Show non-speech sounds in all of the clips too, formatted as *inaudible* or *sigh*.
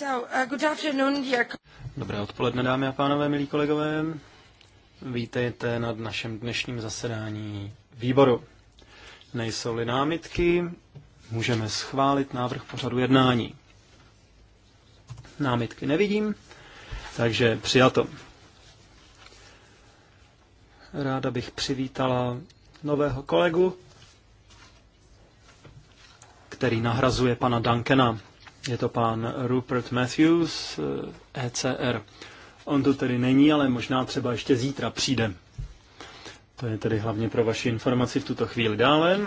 Uh, Dobré odpoledne, dámy a pánové, milí kolegové. Vítejte na našem dnešním zasedání výboru. Nejsou-li námitky, můžeme schválit návrh pořadu jednání. Námitky nevidím, takže přijato. Ráda bych přivítala nového kolegu, který nahrazuje pana Dankena, je to pán Rupert Matthews, ECR. Eh, e On tu tedy není, ale možná třeba ještě zítra přijde. To je tedy hlavně pro vaši informaci v tuto chvíli dále.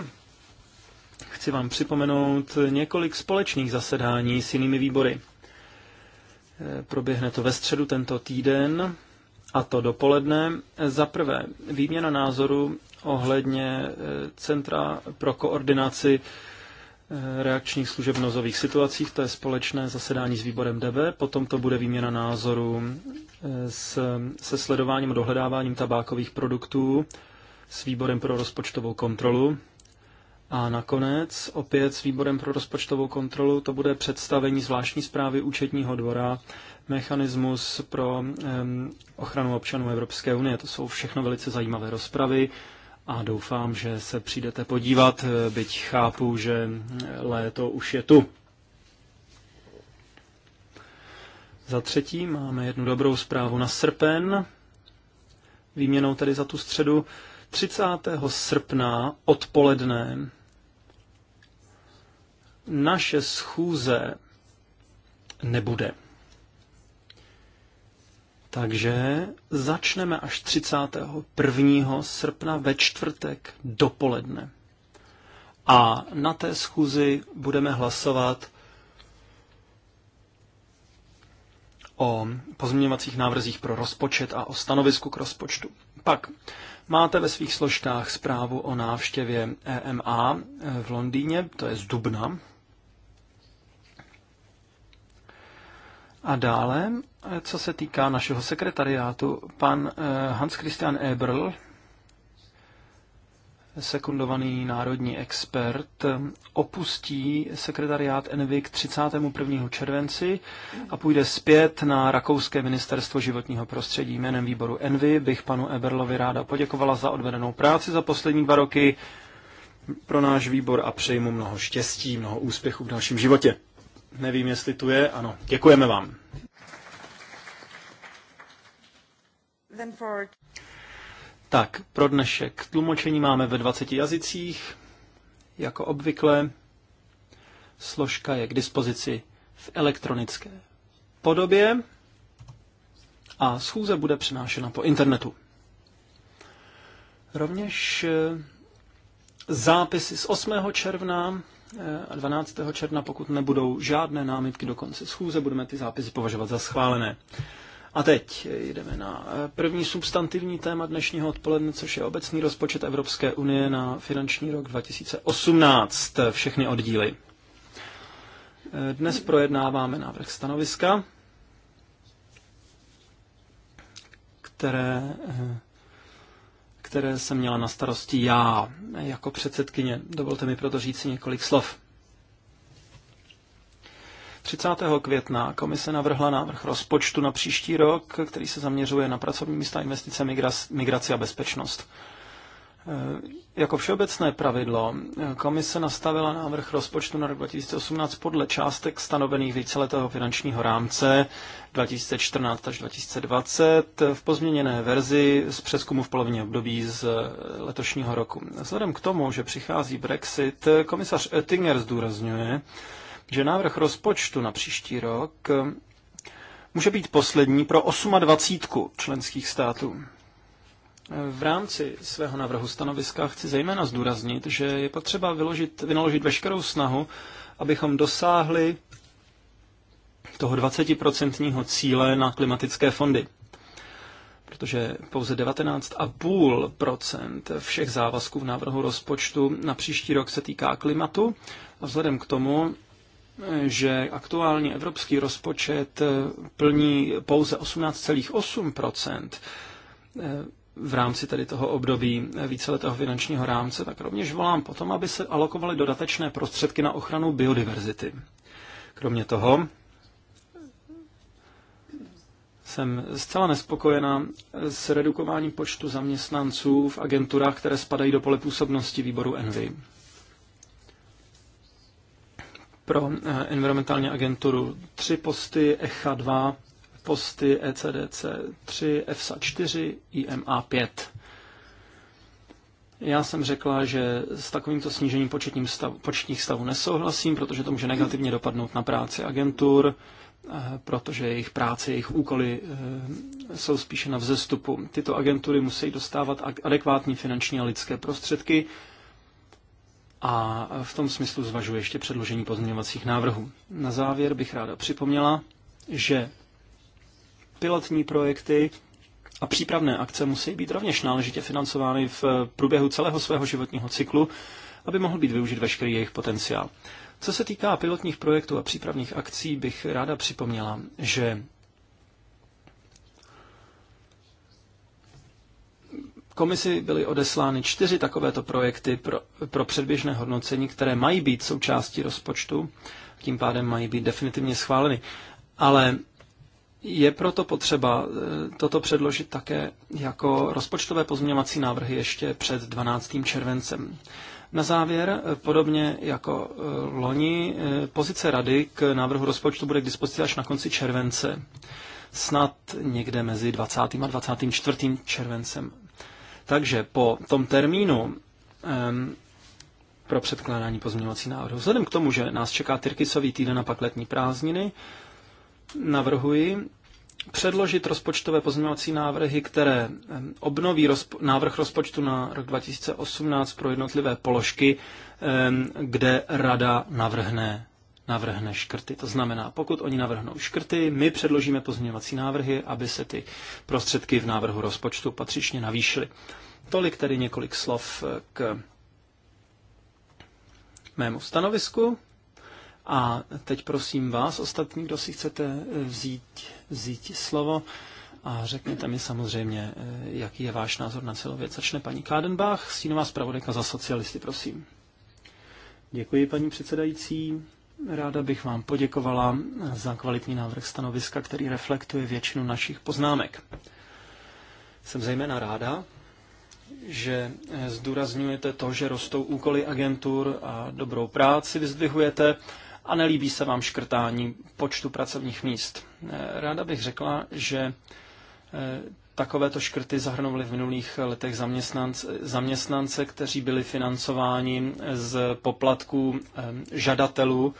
Chci vám připomenout několik společných zasedání s jinými výbory. Eh, proběhne to ve středu tento týden, a to dopoledne. Za prvé, výměna názoru ohledně eh, Centra pro koordinaci reakčních služeb v nozových situacích, to je společné zasedání s výborem DB, potom to bude výměna názoru e, s, se sledováním a dohledáváním tabákových produktů s výborem pro rozpočtovou kontrolu. A nakonec opět s výborem pro rozpočtovou kontrolu to bude představení zvláštní zprávy účetního dvora, mechanismus pro um, ochranu občanů Evropské unie. To jsou všechno velice zajímavé rozpravy, a doufám, že se přijdete podívat, byť chápu, že léto už je tu. Za třetí máme jednu dobrou zprávu na srpen, výměnou tedy za tu středu. 30. srpna odpoledne naše schůze nebude. Takže začneme až 31. srpna ve čtvrtek dopoledne. A na té schůzi budeme hlasovat o pozměňovacích návrzích pro rozpočet a o stanovisku k rozpočtu. Pak máte ve svých složkách zprávu o návštěvě EMA v Londýně, to je z Dubna A dále, co se týká našeho sekretariátu, pan eh, Hans Christian Eberl, sekundovaný národní expert, opustí sekretariát ENVI k 31. červenci a půjde zpět na Rakouské ministerstvo životního prostředí. Jménem výboru Envy bych panu Eberlovi ráda poděkovala za odvedenou práci za poslední dva roky pro náš výbor a přeji mu mnoho štěstí, mnoho úspěchů v dalším životě. Nevím, jestli tu je. Ano, děkujeme vám. Tak, pro dnešek tlumočení máme ve 20 jazycích. Jako obvykle, složka je k dispozici v elektronické podobě a schůze bude přenášena po internetu. Rovněž eh, zápisy z 8. června 12. Eh, června, pokud nebudou žádné námitky do konce schůze, budeme ty zápisy považovat za schválené. A teď jdeme na eh, první substantivní téma dnešního odpoledne, což je obecný rozpočet Evropské unie na finanční rok 2018, všechny oddíly. Eh, dnes projednáváme návrh stanoviska, které které jsem měla na starosti já jako předsedkyně. Dovolte mi proto říct si několik slov. 30. května komise navrhla návrh rozpočtu na příští rok, který se zaměřuje na pracovní místa, investice, migraci a bezpečnost. Eh, jako všeobecné pravidlo eh, komise nastavila návrh rozpočtu na rok 2018 podle částek stanovených víceletého finančního rámce 2014 až 2020 v pozměněné verzi z přeskumu v polovině období z eh, letošního roku. Vzhledem k tomu, že přichází Brexit, komisař Oettinger zdůrazňuje, že návrh rozpočtu na příští rok může být poslední pro 28 členských států. V rámci svého návrhu stanoviska chci zejména zdůraznit, že je potřeba vyložit, vynaložit veškerou snahu, abychom dosáhli toho 20% cíle na klimatické fondy. Protože pouze 19,5% všech závazků v návrhu rozpočtu na příští rok se týká klimatu. A vzhledem k tomu, že aktuálně evropský rozpočet plní pouze 18,8%, v rámci tedy toho období víceletého finančního rámce, tak rovněž volám potom, aby se alokovaly dodatečné prostředky na ochranu biodiverzity. Kromě toho jsem zcela nespokojena s redukováním počtu zaměstnanců v agenturách, které spadají do pole působnosti výboru ENVY. Pro eh, environmentální agenturu tři posty, ECHA 2 posty ECDC 3, EFSA 4, IMA 5. Já jsem řekla, že s takovýmto snížením stav, početních stavů nesouhlasím, protože to může negativně dopadnout na práci agentur, eh, protože jejich práce, jejich úkoly eh, jsou spíše na vzestupu. Tyto agentury musí dostávat adekvátní finanční a lidské prostředky a v tom smyslu zvažuji ještě předložení pozměňovacích návrhů. Na závěr bych ráda připomněla, že pilotní projekty a přípravné akce musí být rovněž náležitě financovány v eh, průběhu celého svého životního cyklu, aby mohl být využit veškerý jejich potenciál. Co se týká pilotních projektů a přípravných akcí, bych ráda připomněla, že komisi byly odeslány čtyři takovéto projekty pro, pro předběžné hodnocení, které mají být součástí rozpočtu, tím pádem mají být definitivně schváleny. Ale je proto potřeba eh, toto předložit také jako rozpočtové pozměňovací návrhy ještě před 12. červencem. Na závěr, eh, podobně jako eh, loni, pozice rady k návrhu rozpočtu bude k dispozici až na konci července, snad někde mezi 20. a 24. červencem. Takže po tom termínu um, pro předkládání pozměňovací návrhu. Vzhledem k tomu, že nás čeká Tyrkisový týden a pak letní prázdniny, navrhuji předložit rozpočtové pozměňovací návrhy, které obnoví rozpo- návrh rozpočtu na rok 2018 pro jednotlivé položky, kde rada navrhne navrhne škrty. To znamená, pokud oni navrhnou škrty, my předložíme pozměňovací návrhy, aby se ty prostředky v návrhu rozpočtu patřičně navýšily. Tolik tedy několik slov k mému stanovisku. A teď prosím vás, ostatní, kdo si chcete eh, vzít, vzít slovo, a řekněte mi samozřejmě, eh, jaký je váš názor na celou věc. Začne paní Kádenbach, sínová zpravodajka za socialisty, prosím. Děkuji, paní předsedající. Ráda bych vám poděkovala za kvalitní návrh stanoviska, který reflektuje většinu našich poznámek. Jsem zejména ráda, že eh, zdůrazňujete to, že rostou úkoly agentur a dobrou práci vyzdvihujete a nelíbí se vám škrtání počtu pracovních míst. Eh, ráda bych řekla, že eh, Takovéto škrty zahrnovaly v minulých letech zaměstnance, zaměstnance, kteří byli financováni z poplatků eh, žadatelů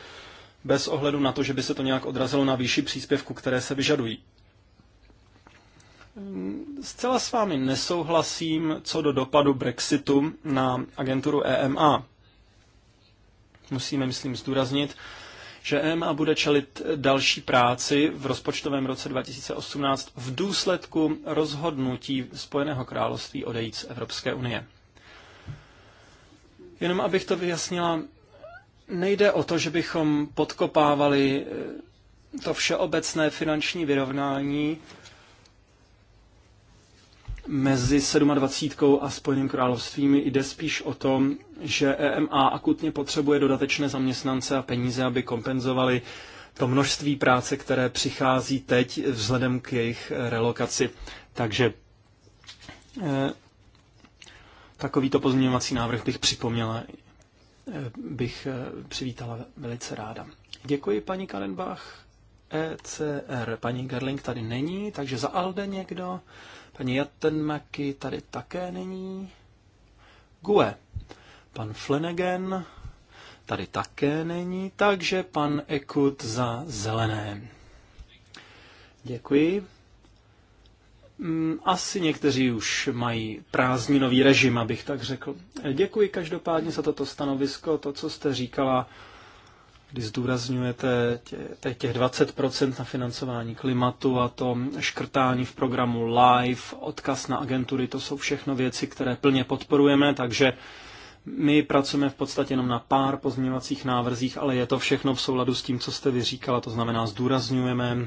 bez ohledu na to, že by se to nějak odrazilo na výši příspěvku, které se vyžadují. Mm, zcela s vámi nesouhlasím co do dopadu Brexitu na agenturu EMA. Musíme, myslím, zdůraznit, že EMA bude čelit další práci v rozpočtovém roce 2018 v důsledku rozhodnutí Spojeného království odejít z Evropské unie. Jenom abych to vyjasnila, nejde o to, že bychom podkopávali to všeobecné finanční vyrovnání mezi 27 a Spojeným královstvím jde spíš o tom, že EMA akutně potřebuje dodatečné zaměstnance a peníze, aby kompenzovali to množství práce, které přichází teď vzhledem k jejich eh, relokaci. Takže eh, takovýto pozměňovací návrh bych připomněla, eh, bych přivítala velice ráda. Děkuji paní Kalenbach. ECR. Paní Gerling tady není, takže za Alde někdo. Paní Jatenmaky tady také není. GUE. Pan Flanagan tady také není, takže pan Ekut za zelené. Děkuji. Mm, asi někteří už mají prázdninový režim, abych tak řekl. Děkuji každopádně za toto stanovisko, to, co jste říkala kdy zdůrazňujete tě, těch 20% na financování klimatu a to škrtání v programu LIFE, odkaz na agentury, to jsou všechno věci, které plně podporujeme, takže my pracujeme v podstatě jenom na pár pozměňovacích návrzích, ale je to všechno v souladu s tím, co jste vyříkala, to znamená zdůrazňujeme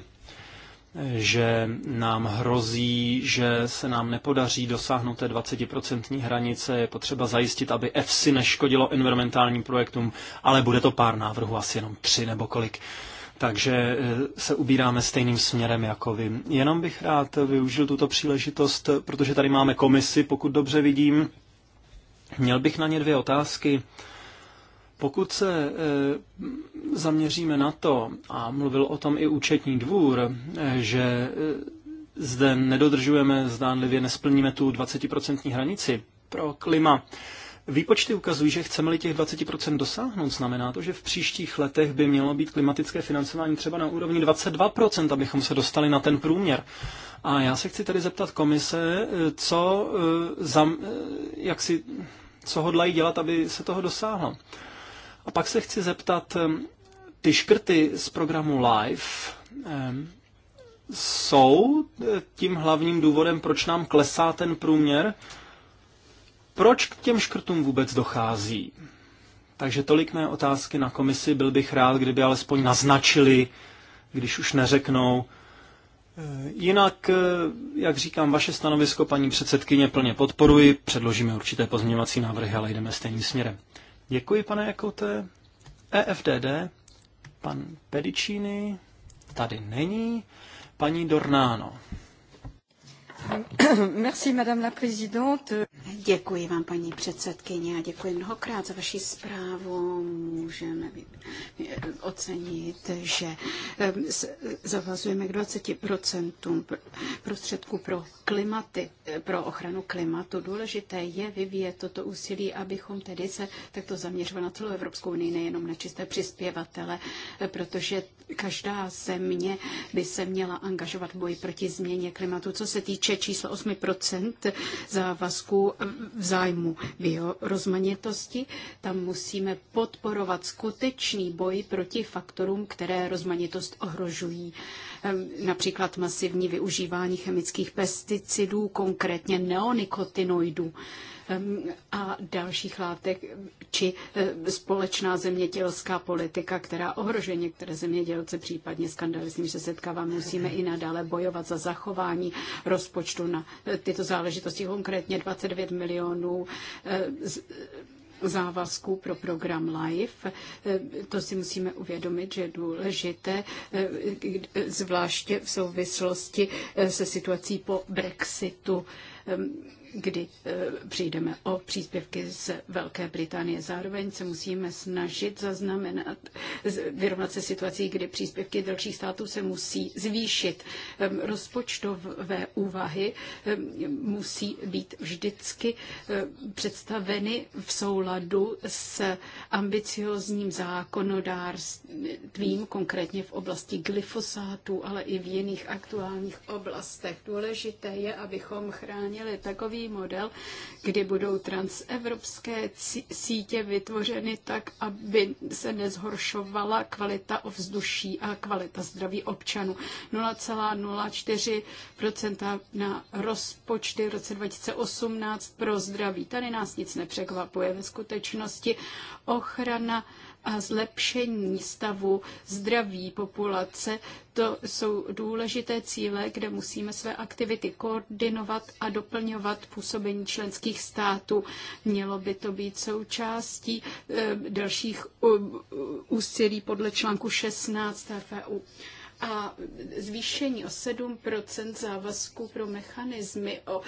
že nám hrozí, že se nám nepodaří dosáhnout té 20% hranice. Je potřeba zajistit, aby EFSI neškodilo environmentálním projektům, ale bude to pár návrhů, asi jenom tři nebo kolik. Takže eh, se ubíráme stejným směrem jako vy. Jenom bych rád využil tuto příležitost, protože tady máme komisi, pokud dobře vidím. Měl bych na ně dvě otázky. Uh, pokud se eh, zaměříme na to, a mluvil o tom i účetní dvůr, eh, že eh, zde nedodržujeme, zdánlivě nesplníme tu 20% hranici pro klima, Výpočty ukazují, že chceme-li těch 20% dosáhnout, znamená to, že v příštích letech by mělo být klimatické financování třeba na úrovni 22%, abychom se dostali na ten průměr. A já se chci tedy zeptat komise, co, jak si, co hodlají dělat, aby se toho dosáhlo. A pak se chci zeptat, ty škrty z programu Live jsou e, tím hlavním důvodem, proč nám klesá ten průměr? Proč k těm škrtům vůbec dochází? Takže tolik mé otázky na komisi. Byl bych rád, kdyby alespoň naznačili, když už neřeknou. E, jinak, e, jak říkám, vaše stanovisko, paní předsedkyně, plně podporuji. Předložíme určité pozměňovací návrhy, ale jdeme stejným směrem. Děkuji, pane Jakote. EFDD, pan Pedicini, tady není. Paní Dornáno. *coughs* Děkuji vám, paní předsedkyně, a děkuji mnohokrát za vaši zprávu. Můžeme eh, ocenit, že eh, zavazujeme k 20% prostředků pro klimaty, eh, pro ochranu klimatu. Důležité je vyvíjet toto úsilí, abychom tedy se takto zaměřovali na celou Evropskou unii, nejenom na čisté přispěvatele, protože každá země by se měla angažovat v boji proti změně klimatu. Co se týče týče čísla 8% závazků v zájmu biorozmanitosti, tam musíme podporovat skutečný boj proti faktorům, které rozmanitost ohrožují. Ehm, například masivní využívání chemických pesticidů, konkrétně neonikotinoidů a dalších látek, či e, společná zemědělská politika, která ohrožuje některé zemědělce, případně skandaly, s nimi se setkáváme, musíme i nadále bojovat za zachování rozpočtu na e, tyto záležitosti, konkrétně 29 milionů e, závazků pro program LIFE. To si musíme uvědomit, že je důležité, zvláště v souvislosti se situací po Brexitu kdy e, přijdeme o příspěvky z Velké Británie. Zároveň se musíme snažit zaznamenat, vyrovnat se situací, kdy příspěvky dalších států se musí zvýšit. E, rozpočtové úvahy e, musí být vždycky představeny v souladu s ambiciozním zákonodárstvím, konkrétně v oblasti glyfosátu, ale i v jiných aktuálních oblastech. Důležité je, abychom chránili takový skvělý model, kdy budou transevropské sítě vytvořeny tak, aby se nezhoršovala kvalita ovzduší a kvalita zdraví občanů. 0,04% na rozpočty v roce 2018 pro zdraví. Tady nás nic nepřekvapuje. Ve skutečnosti ochrana a zlepšení stavu zdraví populace. To jsou důležité cíle, kde musíme své aktivity koordinovat a doplňovat působení členských států. Mělo by to být součástí eh, dalších eh, úsilí podle článku 16 TFU a zvýšení o 7 závazků pro mechanismy o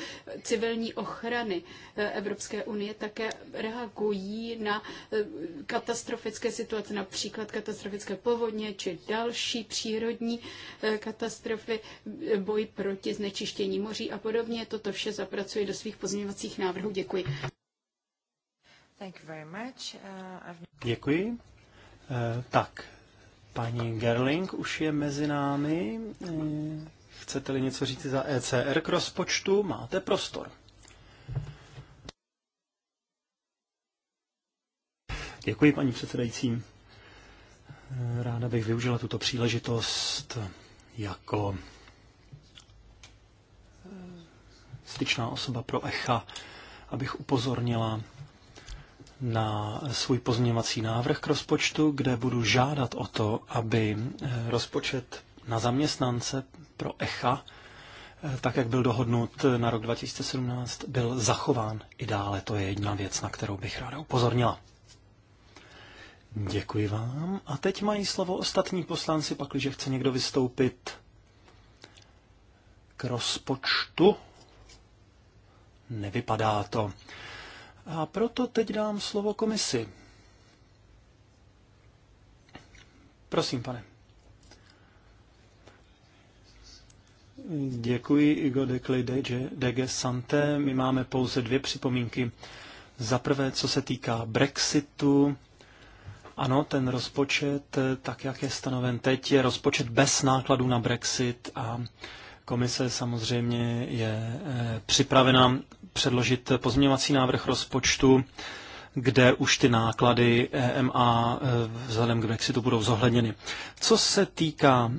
civilní ochrany eh, Evropské unie také reagují na eh, katastrofické situace, například katastrofické povodně či další přírodní eh, katastrofy, boj proti znečištění moří a podobně. Toto vše zapracuje do svých pozměňovacích návrhů. Děkuji. Uh, Děkuji. Tak, Paní Gerling už je mezi námi. Eh, chcete-li něco říct za ECR k rozpočtu, máte prostor. Děkuji, paní předsedající. Eh, ráda bych využila tuto příležitost jako eh, styčná osoba pro ECHA, abych upozornila na svůj pozměňovací návrh k rozpočtu, kde budu žádat o to, aby eh, rozpočet na zaměstnance pro ECHA, eh, tak jak byl dohodnut na rok 2017, byl zachován i dále. To je jedna věc, na kterou bych ráda upozornila. Děkuji vám. A teď mají slovo ostatní poslanci, pakliže chce někdo vystoupit k rozpočtu. Nevypadá to. A proto teď dám slovo komisi. Prosím, pane. Děkuji, Igo Dekli, Dege Santé. My máme pouze dvě připomínky. Za prvé, co se týká Brexitu, ano, ten rozpočet, tak jak je stanoven teď, je rozpočet bez nákladů na Brexit a komise samozřejmě je eh, připravena předložit pozměňovací návrh rozpočtu, kde už ty náklady EMA eh, vzhledem k Brexitu budou zohledněny. Co se týká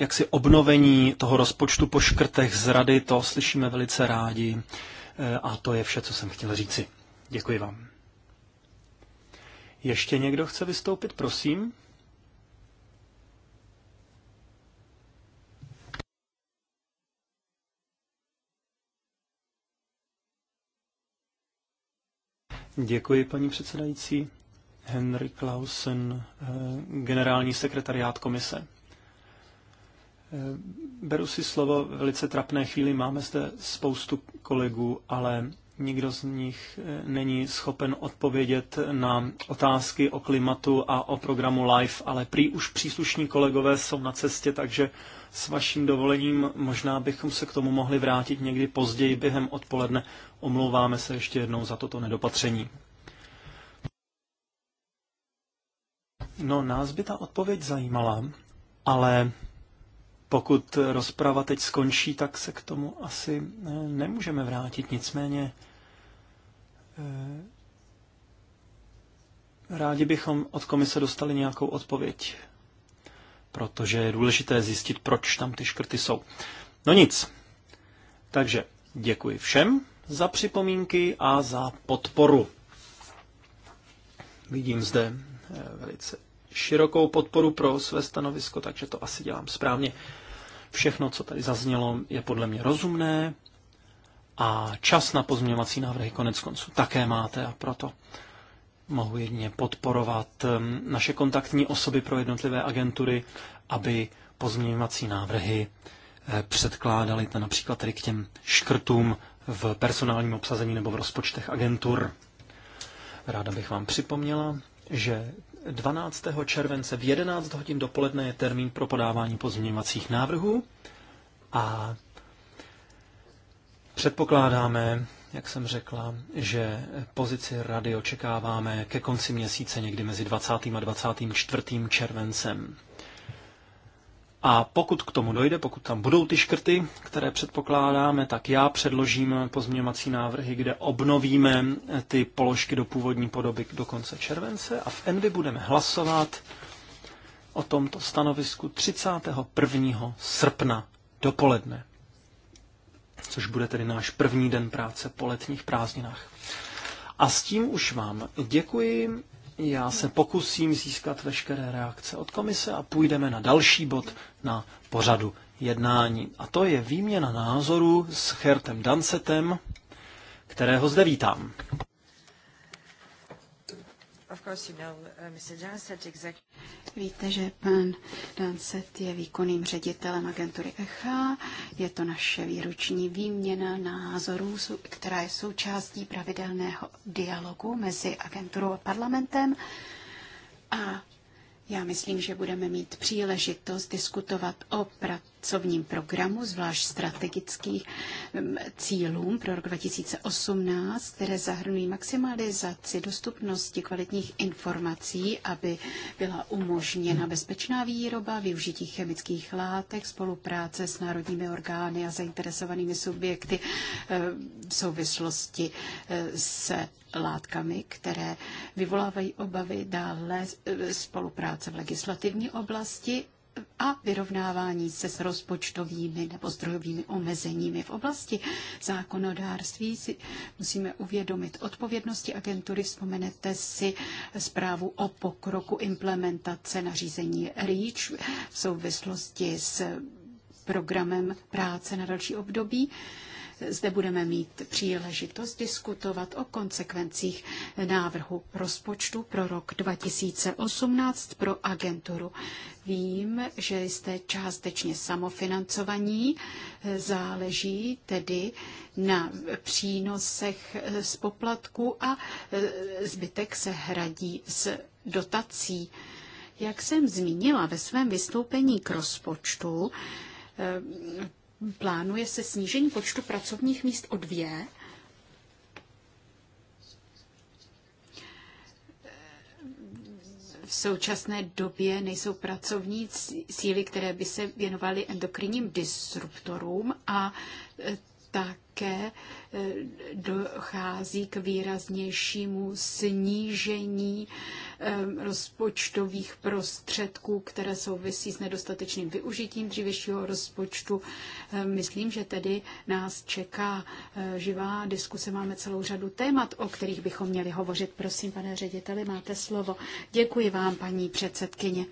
jaksi obnovení toho rozpočtu po škrtech z rady, to slyšíme velice rádi eh, a to je vše, co jsem chtěl říci. Děkuji vám. Ještě někdo chce vystoupit, prosím? Děkuji, paní předsedající. Henry Clausen, eh, generální sekretariát komise. Eh, beru si slovo v velice trapné chvíli. Máme zde spoustu kolegů, ale nikdo z nich eh, není schopen odpovědět na otázky o klimatu a o programu LIFE, ale prý už příslušní kolegové jsou na cestě, takže s vaším dovolením možná bychom se k tomu mohli vrátit někdy později během odpoledne. Omlouváme se ještě jednou za toto nedopatření. No, nás by ta odpověď zajímala, ale pokud rozprava teď skončí, tak se k tomu asi eh, nemůžeme vrátit. Nicméně eh, rádi bychom od komise dostali nějakou odpověď protože je důležité zjistit, proč tam ty škrty jsou. No nic. Takže děkuji všem za připomínky a za podporu. Vidím zde eh, velice širokou podporu pro své stanovisko, takže to asi dělám správně. Všechno, co tady zaznělo, je podle mě rozumné a čas na pozměňovací návrhy konec konců také máte a proto mohu jedině podporovat ehm, naše kontaktní osoby pro jednotlivé agentury, aby pozměňovací návrhy eh, předkládali například tedy k těm škrtům v personálním obsazení nebo v rozpočtech agentur. Ráda bych vám připomněla, že 12. července v 11 hodin dopoledne je termín pro podávání pozměňovacích návrhů a předpokládáme, jak jsem řekla, že pozici rady očekáváme ke konci měsíce, někdy mezi 20. a 24. červencem. A pokud k tomu dojde, pokud tam budou ty škrty, které předpokládáme, tak já předložím pozměňovací návrhy, kde obnovíme ty položky do původní podoby do konce července a v Envy budeme hlasovat o tomto stanovisku 31. srpna dopoledne což bude tedy náš první den práce po letních prázdninách. A s tím už vám děkuji. Já se pokusím získat veškeré reakce od komise a půjdeme na další bod na pořadu jednání. A to je výměna názoru s Hertem Dancetem, kterého zde vítám. Uh, Víte, že pan Danset je výkonným ředitelem agentury ECHA. Je to naše výruční výměna názorů, která je součástí pravidelného dialogu mezi agenturou a parlamentem. A já myslím, že budeme mít příležitost diskutovat o pracovním programu, zvlášť strategických mm, cílům pro rok 2018, které zahrnují maximalizaci dostupnosti kvalitních informací, aby byla umožněna bezpečná výroba, využití chemických látek, spolupráce s národními orgány a zainteresovanými subjekty eh, v souvislosti eh, se látkami, které vyvolávají obavy dále eh, spolupráce v legislativní oblasti a vyrovnávání se s rozpočtovými nebo zdrojovými omezeními. V oblasti zákonodárství si musíme uvědomit odpovědnosti agentury. Vzpomenete si zprávu o pokroku implementace nařízení REACH v souvislosti s programem práce na další období. Zde budeme mít příležitost diskutovat o konsekvencích návrhu rozpočtu pro rok 2018 pro agenturu. Vím, že jste částečně samofinancovaní, záleží tedy na přínosech z poplatku a e, zbytek se hradí z dotací. Jak jsem zmínila ve svém vystoupení k rozpočtu, e, plánuje se snížení počtu pracovních míst o dvě. V současné době nejsou pracovní síly, které by se věnovaly endokrinním disruptorům a e, také e, dochází k výraznějšímu snížení e, rozpočtových prostředků, které souvisí s nedostatečným využitím dřívějšího rozpočtu. E, myslím, že tedy nás čeká živá diskuse. Máme celou řadu témat, o kterých bychom měli hovořit. Prosím, pane řediteli, máte slovo. Děkuji vám, paní předsedkyně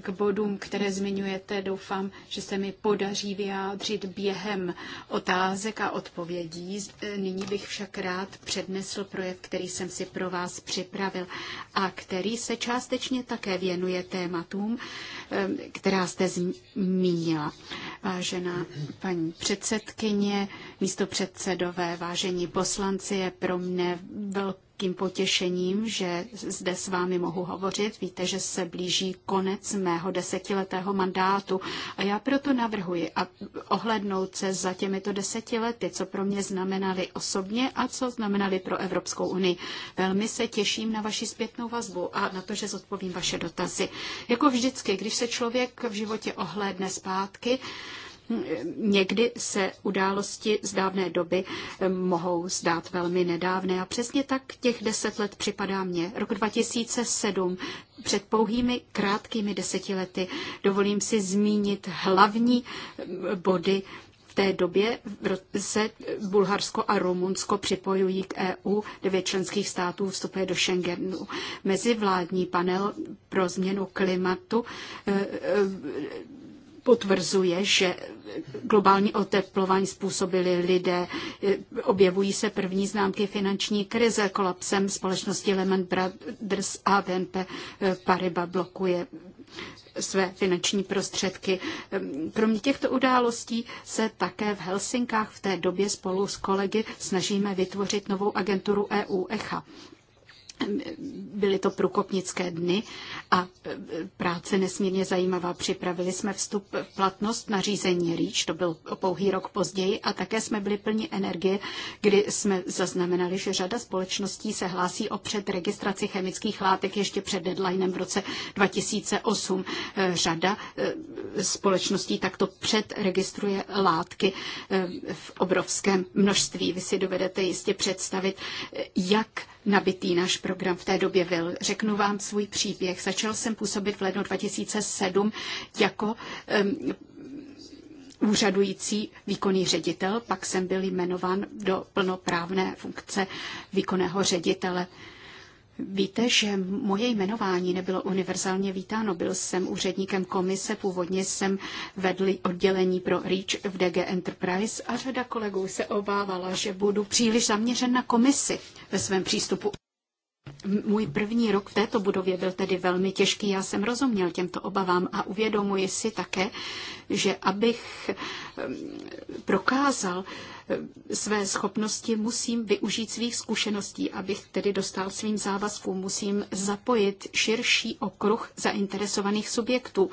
k bodům, které zmiňujete, doufám, že se mi podaří vyjádřit během otázek a odpovědí. Nyní bych však rád přednesl projev, který jsem si pro vás připravil a který se částečně také věnuje tématům, eh, která jste zmínila. Vážená paní předsedkyně, místo předsedové, vážení poslanci, je pro mne velký velkým potěšením, že zde s vámi mohu hovořit. Víte, že se blíží konec mého desetiletého mandátu a já proto navrhuji a ohlednout se za těmito deseti lety, co pro mě znamenali osobně a co znamenali pro Evropskou unii. Velmi se těším na vaši zpětnou vazbu a na to, že zodpovím vaše dotazy. Jako vždycky, když se člověk v životě ohlédne zpátky, Někdy se události z dávné doby eh, mohou zdát velmi nedávné a přesně tak těch deset let připadá mně. Rok 2007 před pouhými krátkými lety, dovolím si zmínit hlavní eh, body v té době se Bulharsko a Rumunsko připojují k EU, devět členských států vstupuje do Schengenu. Mezivládní panel pro změnu klimatu eh, potvrzuje, že globální oteplování způsobili lidé, objevují se první známky finanční krize kolapsem společnosti Lehman Brothers a BNP Pariba blokuje své finanční prostředky. Kromě těchto událostí se také v Helsinkách v té době spolu s kolegy snažíme vytvořit novou agenturu EU ECHA. Byly to průkopnické dny a e, práce nesmírně zajímavá. Připravili jsme vstup v platnost na řízení REACH, to byl pouhý rok později, a také jsme byli plni energie, kdy jsme zaznamenali, že řada společností se hlásí o předregistraci chemických látek ještě před deadlinem v roce 2008. E, řada e, společností takto předregistruje látky v obrovském množství. Vy si dovedete jistě představit, jak nabitý náš program v té době byl. Řeknu vám svůj příběh. Začal jsem působit v lednu 2007 jako um, úřadující výkonný ředitel, pak jsem byl jmenován do plnoprávné funkce výkonného ředitele. Víte, že moje jmenování nebylo univerzálně vítáno. Byl jsem úředníkem komise, původně jsem vedl oddělení pro REACH v DG Enterprise a řada kolegů se obávala, že budu příliš zaměřen na komisi ve svém přístupu. Můj první rok v této budově byl tedy velmi těžký. Já jsem rozuměl těmto obavám a uvědomuji si také, že abych ehm, prokázal, své schopnosti, musím využít svých zkušeností, abych tedy dostal svým závazkům. Musím zapojit širší okruh zainteresovaných subjektů.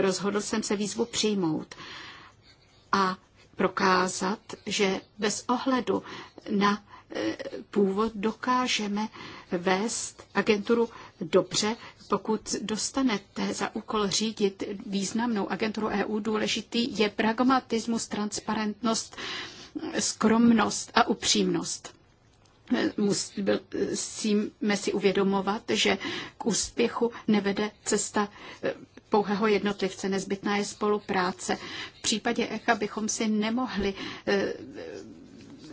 Rozhodl jsem se výzvu přijmout a prokázat, že bez ohledu na e, původ dokážeme vést agenturu dobře, pokud dostanete za úkol řídit významnou agenturu EU, důležitý je pragmatismus, transparentnost, skromnost a upřímnost musíme si uvědomovat, že k úspěchu nevede cesta eh, pouhého jednotlivce. Nezbytná je spolupráce. V případě ECHA bychom si nemohli eh,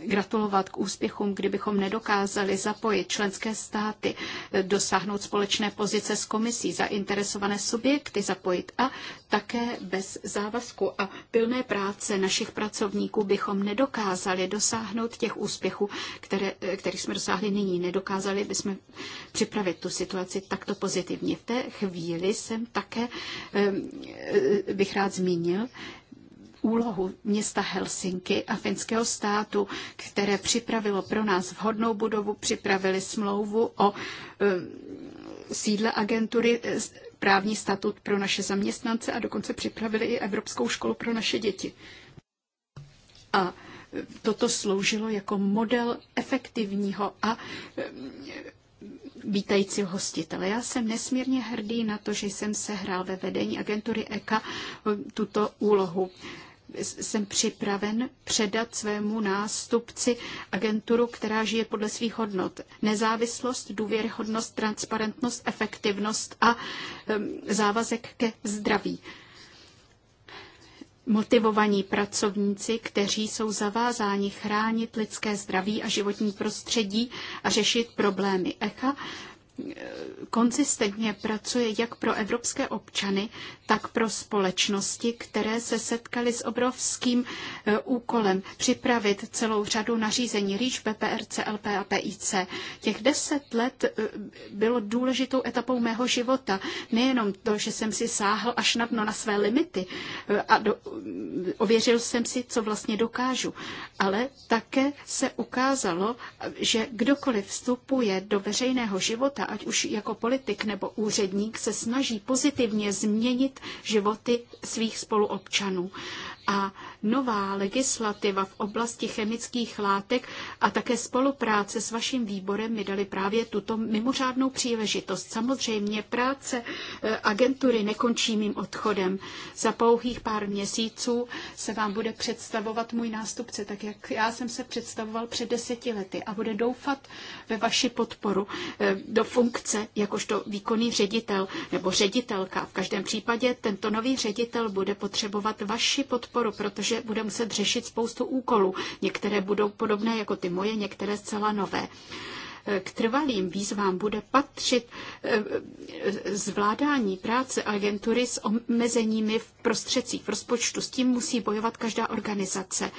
gratulovat k úspěchům, kdybychom nedokázali zapojit členské státy, eh, dosáhnout společné pozice s komisí, zainteresované subjekty zapojit a také bez závazku a pilné práce našich pracovníků bychom nedokázali dosáhnout těch úspěchů, které, eh, kterých jsme dosáhli nyní. Nedokázali bychom připravit tu situaci takto pozitivně. V té chvíli jsem také, eh, bych rád zmínil, úlohu města Helsinky a finského státu, které připravilo pro nás vhodnou budovu, připravili smlouvu o eh, sídle agentury, eh, právní statut pro naše zaměstnance a dokonce připravili i Evropskou školu pro naše děti. A eh, toto sloužilo jako model efektivního a vítajícího hostitele. Já jsem nesmírně hrdý na to, že jsem sehrál ve vedení agentury EKA tuto úlohu jsem připraven předat svému nástupci agenturu, která žije podle svých hodnot. Nezávislost, důvěryhodnost, transparentnost, efektivnost a závazek ke zdraví motivovaní pracovníci, kteří jsou zavázáni chránit lidské zdraví a životní prostředí a řešit problémy echa, konzistentně pracuje jak pro evropské občany, tak pro společnosti, které se setkaly s obrovským e, úkolem připravit celou řadu nařízení REACH, BPRC, LP a PIC. Těch deset let e, bylo důležitou etapou mého života. Nejenom to, že jsem si sáhl až na dno na své limity e, a do, ověřil jsem si, co vlastně dokážu, ale také se ukázalo, že kdokoliv vstupuje do veřejného života, života, ať už jako politik nebo úředník, se snaží pozitivně změnit životy svých spoluobčanů. A nová legislativa v oblasti chemických látek a také spolupráce s vaším výborem mi dali právě tuto mimořádnou příležitost. Samozřejmě práce eh, agentury nekončí mým odchodem. Za pouhých pár měsíců se vám bude představovat můj nástupce, tak jak já jsem se představoval před deseti lety a bude doufat ve vaši podporu eh, do funkce jakožto výkonný ředitel nebo ředitelka. V každém případě tento nový ředitel bude potřebovat vaši podporu, protože že bude muset řešit spoustu úkolů. Některé budou podobné jako ty moje, některé zcela nové k trvalým výzvám bude patřit eh, zvládání práce agentury s omezeními v prostředcích, v rozpočtu. S tím musí bojovat každá organizace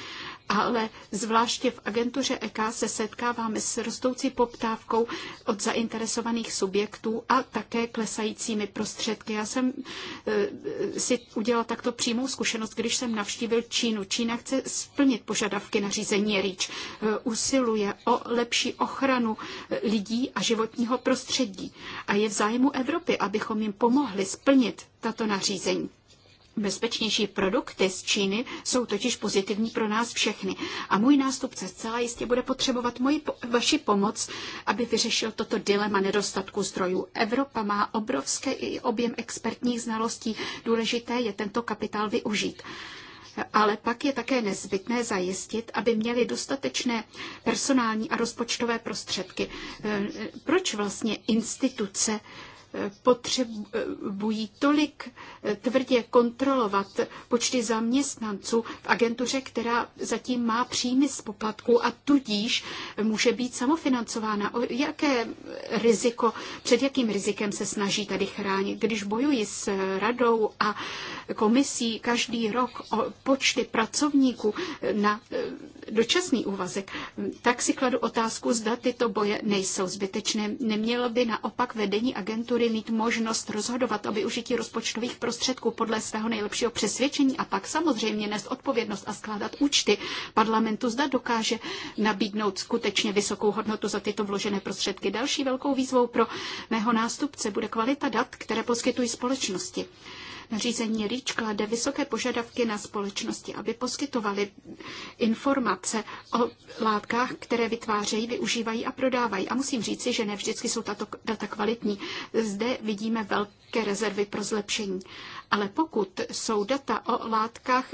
ale zvláště v agentuře EK se setkáváme s rostoucí poptávkou od zainteresovaných subjektů a také klesajícími prostředky. Já jsem eh, si udělala takto přímou zkušenost, když jsem navštívil Čínu. Čína chce splnit požadavky na řízení REACH. Eh, usiluje o lepší ochranu eh, lidí a životního prostředí. A je v zájmu Evropy, abychom jim pomohli splnit tato nařízení bezpečnější produkty z Číny jsou totiž pozitivní pro nás všechny. A můj nástupce zcela jistě bude potřebovat moji, vaši pomoc, aby vyřešil toto dilema nedostatku zdrojů. Evropa má obrovský objem expertních znalostí. Důležité je tento kapitál využít ale pak je také nezbytné zajistit, aby měli dostatečné personální a rozpočtové prostředky. Proč vlastně instituce potřebují tolik tvrdě kontrolovat počty zaměstnanců v agentuře, která zatím má příjmy z poplatků a tudíž může být samofinancována. O jaké riziko, před jakým rizikem se snaží tady chránit? Když bojuji s radou a komisí každý rok o počty pracovníků na dočasný úvazek, tak si kladu otázku, zda tyto boje nejsou zbytečné. Nemělo by naopak vedení agentury bude mít možnost rozhodovat o využití rozpočtových prostředků podle svého nejlepšího přesvědčení a pak samozřejmě nést odpovědnost a skládat účty parlamentu, zda dokáže nabídnout skutečně vysokou hodnotu za tyto vložené prostředky. Další velkou výzvou pro mého nástupce bude kvalita dat, které poskytují společnosti. Nařízení REACH klade vysoké požadavky na společnosti, aby poskytovali informace o látkách, které vytvářejí, využívají a prodávají. A musím říci, že ne vždycky jsou tato data kvalitní. Zde vidíme velké rezervy pro zlepšení. Ale pokud jsou data o látkách,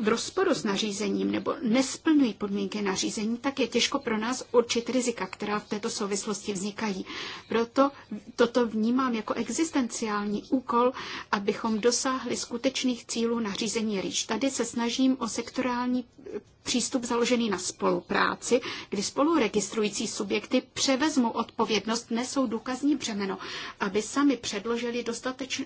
v rozporu s nařízením nebo nesplňují podmínky nařízení, tak je těžko pro nás určit rizika, která v této souvislosti vznikají. Proto toto vnímám jako existenciální úkol, abychom dosáhli skutečných cílů nařízení REACH. Tady se snažím o sektorální přístup založený na spolupráci, kdy spolu registrující subjekty převezmou odpovědnost, nesou důkazní břemeno, aby sami předložili dostatečné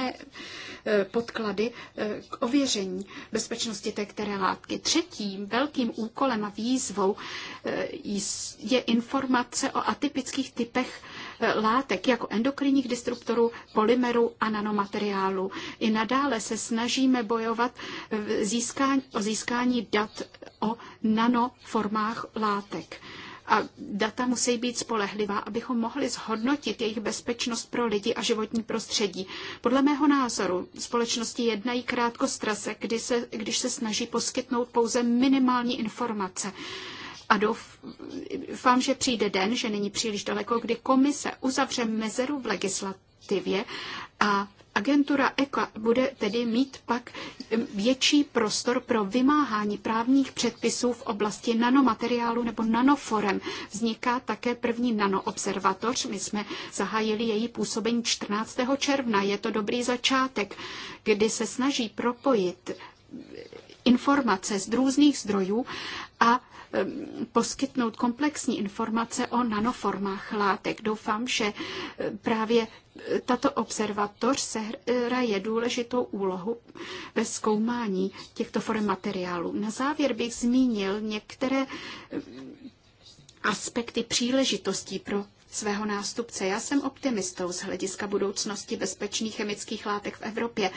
eh, podklady eh, k ověření bezpečnosti té které látky. Třetím velkým úkolem a výzvou eh, je informace o atypických typech látek jako endokrinních disruptorů, polymerů a nanomateriálů. I nadále se snažíme bojovat získání, o získání dat o nanoformách látek a data musí být spolehlivá, abychom mohli zhodnotit jejich bezpečnost pro lidi a životní prostředí. Podle mého názoru společnosti jednají krátkostraze, kdy se, když se snaží poskytnout pouze minimální informace a doufám, že přijde den, že není příliš daleko, kdy komise uzavře mezeru v legislativě a agentura ECA bude tedy mít pak větší prostor pro vymáhání právních předpisů v oblasti nanomateriálu nebo nanoforem. Vzniká také první nanoobservatoř. My jsme zahájili její působení 14. června. Je to dobrý začátek, kdy se snaží propojit informace z různých zdrojů a poskytnout komplexní informace o nanoformách látek. Doufám, že právě tato observatoř sehraje důležitou úlohu ve zkoumání těchto forem materiálů. Na závěr bych zmínil některé aspekty příležitostí pro svého nástupce. Já jsem optimistou z hlediska budoucnosti bezpečných chemických látek v Evropě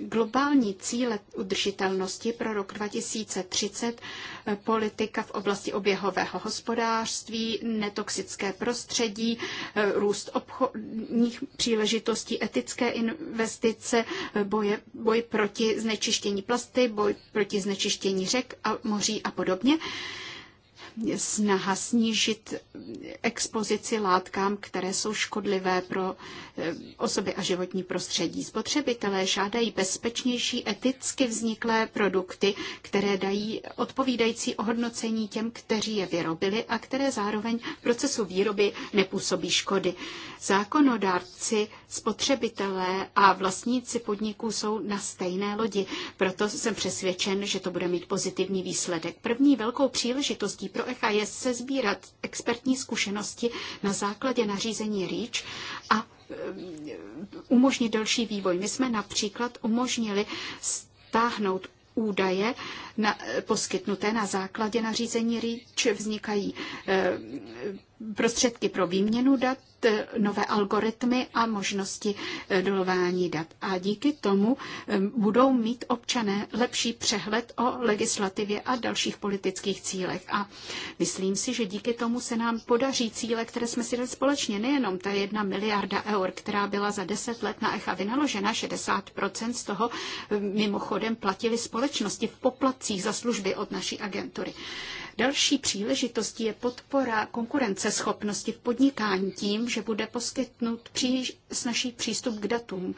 globální cíle udržitelnosti pro rok 2030, eh, politika v oblasti oběhového hospodářství, netoxické prostředí, eh, růst obchodních příležitostí, etické investice, eh, boje, boj proti znečištění plasty, boj proti znečištění řek a moří a podobně snaha snížit expozici látkám, které jsou škodlivé pro eh, osoby a životní prostředí. Spotřebitelé žádají bezpečnější eticky vzniklé produkty, které dají odpovídající ohodnocení těm, kteří je vyrobili a které zároveň v procesu výroby nepůsobí škody. Zákonodárci Spotřebitelé a vlastníci podniků jsou na stejné lodi, proto jsem přesvědčen, že to bude mít pozitivní výsledek. První velkou příležitostí pro ECHA je se sbírat expertní zkušenosti na základě nařízení REACH a e, umožnit další vývoj. My jsme například umožnili stáhnout údaje na, poskytnuté na základě nařízení REACH vznikají eh, prostředky pro výměnu dat, eh, nové algoritmy a možnosti eh, dolování dat. A díky tomu budou mít občané lepší přehled o legislativě a dalších politických cílech. A myslím si, že díky tomu se nám podaří cíle, které jsme si dali společně, nejenom ta jedna miliarda eur, která byla za deset let na ECHA vynaložena, 60% z toho mimochodem platili společnosti v poplatku poplatcích za služby od naší agentury. Další příležitostí je podpora konkurenceschopnosti v podnikání tím, že bude poskytnut příž, naší přístup k datům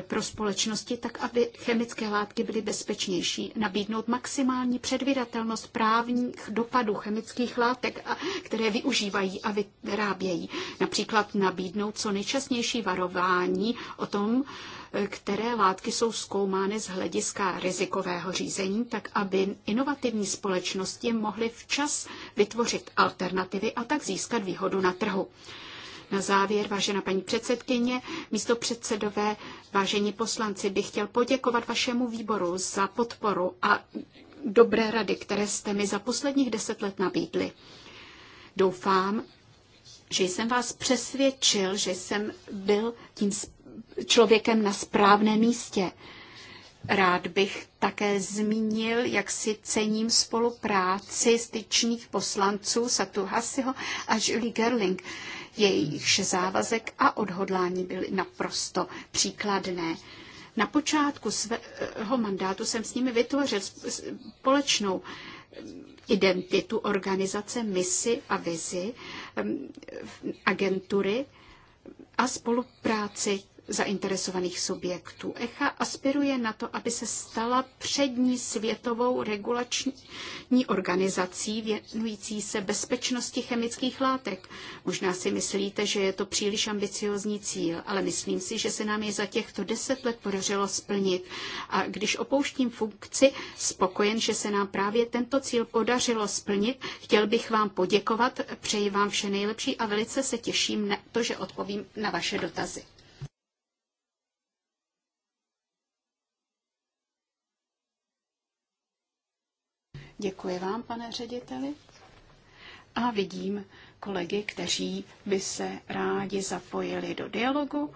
pro společnosti, tak aby chemické látky byly bezpečnější, nabídnout maximální předvydatelnost právních dopadů chemických látek, a, které využívají a vyrábějí. Například nabídnout co nejčastnější varování o tom, které látky jsou zkoumány z hlediska rizikového řízení, tak aby inovativní společnosti mohly včas vytvořit alternativy a tak získat výhodu na trhu. Na závěr, vážená paní předsedkyně, místo předsedové, vážení poslanci, bych chtěl poděkovat vašemu výboru za podporu a dobré rady, které jste mi za posledních deset let nabídli. Doufám, že jsem vás přesvědčil, že jsem byl tím člověkem na správném místě. Rád bych také zmínil, jak si cením spolupráci styčných poslanců Satu Hasiho a Julie Gerling. Jejich závazek a odhodlání byly naprosto příkladné. Na počátku svého mandátu jsem s nimi vytvořil společnou eh, identitu organizace, misi a vizi eh, agentury a spolupráci zainteresovaných subjektů. ECHA aspiruje na to, aby se stala přední světovou regulační organizací věnující se bezpečnosti chemických látek. Možná si myslíte, že je to příliš ambiciozní cíl, ale myslím si, že se nám je za těchto deset let podařilo splnit. A když opouštím funkci, spokojen, že se nám právě tento cíl podařilo splnit, chtěl bych vám poděkovat, přeji vám vše nejlepší a velice se těším na to, že odpovím na vaše dotazy. Děkuji vám, pane řediteli. A vidím kolegy, kteří by se rádi zapojili do dialogu.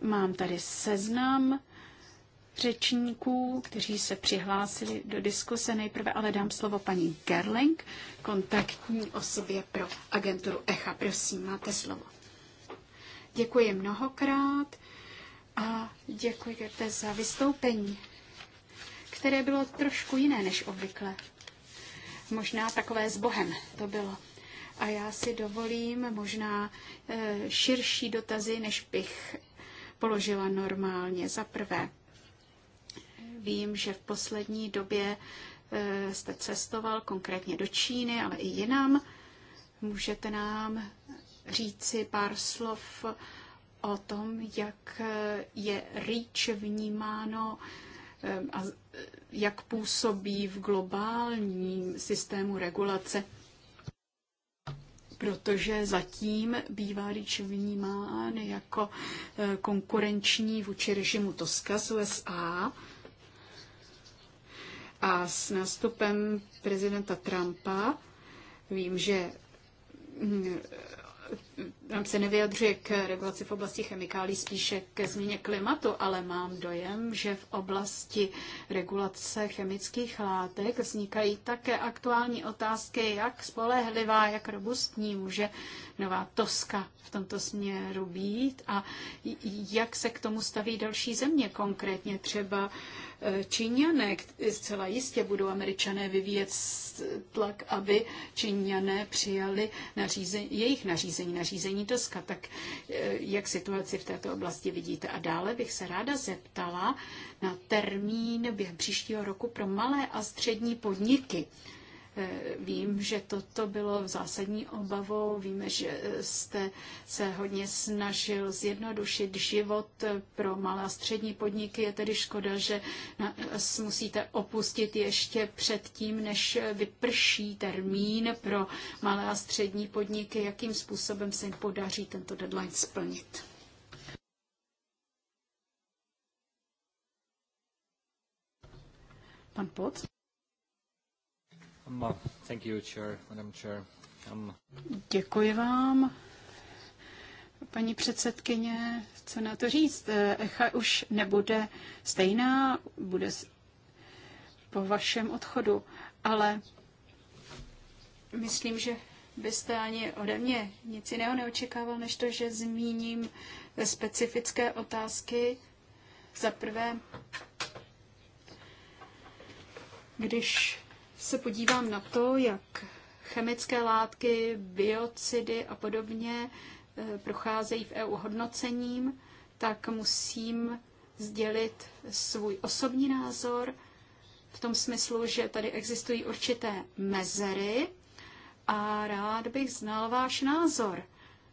Mám tady seznam řečníků, kteří se přihlásili do diskuse. Nejprve ale dám slovo paní Gerling, kontaktní osobě pro agenturu ECHA. Prosím, máte slovo. Děkuji mnohokrát a děkujete za vystoupení které bylo trošku jiné než obvykle. Možná takové s Bohem to bylo. A já si dovolím možná e, širší dotazy, než bych položila normálně. Za prvé, vím, že v poslední době e, jste cestoval konkrétně do Číny, ale i jinam. Můžete nám říci pár slov o tom, jak e, je REACH vnímáno Ehm, a eh, jak působí v globálním systému regulace. Protože zatím bývá REACH vnímán jako eh, konkurenční vůči režimu Toska z USA, a s nástupem prezidenta Trumpa vím, že hm, tam se nevyjadřuje k regulaci v oblasti chemikálí, spíše ke změně klimatu, ale mám dojem, že v oblasti regulace chemických látek vznikají také aktuální otázky, jak spolehlivá, jak robustní může nová Toska v tomto směru být a jak se k tomu staví další země, konkrétně třeba Číňané zcela jistě budou američané vyvíjet tlak, aby Číňané přijali nařízení, jejich nařízení, nařízení Toska. Tak eh, jak situaci v této oblasti vidíte? A dále bych se ráda zeptala na termín během příštího roku pro malé a střední podniky. Eh, vím, že toto bylo zásadní obavou, víme, že eh, jste se hodně snažil zjednodušit život eh, pro malé a střední podniky. Je tedy škoda, že musíte opustit ještě předtím, než vyprší termín pro malé a střední podniky. Jakým způsobem se jim podaří tento deadline splnit? Pan Pot? Děkuji vám. Paní předsedkyně, co na to říct? Eh, echa už nebude stejná, bude po vašem odchodu, ale myslím, že byste ani ode mě nic jiného neočekával, než to, že zmíním specifické otázky. Za prvé, když se podívám na to, jak chemické látky, biocidy a podobně eh, procházejí v EU hodnocením, tak musím sdělit svůj osobní názor v tom smyslu, že tady existují určité mezery a rád bych znal váš názor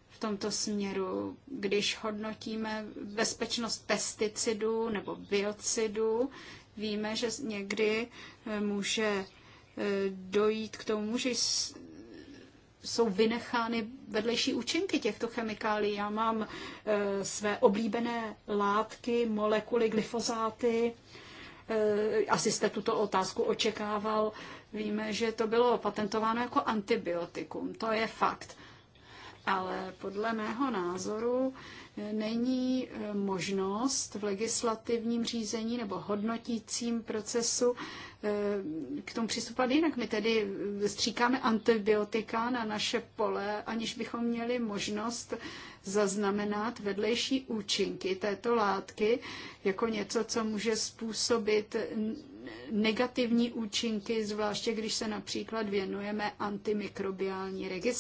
v tomto směru, když hodnotíme bezpečnost pesticidů nebo biocidů. Víme, že někdy eh, může Eh, dojít k tomu, že jsou vynechány vedlejší účinky těchto chemikálií. Já mám eh, své oblíbené látky, molekuly, glyfozáty. Eh, asi jste tuto otázku očekával. Víme, že to bylo patentováno jako antibiotikum. To je fakt. Ale podle mého názoru není eh, možnost v legislativním řízení nebo hodnotícím procesu eh, k tomu přistupovat jinak. My tedy eh, stříkáme antibiotika na naše pole, aniž bychom měli možnost zaznamenat vedlejší účinky této látky jako něco, co může způsobit negativní účinky, zvláště když se například věnujeme antimikrobiální eh,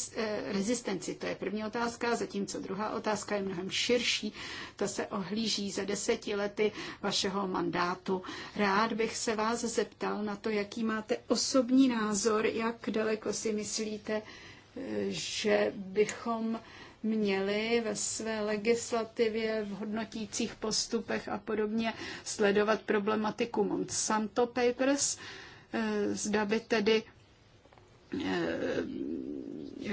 rezistenci. To je první otázka, zatímco druhá otázka je mnohem širší. to se ohlíží za deseti lety vašeho mandátu. Rád bych se vás zeptal na to, jaký máte osobní názor, jak daleko si myslíte, eh, že bychom měli ve své legislativě, v hodnotících postupech a podobně sledovat problematiku Monsanto Papers, eh, zda by tedy eh,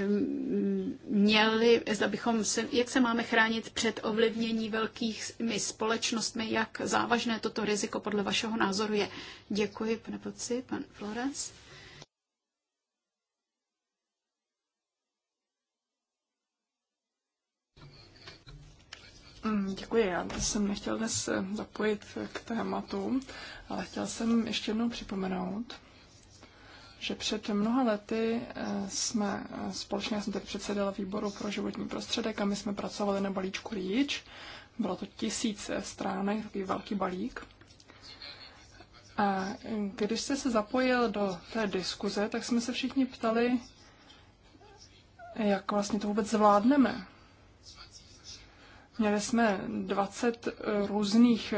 mm, měli, zda bychom se, jak se máme chránit před ovlivnění velkými společnostmi, jak závažné toto riziko podle vašeho názoru je. Děkuji, pane Poci, pan Florence. Mm, děkuji, já jsem nechtěl dnes eh, zapojit eh, k tématu, ale chtěl jsem ještě jednou připomenout, že před mnoha lety eh, jsme společně, já jsem tedy předsedala výboru pro životní prostředek a my jsme pracovali na balíčku REACH. Bylo to tisíce stránek, takový velký balík. A když jste se zapojil do té diskuze, tak jsme se všichni ptali, jak vlastně to vůbec zvládneme, Měli jsme 20 různých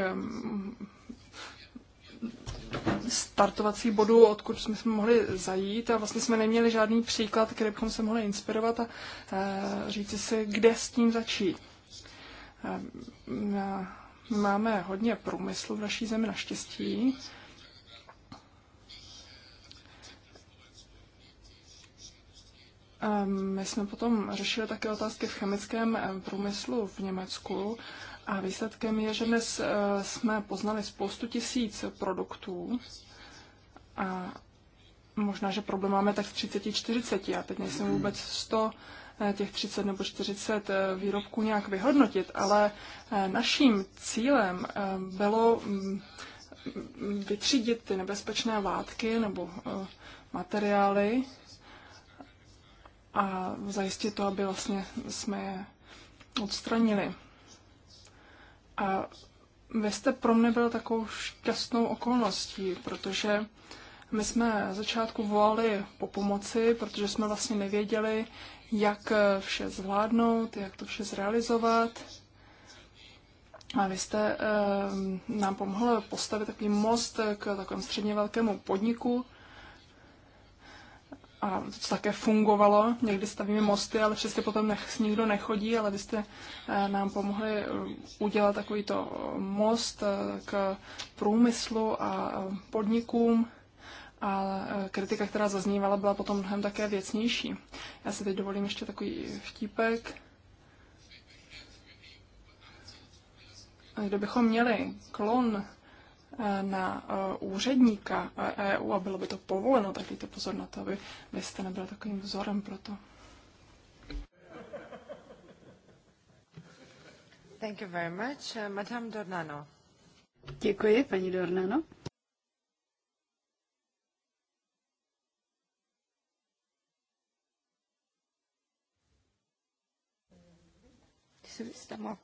startovací bodů, odkud jsme se mohli zajít a vlastně jsme neměli žádný příklad, který bychom se mohli inspirovat a e, říci si, kde s tím začít. Máme hodně průmyslu v naší zemi naštěstí, Ehm, my jsme potom řešili také otázky v chemickém eh, průmyslu v Německu a výsledkem je, že dnes eh, jsme poznali spoustu tisíc produktů a možná, že problém máme tak v 30-40, já teď nejsem vůbec 100 eh, těch 30 nebo 40 výrobků nějak vyhodnotit, ale naším cílem bylo mm, mm, vytřídit ty nebezpečné látky nebo materiály, a zajistit to, aby vlastně jsme je odstranili. A vy jste pro mě byl takovou šťastnou okolností, protože my jsme začátku volali po pomoci, protože jsme vlastně nevěděli, jak vše zvládnout, jak to vše zrealizovat. A vy jste e, nám pomohl postavit takový most k takovému středně velkému podniku, a to také fungovalo. Někdy stavíme mosty, ale přesně potom nech, nikdo nechodí, ale vy jste eh, nám pomohli eh, udělat takovýto most eh, k průmyslu a podnikům. A kritika, která zaznívala, byla potom mnohem také věcnější. Já si teď dovolím ještě takový vtípek. Kdybychom měli klon Eh, na eh, úředníka EU eh, e a bylo by to povoleno, tak dejte pozor na to, aby vy jste nebyl takovým vzorem pro to. Thank you very much. Madame Dornano. Děkuji, paní Dornano.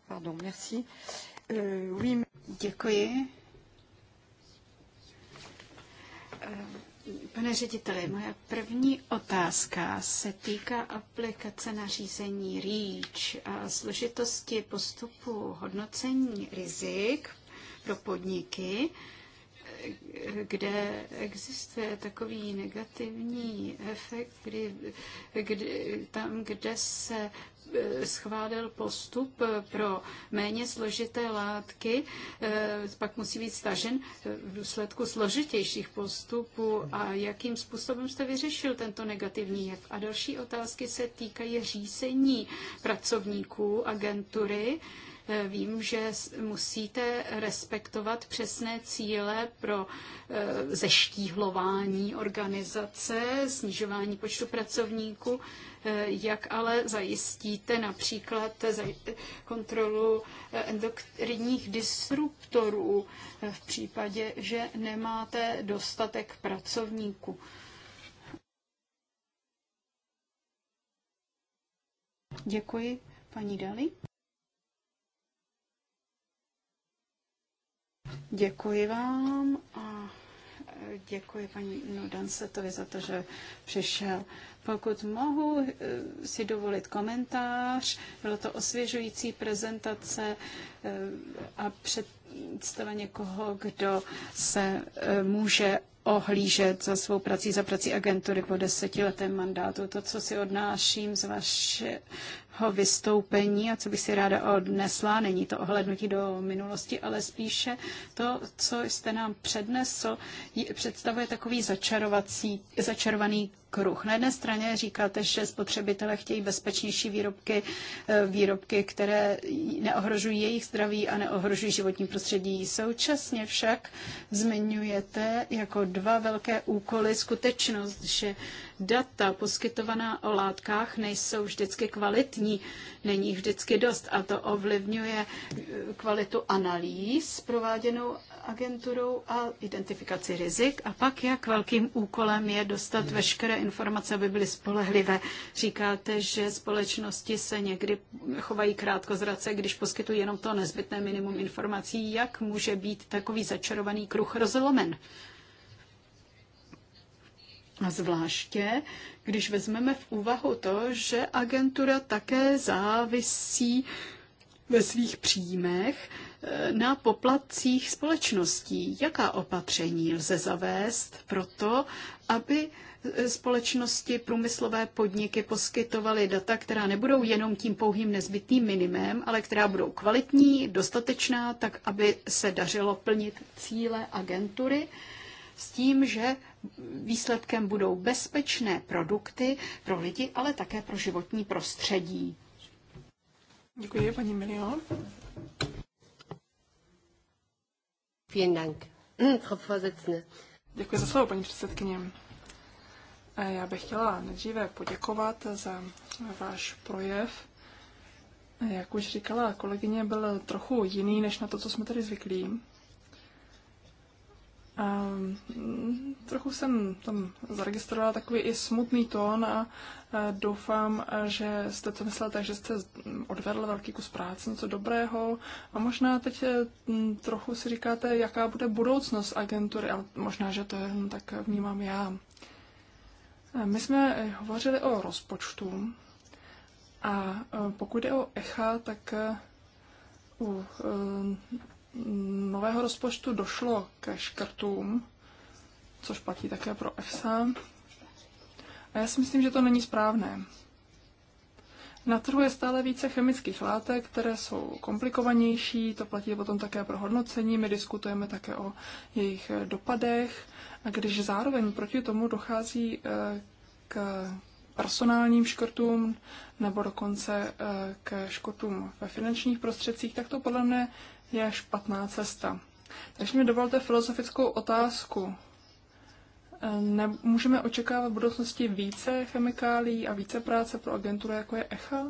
Pardon, merci. Euh, oui, děkuji. Pane řediteli, moje první otázka se týká aplikace nařízení REACH a složitosti postupu hodnocení rizik pro podniky, kde existuje takový negativní efekt, kdy, kdy, tam, kde se schválil postup pro méně složité látky, eh, pak musí být stažen eh, v důsledku složitějších postupů a jakým způsobem jste vyřešil tento negativní jev. A další otázky se týkají řízení pracovníků agentury Vím, že musíte respektovat přesné cíle pro e, zeštíhlování organizace, snižování počtu pracovníků, e, jak ale zajistíte například kontrolu e, endokrinních disruptorů v případě, že nemáte dostatek pracovníků. Děkuji, paní Dali. Děkuji vám a děkuji paní Nudansetovi za to, že přišel. Pokud mohu eh, si dovolit komentář, bylo to osvěžující prezentace eh, a představa někoho, kdo se eh, může ohlížet za svou prací, za prací agentury po desetiletém mandátu. To, co si odnáším z vaše, vystoupení a co bych si ráda odnesla, není to ohlednutí do minulosti, ale spíše to, co jste nám přednesl, představuje takový začarovací, začarovaný kruh. Na jedné straně říkáte, že spotřebitelé chtějí bezpečnější výrobky, eh, výrobky, které neohrožují jejich zdraví a neohrožují životní prostředí. Současně však zmiňujete jako dva velké úkoly skutečnost, že data poskytovaná o látkách nejsou vždycky kvalitní, není jich vždycky dost a to ovlivňuje eh, kvalitu analýz prováděnou agenturou a identifikaci rizik a pak, jak velkým úkolem je dostat veškeré informace, aby byly spolehlivé. Říkáte, že společnosti se někdy chovají krátkozrace, když poskytují jenom to nezbytné minimum informací. Jak může být takový začarovaný kruh rozlomen? A zvláště, když vezmeme v úvahu to, že agentura také závisí ve svých příjmech eh, na poplatcích společností. Jaká opatření lze zavést pro to, aby eh, společnosti, průmyslové podniky poskytovaly data, která nebudou jenom tím pouhým nezbytným minimem, ale která budou kvalitní, dostatečná, tak aby se dařilo plnit cíle agentury s tím, že výsledkem budou bezpečné produkty pro lidi, ale také pro životní prostředí. Děkuji, paní Milion. Vielen Dank, Frau Vorsitzende. Děkuji za slovo, paní předsedkyně. Já bych chtěla nejdříve poděkovat za váš projev. Jak už říkala kolegyně, byl trochu jiný než na to, co jsme tady zvyklí. Mm, trochu jsem tam zaregistrovala takový i smutný tón a doufám, že jste to myslel tak, že jste mm, odvedl velký kus práce, něco dobrého a možná teď e, mm, trochu si říkáte, jaká bude budoucnost agentury, ale možná, že to jen tak vnímám já. E, my jsme e, hovořili o rozpočtu a pokud je o ECHA, tak u nového rozpočtu došlo ke škrtům, což platí také pro EFSA. A já si myslím, že to není správné. Na trhu je stále více chemických látek, které jsou komplikovanější, to platí potom také pro hodnocení, my diskutujeme také o jejich dopadech a když zároveň proti tomu dochází eh, k personálním škrtům nebo dokonce eh, k škrtům ve finančních prostředcích, tak to podle mě je špatná cesta. Takže mi dovolte filozofickou otázku. E, ne, můžeme očekávat v budoucnosti více chemikálií a více práce pro agenturu, jako je ECHA?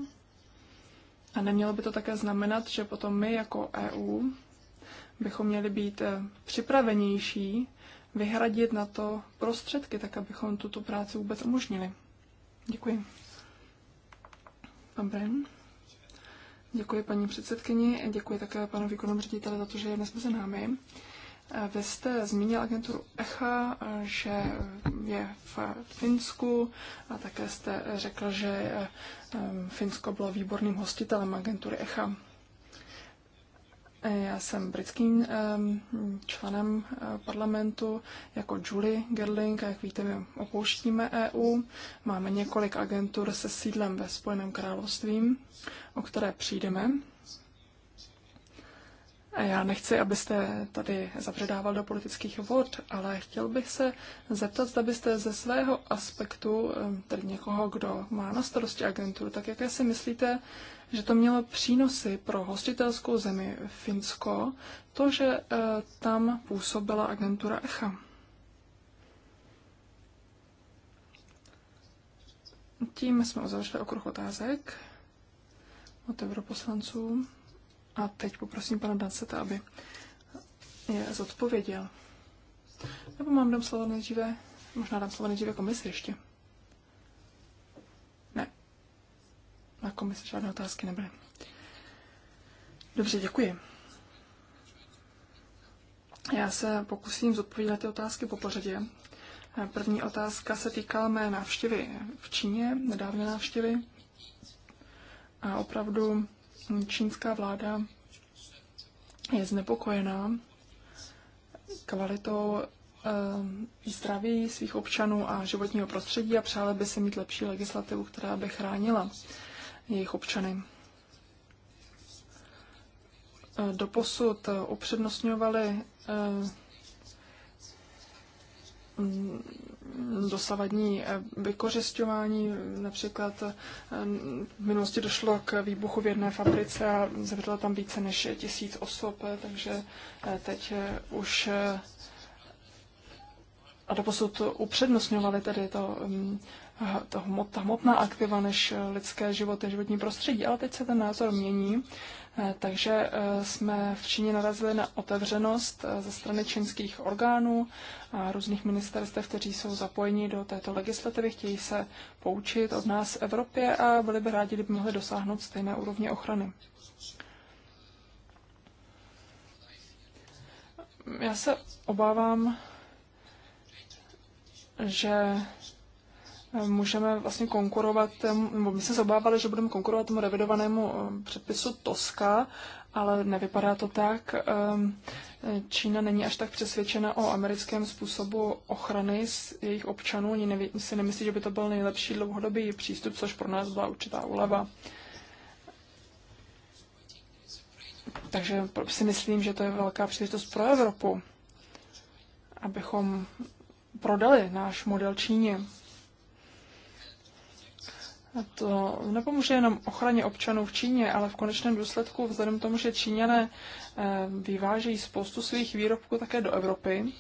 A nemělo by to také znamenat, že potom my jako EU bychom měli být e, připravenější vyhradit na to prostředky, tak abychom tuto práci vůbec umožnili. Děkuji. Pan Bren. Děkuji paní předsedkyni, děkuji také panu výkonnému řediteli za to, že je dnes mezi námi. Eh, vy jste zmínil agenturu ECHA, eh, že je v Finsku a také jste řekl, že eh, Finsko bylo výborným hostitelem agentury ECHA. Eh, já jsem britským ehm, členem eh, parlamentu jako Julie Gerling a jak víte, my opouštíme EU. Máme několik agentur se sídlem ve Spojeném království, o které přijdeme. Já nechci, abyste tady zapředával do politických vod, ale chtěl bych se zeptat, zda byste ze svého aspektu, eh, tedy někoho, kdo má na starosti agenturu, tak jaké si myslíte, že to mělo přínosy pro hostitelskou zemi Finsko, to, že e, tam působila agentura ECHA. Tím jsme uzavřeli okruh otázek od europoslanců. A teď poprosím pana Danceta, aby je zodpověděl. Nebo mám dám slovo nejdříve, možná dám slovo nejdříve komisi ještě. na komise žádné otázky nebyly. Dobře, děkuji. Já se pokusím zodpovědět ty otázky po pořadě. První otázka se týkala mé návštěvy v Číně, nedávné návštěvy. A opravdu čínská vláda je znepokojená kvalitou e, zdraví svých občanů a životního prostředí a přála by se mít lepší legislativu, která by chránila jejich občany. Eh, doposud upřednostňovali eh, mm, dosavadní eh, vykořišťování. Například v minulosti došlo k výbuchu v jedné fabrice a zemřelo tam více než tisíc osob, takže teď už a doposud upřednostňovali tedy to, um, to hmot, ta hmotná aktiva než eh, lidské životy, životní prostředí. Ale teď se ten názor mění, eh, takže eh, jsme v Číně narazili na otevřenost ze strany čínských orgánů a různých ministerstev, kteří jsou zapojeni do této legislativy, chtějí se poučit od nás v Evropě a byli by rádi, kdyby mohli dosáhnout stejné úrovně ochrany. Já se obávám, že můžeme vlastně konkurovat, nebo my jsme se obávali, že budeme konkurovat tomu revidovanému eh, předpisu Toska, ale nevypadá to tak. Eh, Čína není až tak přesvědčena o americkém způsobu ochrany z jejich občanů. Oni si nemyslí, že by to byl nejlepší dlouhodobý přístup, což pro nás byla určitá úleva. Takže si myslím, že to je velká příležitost pro Evropu, abychom prodali náš model Číně. A to nepomůže jenom ochraně občanů v Číně, ale v konečném důsledku, vzhledem k tomu, že Číňané eh, vyvážejí spoustu svých výrobků také do Evropy,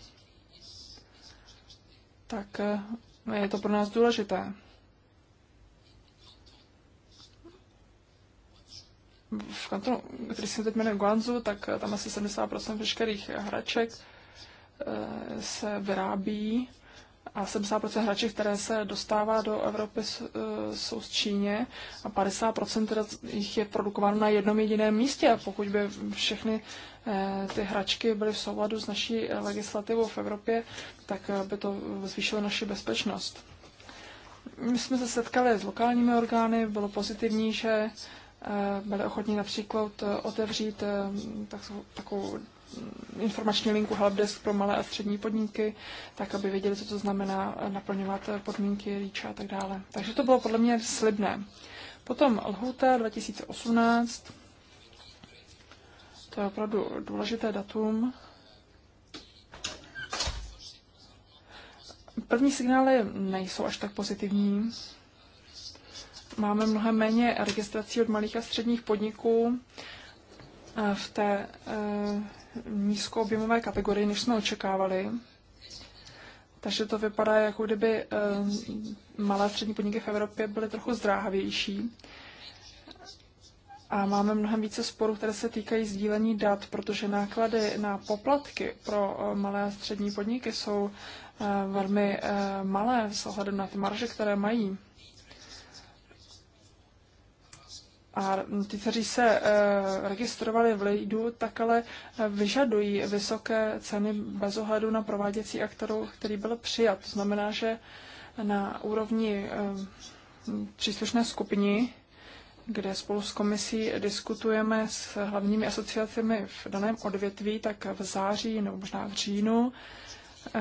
tak eh, je to pro nás důležité. V kantonu, který se teď jmenuje Guangzhou, tak eh, tam asi 70% veškerých hraček Eh, se vyrábí a 70% hraček, které se dostává do Evropy, eh, jsou z Číně a 50% jich je produkováno na jednom jediném místě. A pokud by všechny eh, ty hračky byly v souladu s naší legislativou v Evropě, tak by to zvýšilo naši bezpečnost. My jsme se setkali s lokálními orgány, bylo pozitivní, že byli ochotní například otevřít takovou informační linku Helpdesk pro malé a střední podniky, tak aby věděli, co to znamená eh, naplňovat eh, podmínky REACH a tak dále. Takže to bylo podle mě slibné. Potom Lhuta 2018, to je opravdu důležité datum. První signály nejsou až tak pozitivní. Máme mnohem méně registrací od malých a středních podniků eh, v té nízkoobjemové kategorii, než jsme očekávali. Takže to vypadá, jako kdyby eh, malé a střední podniky v Evropě byly trochu zdráhavější. A máme mnohem více sporů, které se týkají sdílení dat, protože náklady na poplatky pro eh, malé a střední podniky jsou eh, velmi malé s ohledem na ty marže, které mají. a ty, kteří se eh, registrovali v Lidu, tak ale eh, vyžadují vysoké ceny bez ohledu na prováděcí aktoru, který byl přijat. To znamená, že na úrovni eh, příslušné skupiny, kde spolu s komisí diskutujeme s hlavními asociacemi v daném odvětví, tak v září nebo možná v říjnu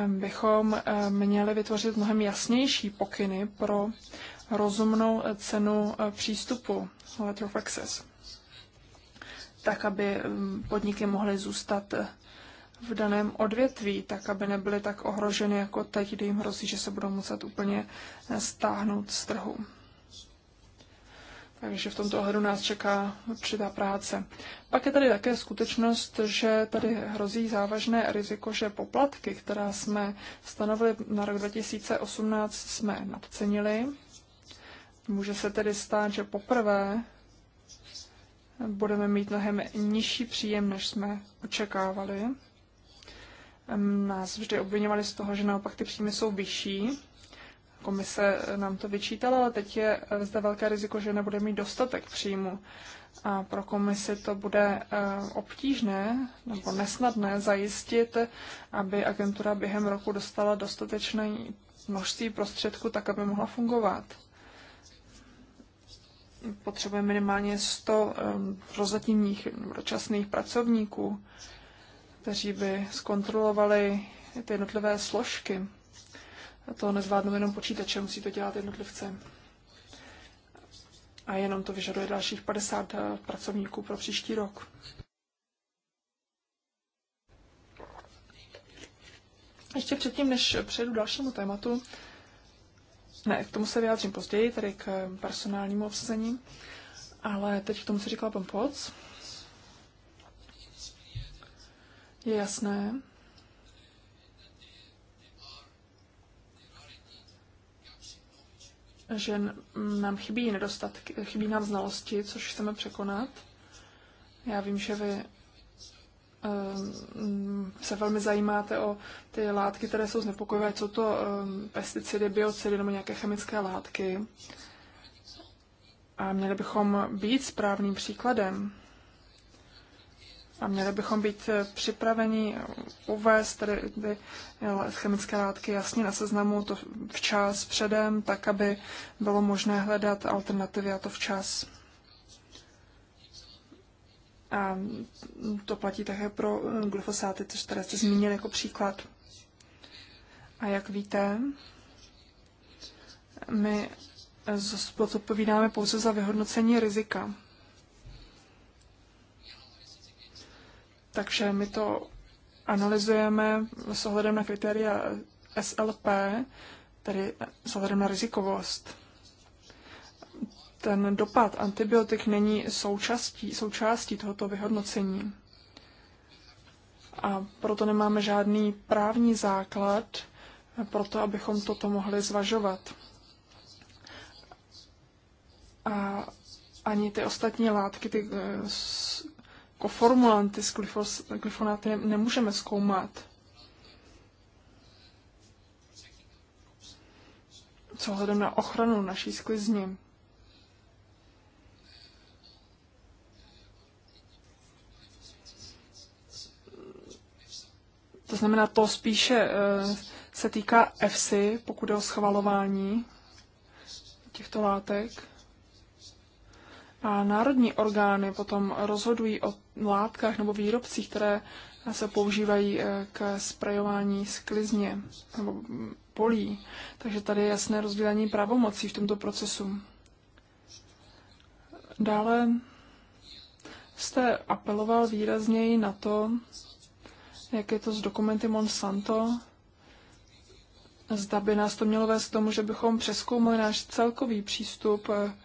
bychom měli vytvořit mnohem jasnější pokyny pro rozumnou eh, cenu eh, přístupu Letter of Access, tak aby mm, podniky mohly zůstat eh, v daném odvětví, tak aby nebyly tak ohroženy jako teď, kdy jim hrozí, že se budou muset úplně stáhnout z trhu. Takže v tomto ohledu nás čeká určitá práce. Pak je tady také skutečnost, že tady hrozí závažné riziko, že poplatky, která jsme stanovili na rok 2018, jsme nadcenili. Může se tedy stát, že poprvé budeme mít mnohem nižší příjem, než jsme očekávali. Nás vždy obvinovali z toho, že naopak ty příjmy jsou vyšší. Komise nám to vyčítala, ale teď je zde velké riziko, že nebude mít dostatek příjmu. A pro komisi to bude eh, obtížné nebo nesnadné zajistit, aby agentura během roku dostala dostatečné množství prostředků, tak aby mohla fungovat potřebuje minimálně 100 prozatímních dočasných pracovníků, kteří by zkontrolovali ty jednotlivé složky. To nezvládnou jenom počítače, musí to dělat jednotlivce. A jenom to vyžaduje dalších 50 eh, pracovníků pro příští rok. Ještě předtím, než přejdu dalšímu tématu, ne, k tomu se vyjádřím později, tedy k eh, personálnímu obsazení. Ale teď k tomu, co říkala pan Poc. Je jasné, že nám chybí nedostatky, chybí nám znalosti, což chceme překonat. Já vím, že vy Ehm, se velmi zajímáte o ty látky, které jsou znepokojivé, co to ehm, pesticidy, biocidy nebo nějaké chemické látky. A měli bychom být správným příkladem. A měli bychom být připraveni uvést tedy ty chemické látky jasně na seznamu, to včas předem, tak aby bylo možné hledat alternativy a to včas. A to platí také pro eh, glyfosáty, což tady jste zmínil jako příklad. A jak víte, my odpovídáme pouze za vyhodnocení rizika. Takže my to analyzujeme s ohledem na kritéria SLP, tedy s ohledem na rizikovost ten dopad antibiotik není součástí, součástí tohoto vyhodnocení. A proto nemáme žádný právní základ pro to, abychom toto mohli zvažovat. A ani ty ostatní látky, ty eh, koformulanty s glyfonáty nemůžeme zkoumat. Co hledem na ochranu naší sklizni. To znamená, to spíše eh, se týká EFSI, pokud je o schvalování těchto látek. A národní orgány potom rozhodují o látkách nebo výrobcích, které se používají eh, k sprejování sklizně nebo polí. Takže tady je jasné rozdělení pravomocí v tomto procesu. Dále jste apeloval výrazněji na to, jak je to s dokumenty Monsanto, zda by nás to mělo vést k tomu, že bychom přeskoumali náš celkový přístup eh,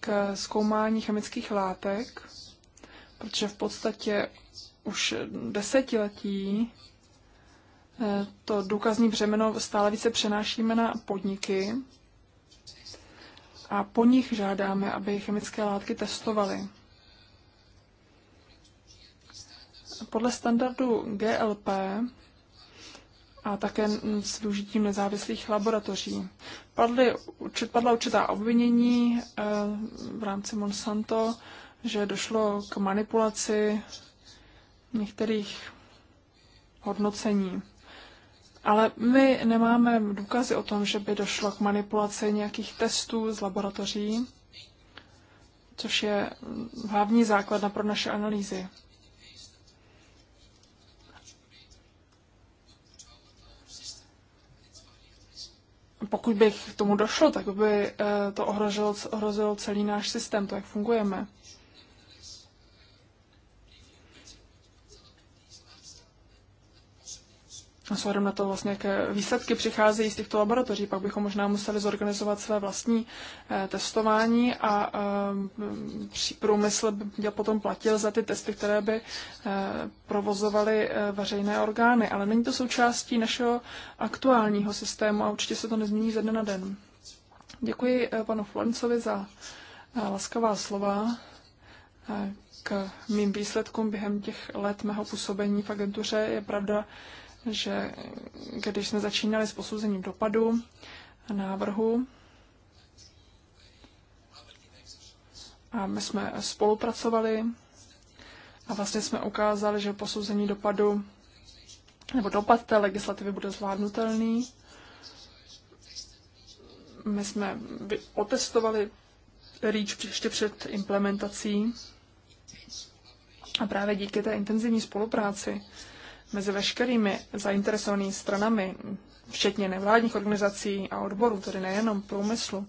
k zkoumání chemických látek, protože v podstatě už desetiletí eh, to důkazní břemeno stále více přenášíme na podniky a po nich žádáme, aby chemické látky testovaly. Podle standardu GLP a také s využitím nezávislých laboratoří. Padly, padla určitá obvinění eh, v rámci Monsanto, že došlo k manipulaci některých hodnocení. Ale my nemáme důkazy o tom, že by došlo k manipulaci nějakých testů z laboratoří, což je hlavní základna pro naše analýzy. pokud bych k tomu došlo, tak by eh, to ohrozilo, ohrozilo celý náš systém, to, jak fungujeme. s na to vlastně, jaké výsledky přicházejí z těchto laboratoří, pak bychom možná museli zorganizovat své vlastní eh, testování a eh, průmysl by potom platil za ty testy, které by eh, provozovaly veřejné orgány. Ale není to součástí našeho aktuálního systému a určitě se to nezmění ze dne na den. Děkuji panu Florencovi za laskavá slova k mým výsledkům během těch let mého působení v agentuře. Je pravda, že když jsme začínali s posouzením dopadu návrhu, a my jsme spolupracovali a vlastně jsme ukázali, že posouzení dopadu nebo dopad té legislativy bude zvládnutelný. My jsme otestovali REACH ještě před implementací a právě díky té intenzivní spolupráci mezi veškerými zainteresovanými stranami, včetně nevládních organizací a odborů, tedy nejenom průmyslu,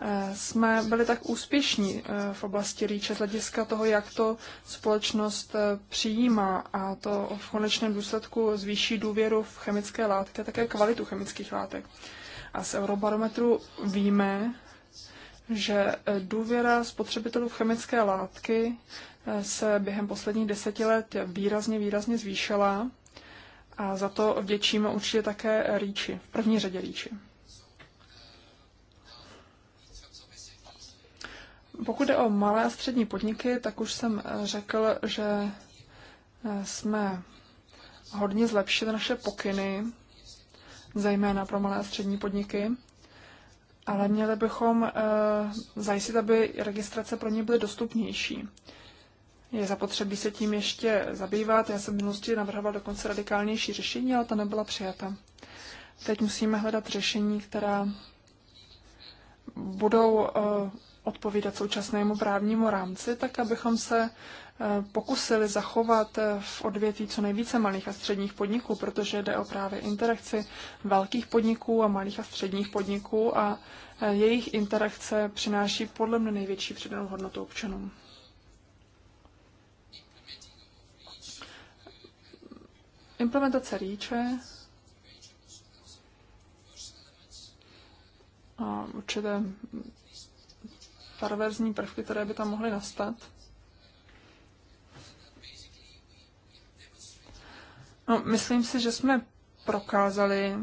eh, jsme byli tak úspěšní eh, v oblasti rýče z hlediska toho, jak to společnost eh, přijímá a to v konečném důsledku zvýší důvěru v chemické látky a také kvalitu chemických látek. A z Eurobarometru víme, že důvěra spotřebitelů v chemické látky se během posledních deseti let výrazně, výrazně zvýšila a za to vděčíme určitě také Ríči, v první řadě Ríči. Pokud jde o malé a střední podniky, tak už jsem řekl, že jsme hodně zlepšili naše pokyny, zejména pro malé a střední podniky, ale měli bychom eh, zajistit, aby registrace pro ně byly dostupnější je zapotřebí se tím ještě zabývat. Já jsem v minulosti navrhoval dokonce radikálnější řešení, ale ta nebyla přijata. Teď musíme hledat řešení, která budou eh, odpovídat současnému právnímu rámci, tak abychom se eh, pokusili zachovat eh, v odvětví co nejvíce malých a středních podniků, protože jde o právě interakci velkých podniků a malých a středních podniků a jejich interakce přináší podle mě největší přidanou hodnotu občanům. Implementace REACHe a určité perverzní prvky, které by tam mohly nastat. No, myslím si, že jsme prokázali,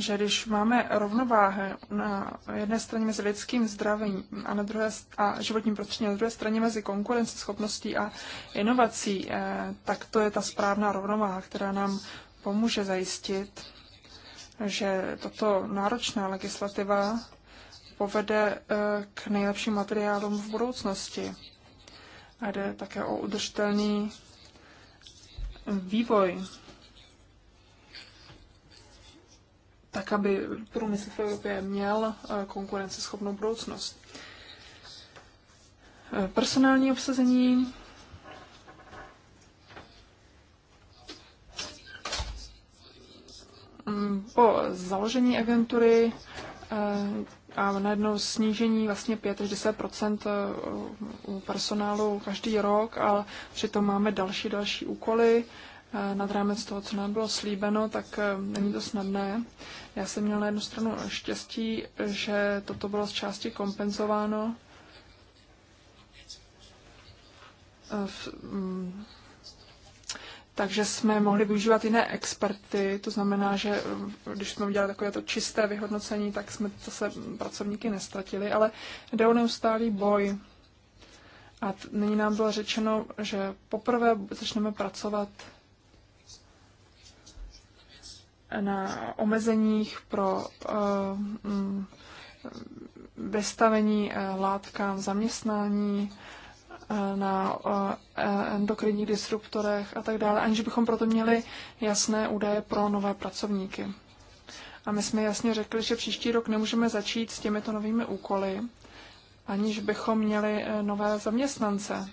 že když máme rovnováhu na jedné straně mezi lidským zdravím a, na druhé, a životním prostředím, a na druhé straně mezi konkurenceschopností a inovací, eh, tak to je ta správná rovnováha, která nám pomůže zajistit, že toto náročná legislativa povede eh, k nejlepším materiálům v budoucnosti. A jde také o udržitelný vývoj tak aby průmysl v Evropě měl eh, konkurenceschopnou budoucnost. Eh, personální obsazení mm, po založení agentury eh, a najednou snížení vlastně 5 až 10 u personálu každý rok, ale přitom máme další další úkoly Eh, nad rámec toho, co nám bylo slíbeno, tak eh, není to snadné. Já jsem měl na jednu stranu štěstí, že toto bylo z části kompenzováno eh, v, mm, takže jsme mohli využívat jiné experty, to znamená, že když jsme udělali takové to čisté vyhodnocení, tak jsme zase pracovníky nestratili, ale jde o neustálý boj. A nyní nám bylo řečeno, že poprvé začneme pracovat na omezeních pro eh, mm, vystavení eh, látkám zaměstnání, eh, na endokrinních disruptorech a tak dále, aniž bychom proto měli jasné údaje pro nové pracovníky. A my jsme jasně řekli, že příští rok nemůžeme začít s těmito novými úkoly, aniž bychom měli nové zaměstnance.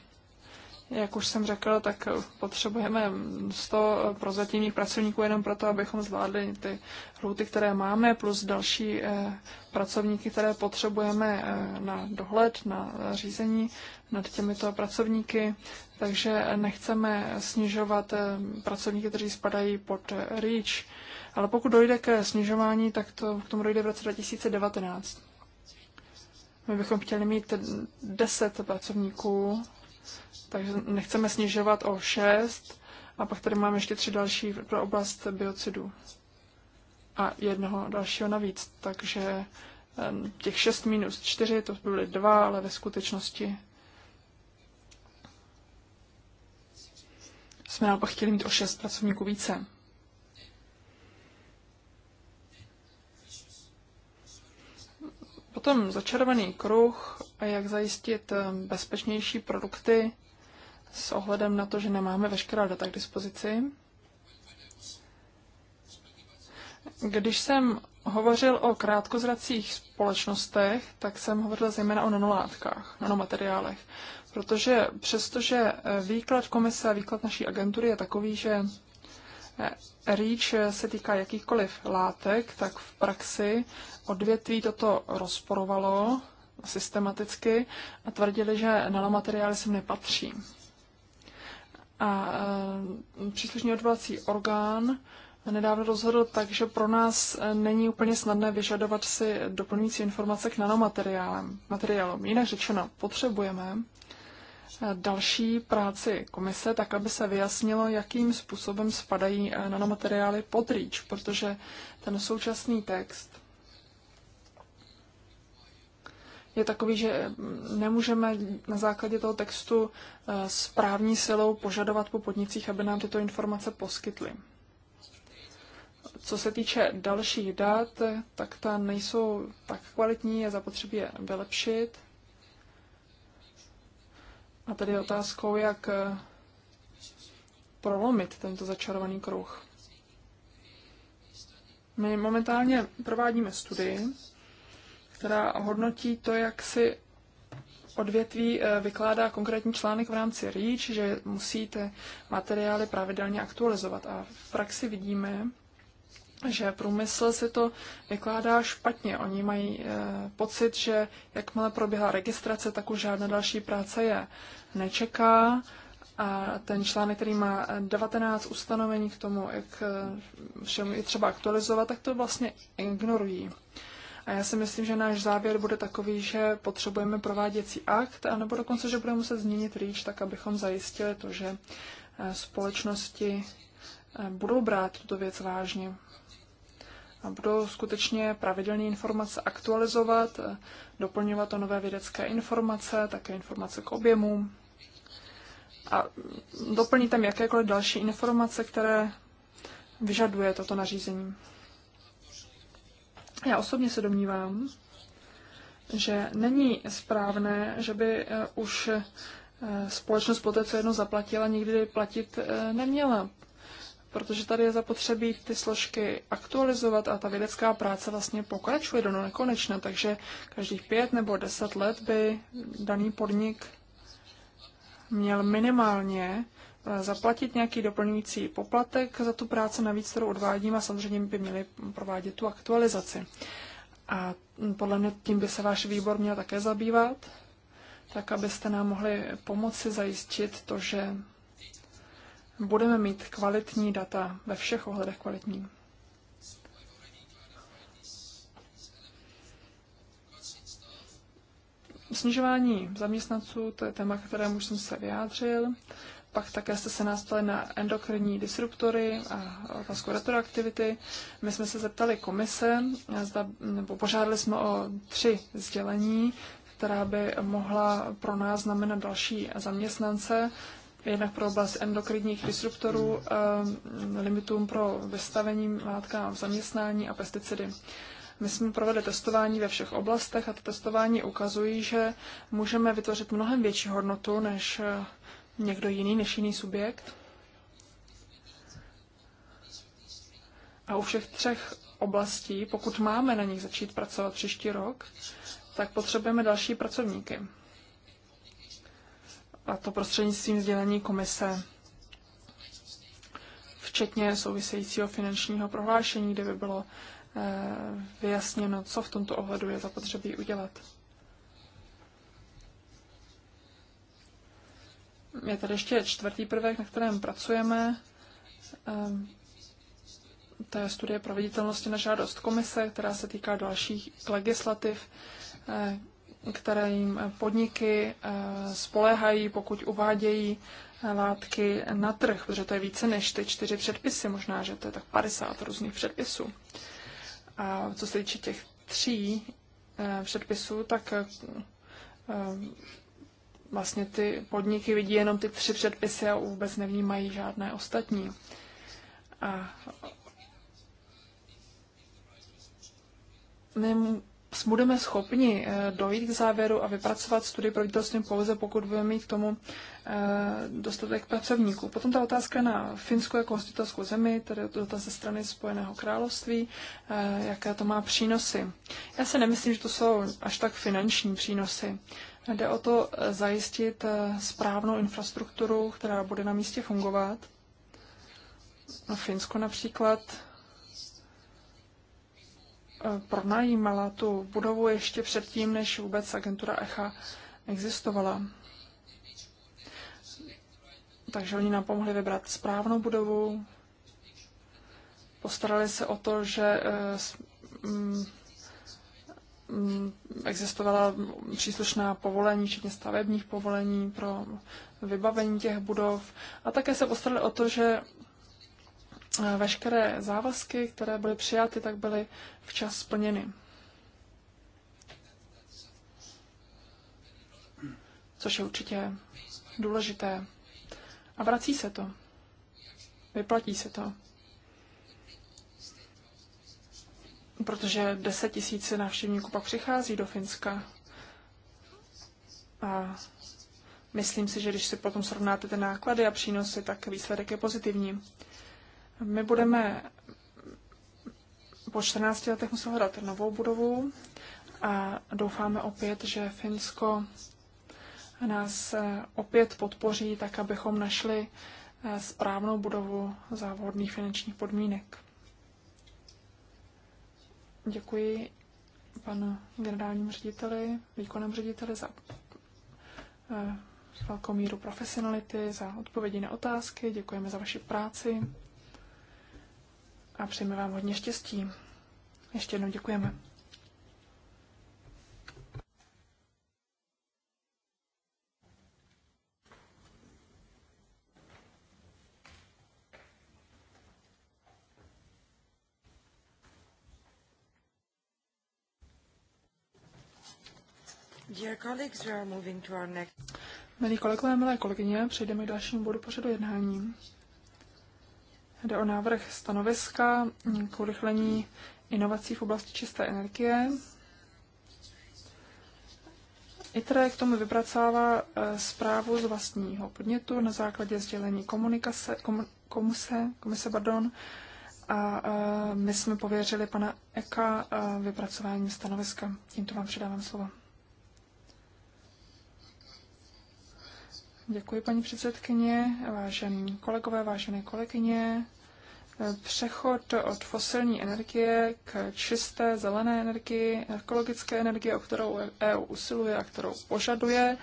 Jak už jsem řekl, tak potřebujeme 100 prozatímních pracovníků jenom proto, abychom zvládli ty hluty, které máme, plus další eh, pracovníky, které potřebujeme eh, na dohled, na eh, řízení nad těmito pracovníky. Takže nechceme snižovat pracovníky, kteří spadají pod REACH. Ale pokud dojde ke snižování, tak to k tomu dojde v roce 2019. My bychom chtěli mít 10 pracovníků takže nechceme snižovat o 6 a pak tady máme ještě tři další pro oblast biocidů a jednoho dalšího navíc, takže těch 6 minus 4, to byly dva, ale ve skutečnosti jsme naopak chtěli mít o 6 pracovníků více. Potom začarovaný kruh a jak zajistit bezpečnější produkty s ohledem na to, že nemáme veškerá data k dispozici. Když jsem hovořil o krátkozracích společnostech, tak jsem hovořil zejména o nanolátkách, nanomateriálech. Protože přestože výklad komise a výklad naší agentury je takový, že REACH se týká jakýchkoliv látek, tak v praxi odvětví toto rozporovalo systematicky a tvrdili, že nanomateriály sem nepatří. A eh, příslušný odvolací orgán nedávno rozhodl tak, že pro nás eh, není úplně snadné vyžadovat si doplňující informace k Materiálům. Jinak řečeno, potřebujeme eh, další práci komise, tak aby se vyjasnilo, jakým způsobem spadají nanomateriály pod rýč, protože ten současný text je takový, že nemůžeme na základě toho textu eh, s právní silou požadovat po podnicích, aby nám tyto informace poskytly. Co se týče dalších dat, tak ta nejsou tak kvalitní, je zapotřebí je vylepšit. A tady je otázkou, jak eh, prolomit tento začarovaný kruh. My momentálně provádíme studii, která hodnotí to, jak si odvětví eh, vykládá konkrétní článek v rámci REACH, že musíte materiály pravidelně aktualizovat. A v praxi vidíme, že průmysl si to vykládá špatně. Oni mají eh, pocit, že jakmile proběhla registrace, tak už žádná další práce je nečeká. A ten článek, který má 19 ustanovení k tomu, jak eh, všemu je třeba aktualizovat, tak to vlastně ignorují. A já si myslím, že náš závěr bude takový, že potřebujeme prováděcí akt, anebo dokonce, že budeme muset změnit REACH, tak abychom zajistili to, že eh, společnosti eh, budou brát tuto věc vážně a budou skutečně pravidelné informace aktualizovat, eh, doplňovat o nové vědecké informace, také informace k objemu, a mm, doplní tam jakékoliv další informace, které vyžaduje toto nařízení. Vlastně já osobně se domnívám, že není správné, že by eh, už eh, společnost poté, co jedno zaplatila, nikdy platit eh, neměla. Protože tady je zapotřebí ty složky aktualizovat a ta vědecká práce vlastně pokračuje do nekonečna, takže každých pět nebo deset let by daný podnik měl minimálně zaplatit nějaký doplňující poplatek za tu práci navíc, kterou odvádím a samozřejmě by měli provádět tu aktualizaci. A podle mě tím by se váš výbor měl také zabývat, tak abyste nám mohli pomoci zajistit to, že budeme mít kvalitní data, ve všech ohledech kvalitní. Snižování zaměstnanců, to je téma, kterému jsem se vyjádřil. Pak také jste se nás ptali na endokrinní disruptory a otázku retroaktivity. My jsme se zeptali komise, zda, nebo požádali jsme o tři sdělení, která by mohla pro nás znamenat další zaměstnance, jednak pro oblast endokrinních disruptorů, eh, limitům pro vystavení látkám v zaměstnání a pesticidy. My jsme provedli testování ve všech oblastech a to testování ukazují, že můžeme vytvořit mnohem větší hodnotu, než eh, někdo jiný než jiný subjekt. A u všech třech oblastí, pokud máme na nich začít pracovat příští rok, tak potřebujeme další pracovníky. A to prostřednictvím sdělení komise, včetně souvisejícího finančního prohlášení, kde by bylo eh, vyjasněno, co v tomto ohledu je zapotřebí udělat. je tady ještě čtvrtý prvek, na kterém pracujeme. Ehm, to je studie proveditelnosti na žádost komise, která se týká dalších legislativ, eh, které jim podniky eh, spoléhají, pokud uvádějí eh, látky na trh, protože to je více než ty čtyři předpisy, možná, že to je tak 50 různých předpisů. A co se týče těch tří předpisů, tak vlastně ty podniky vidí jenom ty tři předpisy a vůbec nevnímají žádné ostatní. A my budeme schopni eh, dojít k závěru a vypracovat studii proveditelnosti pouze, pokud budeme mít k tomu eh, dostatek pracovníků. Potom ta otázka na Finsku jako hostitelskou zemi, tedy dotaz ze strany Spojeného království, eh, jaké to má přínosy. Já si nemyslím, že to jsou až tak finanční přínosy. Jde o to eh, zajistit eh, správnou infrastrukturu, která bude na místě fungovat. Na Finsko například eh, pronajímala tu budovu ještě předtím, než vůbec agentura ECHA existovala. Takže oni nám pomohli vybrat správnou budovu, postarali se o to, že mm, Mm, existovala příslušná povolení, včetně stavebních povolení pro vybavení těch budov. A také se postarali o to, že eh, veškeré závazky, které byly přijaty, tak byly včas splněny. Což je určitě důležité. A vrací se to. Vyplatí se to. protože 10 tisíc návštěvníků pak přichází do Finska. A myslím si, že když si potom srovnáte ty náklady a přínosy, tak výsledek je pozitivní. My budeme po 14 letech muset hledat novou budovu a doufáme opět, že Finsko nás eh, opět podpoří, tak abychom našli eh, správnou budovu za vhodných finančních podmínek. Děkuji panu generálnímu řediteli, výkonnému řediteli za s eh, velkou míru profesionality, za odpovědi na otázky, děkujeme za vaši práci a přejeme vám hodně štěstí. Ještě jednou děkujeme. Milí kolegové, milé kolegyně, přejdeme k dalšímu bodu pořadu jednání. Jde o návrh stanoviska k urychlení inovací v oblasti čisté energie. ITRE k tomu vypracává eh, zprávu z vlastního podnětu na základě sdělení komunikace, kom, komuse, komise pardon, a eh, my jsme pověřili pana Eka eh, vypracováním stanoviska. Tímto vám předávám slovo. Děkuji, paní předsedkyně, vážení kolegové, vážené kolegyně. Přechod od fosilní energie k čisté zelené energii, ekologické energie, o kterou EU usiluje a kterou požaduje,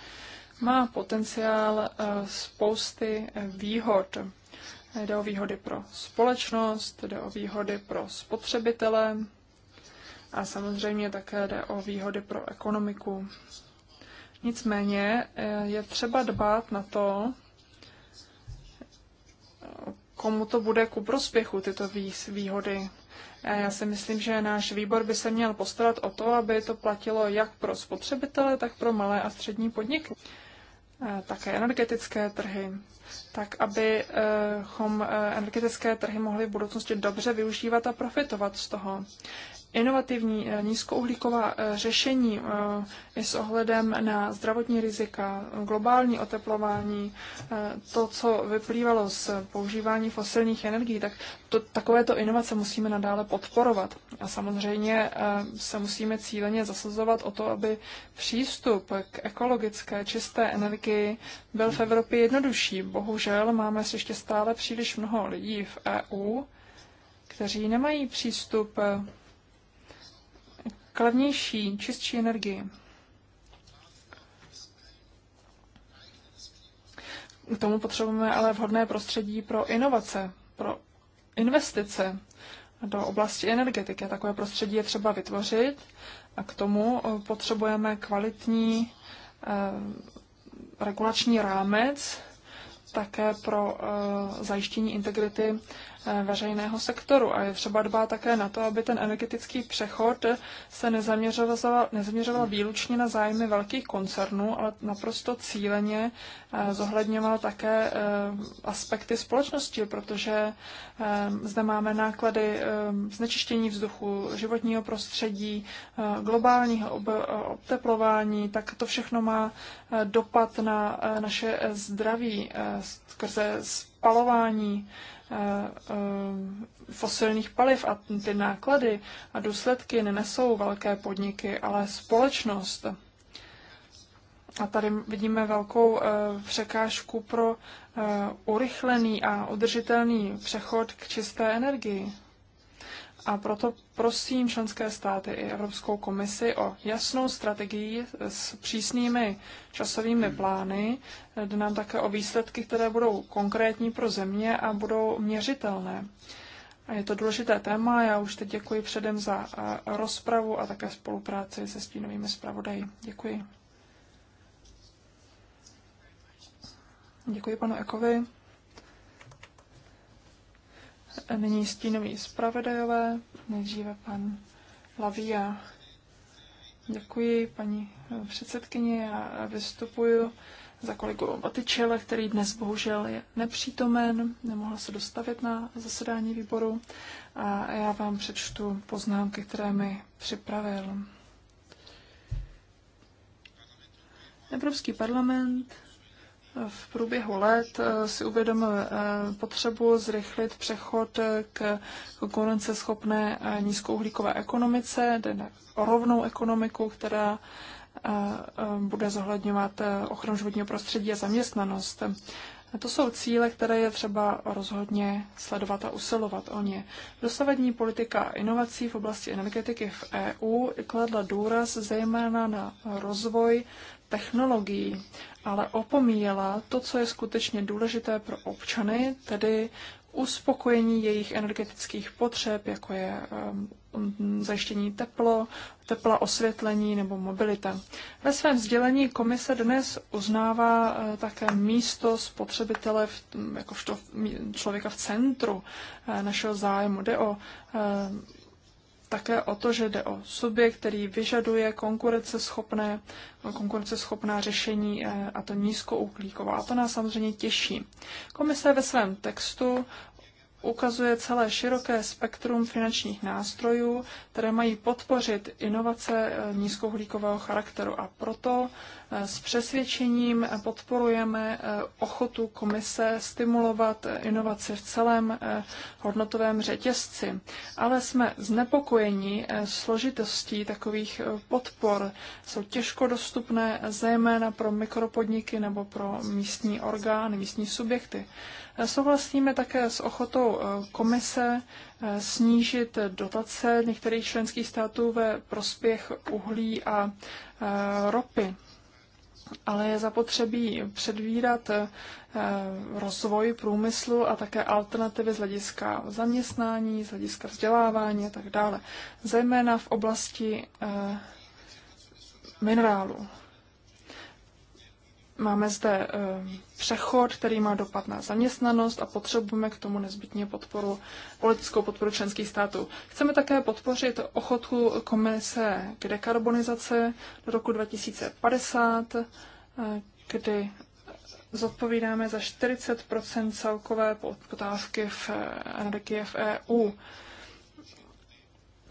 má potenciál eh, spousty výhod. Jde o výhody pro společnost, jde o výhody pro spotřebitele a samozřejmě také jde o výhody pro ekonomiku. Nicméně eh, je třeba dbát na to, komu to bude ku prospěchu tyto výhody. Já si myslím, že náš výbor by se měl postarat o to, aby to platilo jak pro spotřebitele, tak pro malé a střední podniky, eh, také energetické trhy, tak abychom eh, energetické trhy mohli v budoucnosti dobře využívat a profitovat z toho inovativní eh, nízkouhlíková eh, řešení eh, i s ohledem na zdravotní rizika, globální oteplování, to, co vyplývalo z používání fosilních energií, tak to, takovéto inovace musíme nadále podporovat. A samozřejmě se musíme cíleně zasazovat o to, aby přístup k ekologické čisté energii byl v Evropě jednodušší. Bohužel máme ještě stále příliš mnoho lidí v EU, kteří nemají přístup k levnější, čistší energii. K tomu potřebujeme ale vhodné prostředí pro inovace, pro investice do oblasti energetiky. Takové prostředí je třeba vytvořit a k tomu eh, potřebujeme kvalitní eh, regulační rámec také pro eh, zajištění integrity veřejného sektoru. A je třeba dbát také na to, aby ten energetický přechod se nezaměřoval, nezaměřoval výlučně na zájmy velkých koncernů, ale naprosto cíleně eh, zohledňoval také eh, aspekty společnosti, protože eh, zde máme náklady znečištění vzduchu, životního prostředí, globálního obteplování, tak to všechno má dopad na naše zdraví skrze spalování Eh, eh, fosilních paliv a ty náklady a důsledky nenesou velké podniky, ale společnost. A tady vidíme velkou eh, překážku pro urychlený a udržitelný přechod k čisté energii. A proto prosím členské státy i Evropskou komisi o jasnou strategii s přísnými časovými plány. Jde nám také o výsledky, které budou konkrétní pro země a budou měřitelné. A je to důležité téma. Já už teď děkuji předem za eh, rozpravu a také spolupráci se stínovými zpravodaji. Děkuji. Děkuji panu Ekovi. Nyní stínoví zpravodajové, nejdříve pan Lavia. Děkuji paní předsedkyně a vystupuju za kolegu Batyčele, který dnes bohužel je nepřítomen, nemohl se dostavit na zasedání výboru a já vám přečtu poznámky, které mi připravil. Evropský parlament v průběhu let eh, si uvědomil eh, potřebu zrychlit přechod eh, k konkurenceschopné nízkouhlíkové ekonomice, tedy o rovnou ekonomiku, která bude zohledňovat ochranu životního prostředí a zaměstnanost. To jsou cíle, které je třeba rozhodně sledovat a usilovat o ně. Dosavadní politika inovací v oblasti energetiky v EU kladla důraz zejména na rozvoj technologií ale opomíjela to, co je skutečně důležité pro občany, tedy uspokojení jejich energetických potřeb, jako je um, zajištění teplo, tepla, osvětlení nebo mobilita. Ve svém sdělení komise dnes uznává eh, také místo spotřebitele v, jakožto člověka v centru eh, našeho zájmu. Jde o eh, také o to, že jde o subjekt, který vyžaduje konkurenceschopné, konkurenceschopná řešení eh, a to nízkouhlíková. A to nás samozřejmě těší. Komise ve svém textu ukazuje celé široké spektrum finančních nástrojů, které mají podpořit inovace eh, nízkouhlíkového charakteru. A proto eh, s přesvědčením podporujeme eh, ochotu komise stimulovat inovace v celém hodnotovém řetězci. Ale jsme znepokojeni složitostí takových podpor. Jsou těžko dostupné zejména pro mikropodniky nebo pro místní orgány, místní subjekty. Souhlasíme také s ochotou eh, komise eh, snížit dotace některých členských států ve prospěch uhlí a eh, ropy. Ale je zapotřebí předvídat rozvoj průmyslu a také alternativy z hlediska zaměstnání, z hlediska vzdělávání a tak dále. Zejména v oblasti minerálu. Máme zde eh, přechod, který má dopad na zaměstnanost a potřebujeme k tomu nezbytně podporu, politickou podporu členských států. Chceme také podpořit ochotku komise k dekarbonizaci do roku 2050, eh, kdy zodpovídáme za 40 celkové poptávky v eh, energie v EU.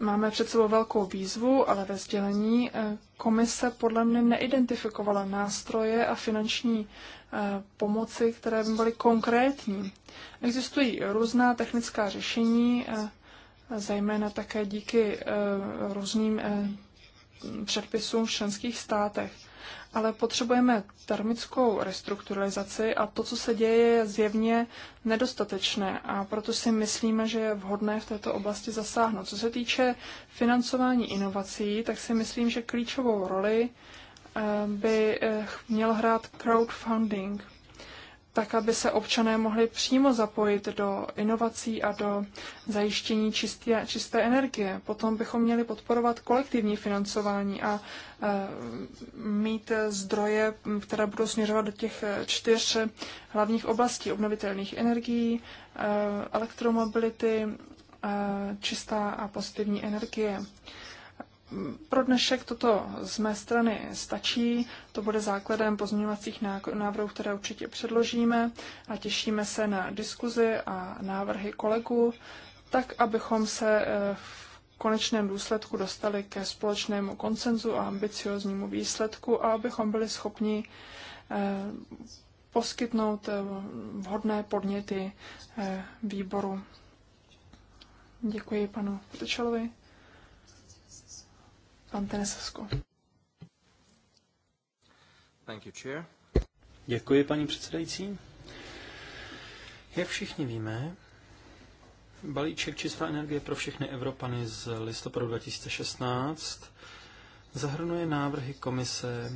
Máme před sebou velkou výzvu, ale ve sdělení eh, komise podle mě neidentifikovala nástroje a finanční eh, pomoci, které by byly konkrétní. Existují různá technická řešení, eh, zejména také díky různým předpisům v členských státech ale potřebujeme termickou restrukturalizaci a to, co se děje, je zjevně nedostatečné a proto si myslíme, že je vhodné v této oblasti zasáhnout. Co se týče financování inovací, tak si myslím, že klíčovou roli eh, by eh, měl hrát crowdfunding tak aby se občané mohli přímo zapojit do inovací a do zajištění čisté, čisté energie. Potom bychom měli podporovat kolektivní financování a e, mít zdroje, které budou směřovat do těch eh, čtyř hlavních oblastí obnovitelných energií, e, elektromobility, e, čistá a pozitivní energie. E, pro dnešek toto z mé strany stačí. To bude základem pozměňovacích návrhů, které určitě předložíme a těšíme se na diskuzi a návrhy kolegů, tak abychom se eh, v konečném důsledku dostali ke společnému koncenzu a ambicioznímu výsledku a abychom byli schopni eh, poskytnout eh, vhodné podněty výboru. Děkuji panu Tečelovi. Pan Tenesesko. Děkuji, paní předsedající. Jak všichni víme, balíček čistá energie pro všechny Evropany z listopadu 2016 zahrnuje návrhy komise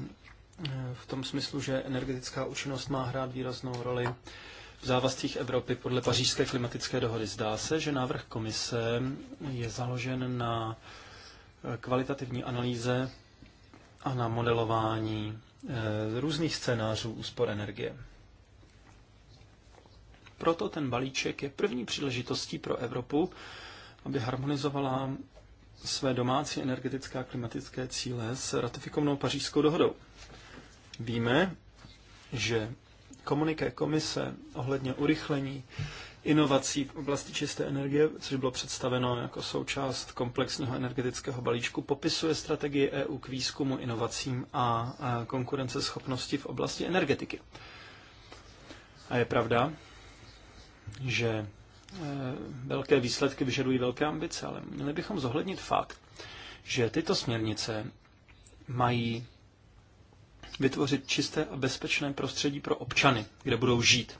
eh, v tom smyslu, že energetická účinnost má hrát výraznou roli v závazcích Evropy podle pařížské klimatické dohody. Zdá se, že návrh komise je založen na kvalitativní analýze a na modelování eh, různých scénářů úspor energie. Proto ten balíček je první příležitostí pro Evropu, aby harmonizovala své domácí energetické a klimatické cíle s ratifikovanou pařížskou dohodou. Víme, že komuniké komise ohledně urychlení inovací v oblasti čisté energie, což bylo představeno jako součást komplexního energetického balíčku, popisuje strategii EU k výzkumu, inovacím a konkurenceschopnosti v oblasti energetiky. A je pravda, že e, velké výsledky vyžadují velké ambice, ale měli bychom zohlednit fakt, že tyto směrnice mají vytvořit čisté a bezpečné prostředí pro občany, kde budou žít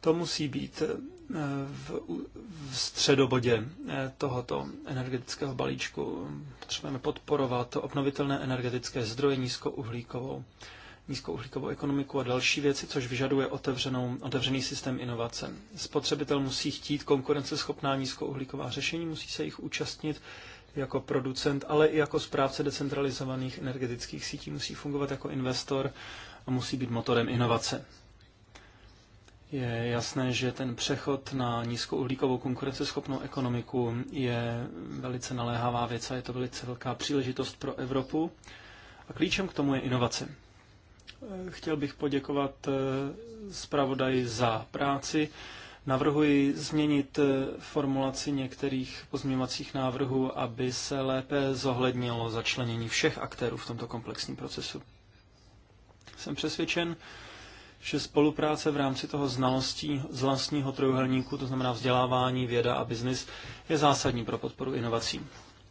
to musí být eh, v, v středobodě eh, tohoto energetického balíčku. Potřebujeme podporovat obnovitelné energetické zdroje, nízkouhlíkovou, nízkouhlíkovou ekonomiku a další věci, což vyžaduje otevřenou, otevřený systém inovace. Spotřebitel musí chtít konkurenceschopná nízkouhlíková řešení, musí se jich účastnit jako producent, ale i jako správce decentralizovaných energetických sítí musí fungovat jako investor a musí být motorem inovace. Je jasné, že ten přechod na nízkouhlíkovou konkurenceschopnou ekonomiku je velice naléhavá věc a je to velice velká příležitost pro Evropu. A klíčem k tomu je inovace. Chtěl bych poděkovat eh, zpravodaji za práci. Navrhuji změnit eh, formulaci některých pozměňovacích návrhů, aby se lépe zohlednilo začlenění všech aktérů v tomto komplexním procesu. Jsem přesvědčen, že spolupráce v rámci toho znalostí z vlastního trojuhelníku, to znamená vzdělávání, věda a biznis, je zásadní pro podporu inovací.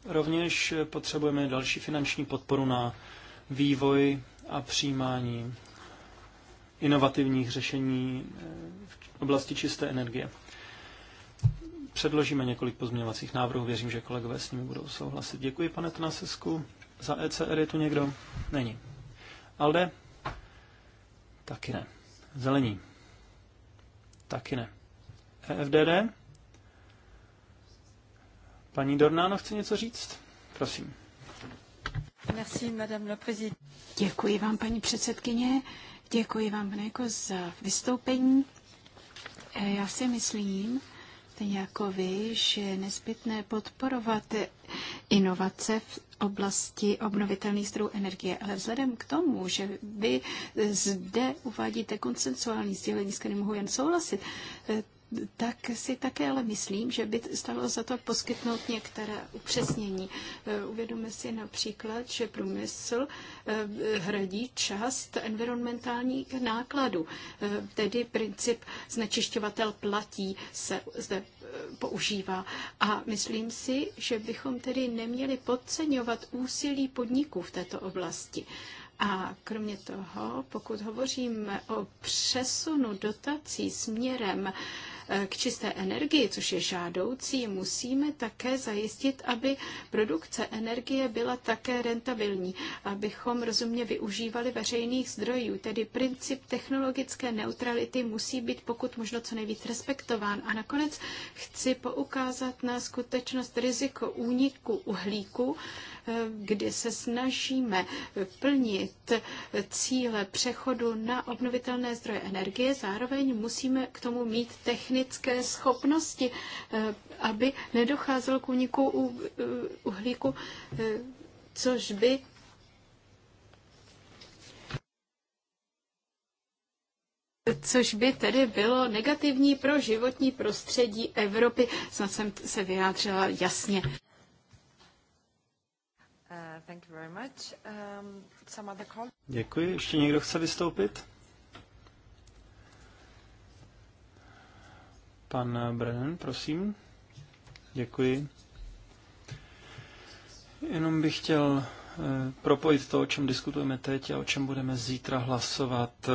Rovněž potřebujeme další finanční podporu na vývoj a přijímání inovativních řešení eh, v oblasti čisté energie. Předložíme několik pozměňovacích návrhů, věřím, že kolegové s nimi budou souhlasit. Děkuji, pane Tnasesku. Za ECR je tu někdo? Není. Alde? Taky ne. Zelení. Taky ne. EFDD? Paní Dornáno chce něco říct? Prosím. Merci, madame la Děkuji vám, paní předsedkyně. Děkuji vám, Bneko, za vystoupení. E, já si myslím, jako vy, že je nezbytné podporovat inovace v oblasti obnovitelných zdrojů energie. Ale vzhledem k tomu, že vy zde uvádíte konsensuální sdělení, s kterým mohu jen souhlasit, eh, tak si také ale myslím, že by stalo za to poskytnout některé upřesnění. E, uvědomme si například, že průmysl e, hradí část environmentálních nákladů. E, tedy princip znečišťovatel platí se zde používá. A myslím si, že bychom tedy neměli podceňovat úsilí podniků v této oblasti. A kromě toho, pokud hovoříme o přesunu dotací směrem Eh, k čisté energii, což je žádoucí, musíme také zajistit, aby produkce energie byla také rentabilní, abychom rozumně využívali veřejných zdrojů. Tedy princip technologické neutrality musí být pokud možno co nejvíc respektován. A nakonec chci poukázat na skutečnost riziko úniku uhlíku, kdy se snažíme plnit cíle přechodu na obnovitelné zdroje energie, zároveň musíme k tomu mít technické schopnosti, eh, aby nedocházelo k úniku eh, uhlíku, eh, což by což by tedy bylo negativní pro životní prostředí Evropy. Snad jsem se vyjádřila jasně. Uh, um, Děkuji. Ještě někdo chce vystoupit? Pan Brennan, prosím. Děkuji. Jenom bych chtěl eh, propojit to, o čem diskutujeme teď a o čem budeme zítra hlasovat.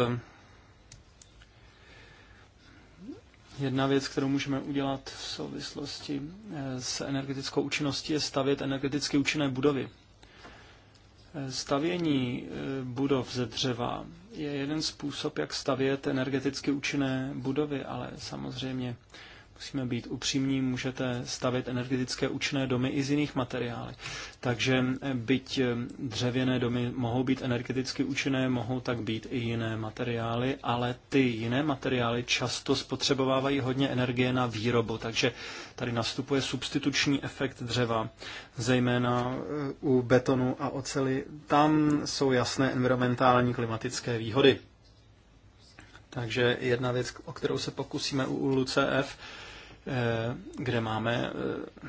Jedna věc, kterou můžeme udělat v souvislosti eh, s energetickou účinností, je stavět energeticky účinné budovy. Stavění e, budov ze dřeva je jeden způsob, jak stavět energeticky účinné budovy, ale samozřejmě musíme být upřímní, můžete stavit energetické účinné domy i z jiných materiály. Takže eh, byť eh, dřevěné domy mohou být energeticky účinné, mohou tak být i jiné materiály, ale ty jiné materiály často spotřebovávají hodně energie na výrobu, takže tady nastupuje substituční efekt dřeva, zejména eh, u betonu a oceli. Tam jsou jasné environmentální klimatické výhody. Takže jedna věc, o kterou se pokusíme u LUCF, Eh, kde máme eh,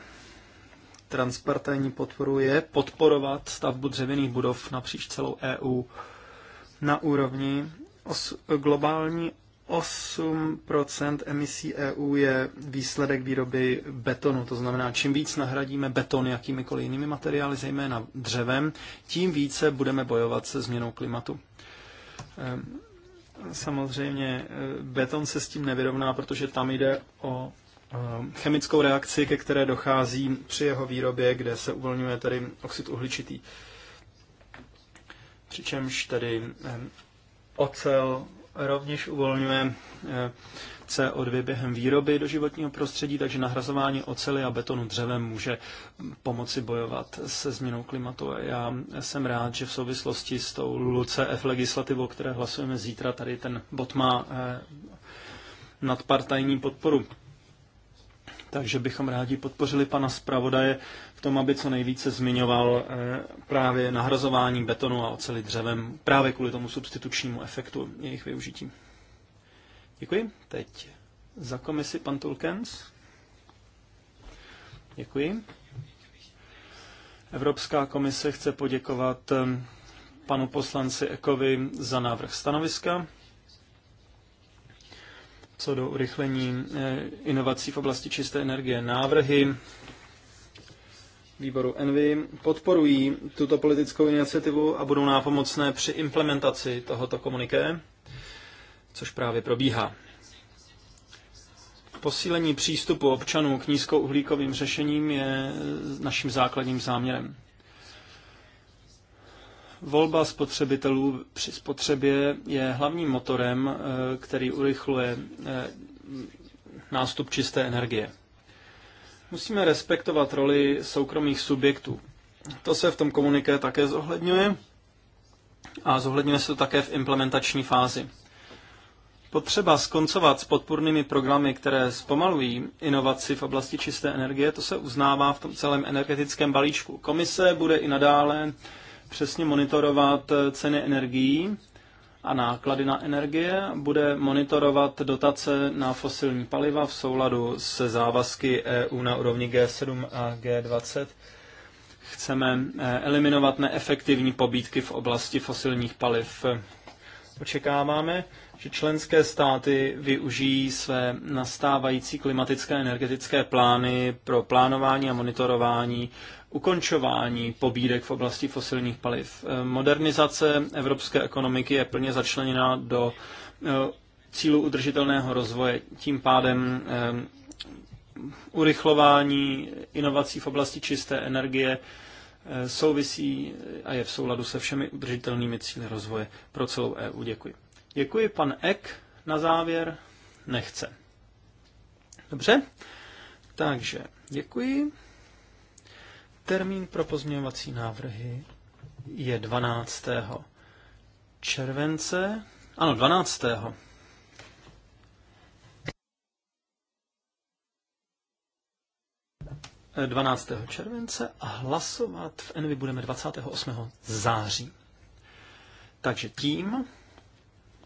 transparentní podporu, je podporovat stavbu dřevěných budov napříč celou EU na úrovni os- globální 8 emisí EU je výsledek výroby betonu. To znamená, čím víc nahradíme beton jakýmikoliv jinými materiály, zejména dřevem, tím více budeme bojovat se změnou klimatu. Ehm, samozřejmě eh, beton se s tím nevyrovná, protože tam jde o chemickou reakci, ke které dochází při jeho výrobě, kde se uvolňuje tedy oxid uhličitý. Přičemž tedy eh, ocel rovněž uvolňuje eh, CO2 během výroby do životního prostředí, takže nahrazování ocely a betonu dřevem může pomoci bojovat se změnou klimatu. Já jsem rád, že v souvislosti s tou LULUCF legislativou, které hlasujeme zítra, tady ten bod má eh, nadpartajní podporu. Takže bychom rádi podpořili pana zpravodaje v tom, aby co nejvíce zmiňoval eh, právě nahrazování betonu a oceli dřevem právě kvůli tomu substitučnímu efektu jejich využití. Děkuji. Teď za komisi pan Tulkens. Děkuji. Evropská komise chce poděkovat eh, panu poslanci Ekovi za návrh stanoviska co do urychlení eh, inovací v oblasti čisté energie. Návrhy výboru Envy podporují tuto politickou iniciativu a budou nápomocné při implementaci tohoto komuniké, což právě probíhá. Posílení přístupu občanů k nízkouhlíkovým řešením je naším základním záměrem. Volba spotřebitelů při spotřebě je hlavním motorem, eh, který urychluje eh, nástup čisté energie. Musíme respektovat roli soukromých subjektů. To se v tom komuniké také zohledňuje a zohledňuje se to také v implementační fázi. Potřeba skoncovat s podpůrnými programy, které zpomalují inovaci v oblasti čisté energie, to se uznává v tom celém energetickém balíčku. Komise bude i nadále přesně monitorovat eh, ceny energií a náklady na energie, bude monitorovat dotace na fosilní paliva v souladu se závazky EU na úrovni G7 a G20. Chceme eh, eliminovat neefektivní pobídky v oblasti fosilních paliv. Očekáváme, že členské státy využijí své nastávající klimatické energetické plány pro plánování a monitorování ukončování pobídek v oblasti fosilních paliv. Eh, modernizace evropské ekonomiky je plně začleněna do eh, cílu udržitelného rozvoje. Tím pádem eh, urychlování inovací v oblasti čisté energie souvisí a je v souladu se všemi udržitelnými cíly rozvoje pro celou EU. Děkuji. Děkuji, pan Ek na závěr nechce. Dobře, takže děkuji. Termín pro pozměňovací návrhy je 12. července. Ano, 12. Dvanáctého července a hlasovat v Envy budeme 28. září. Takže tím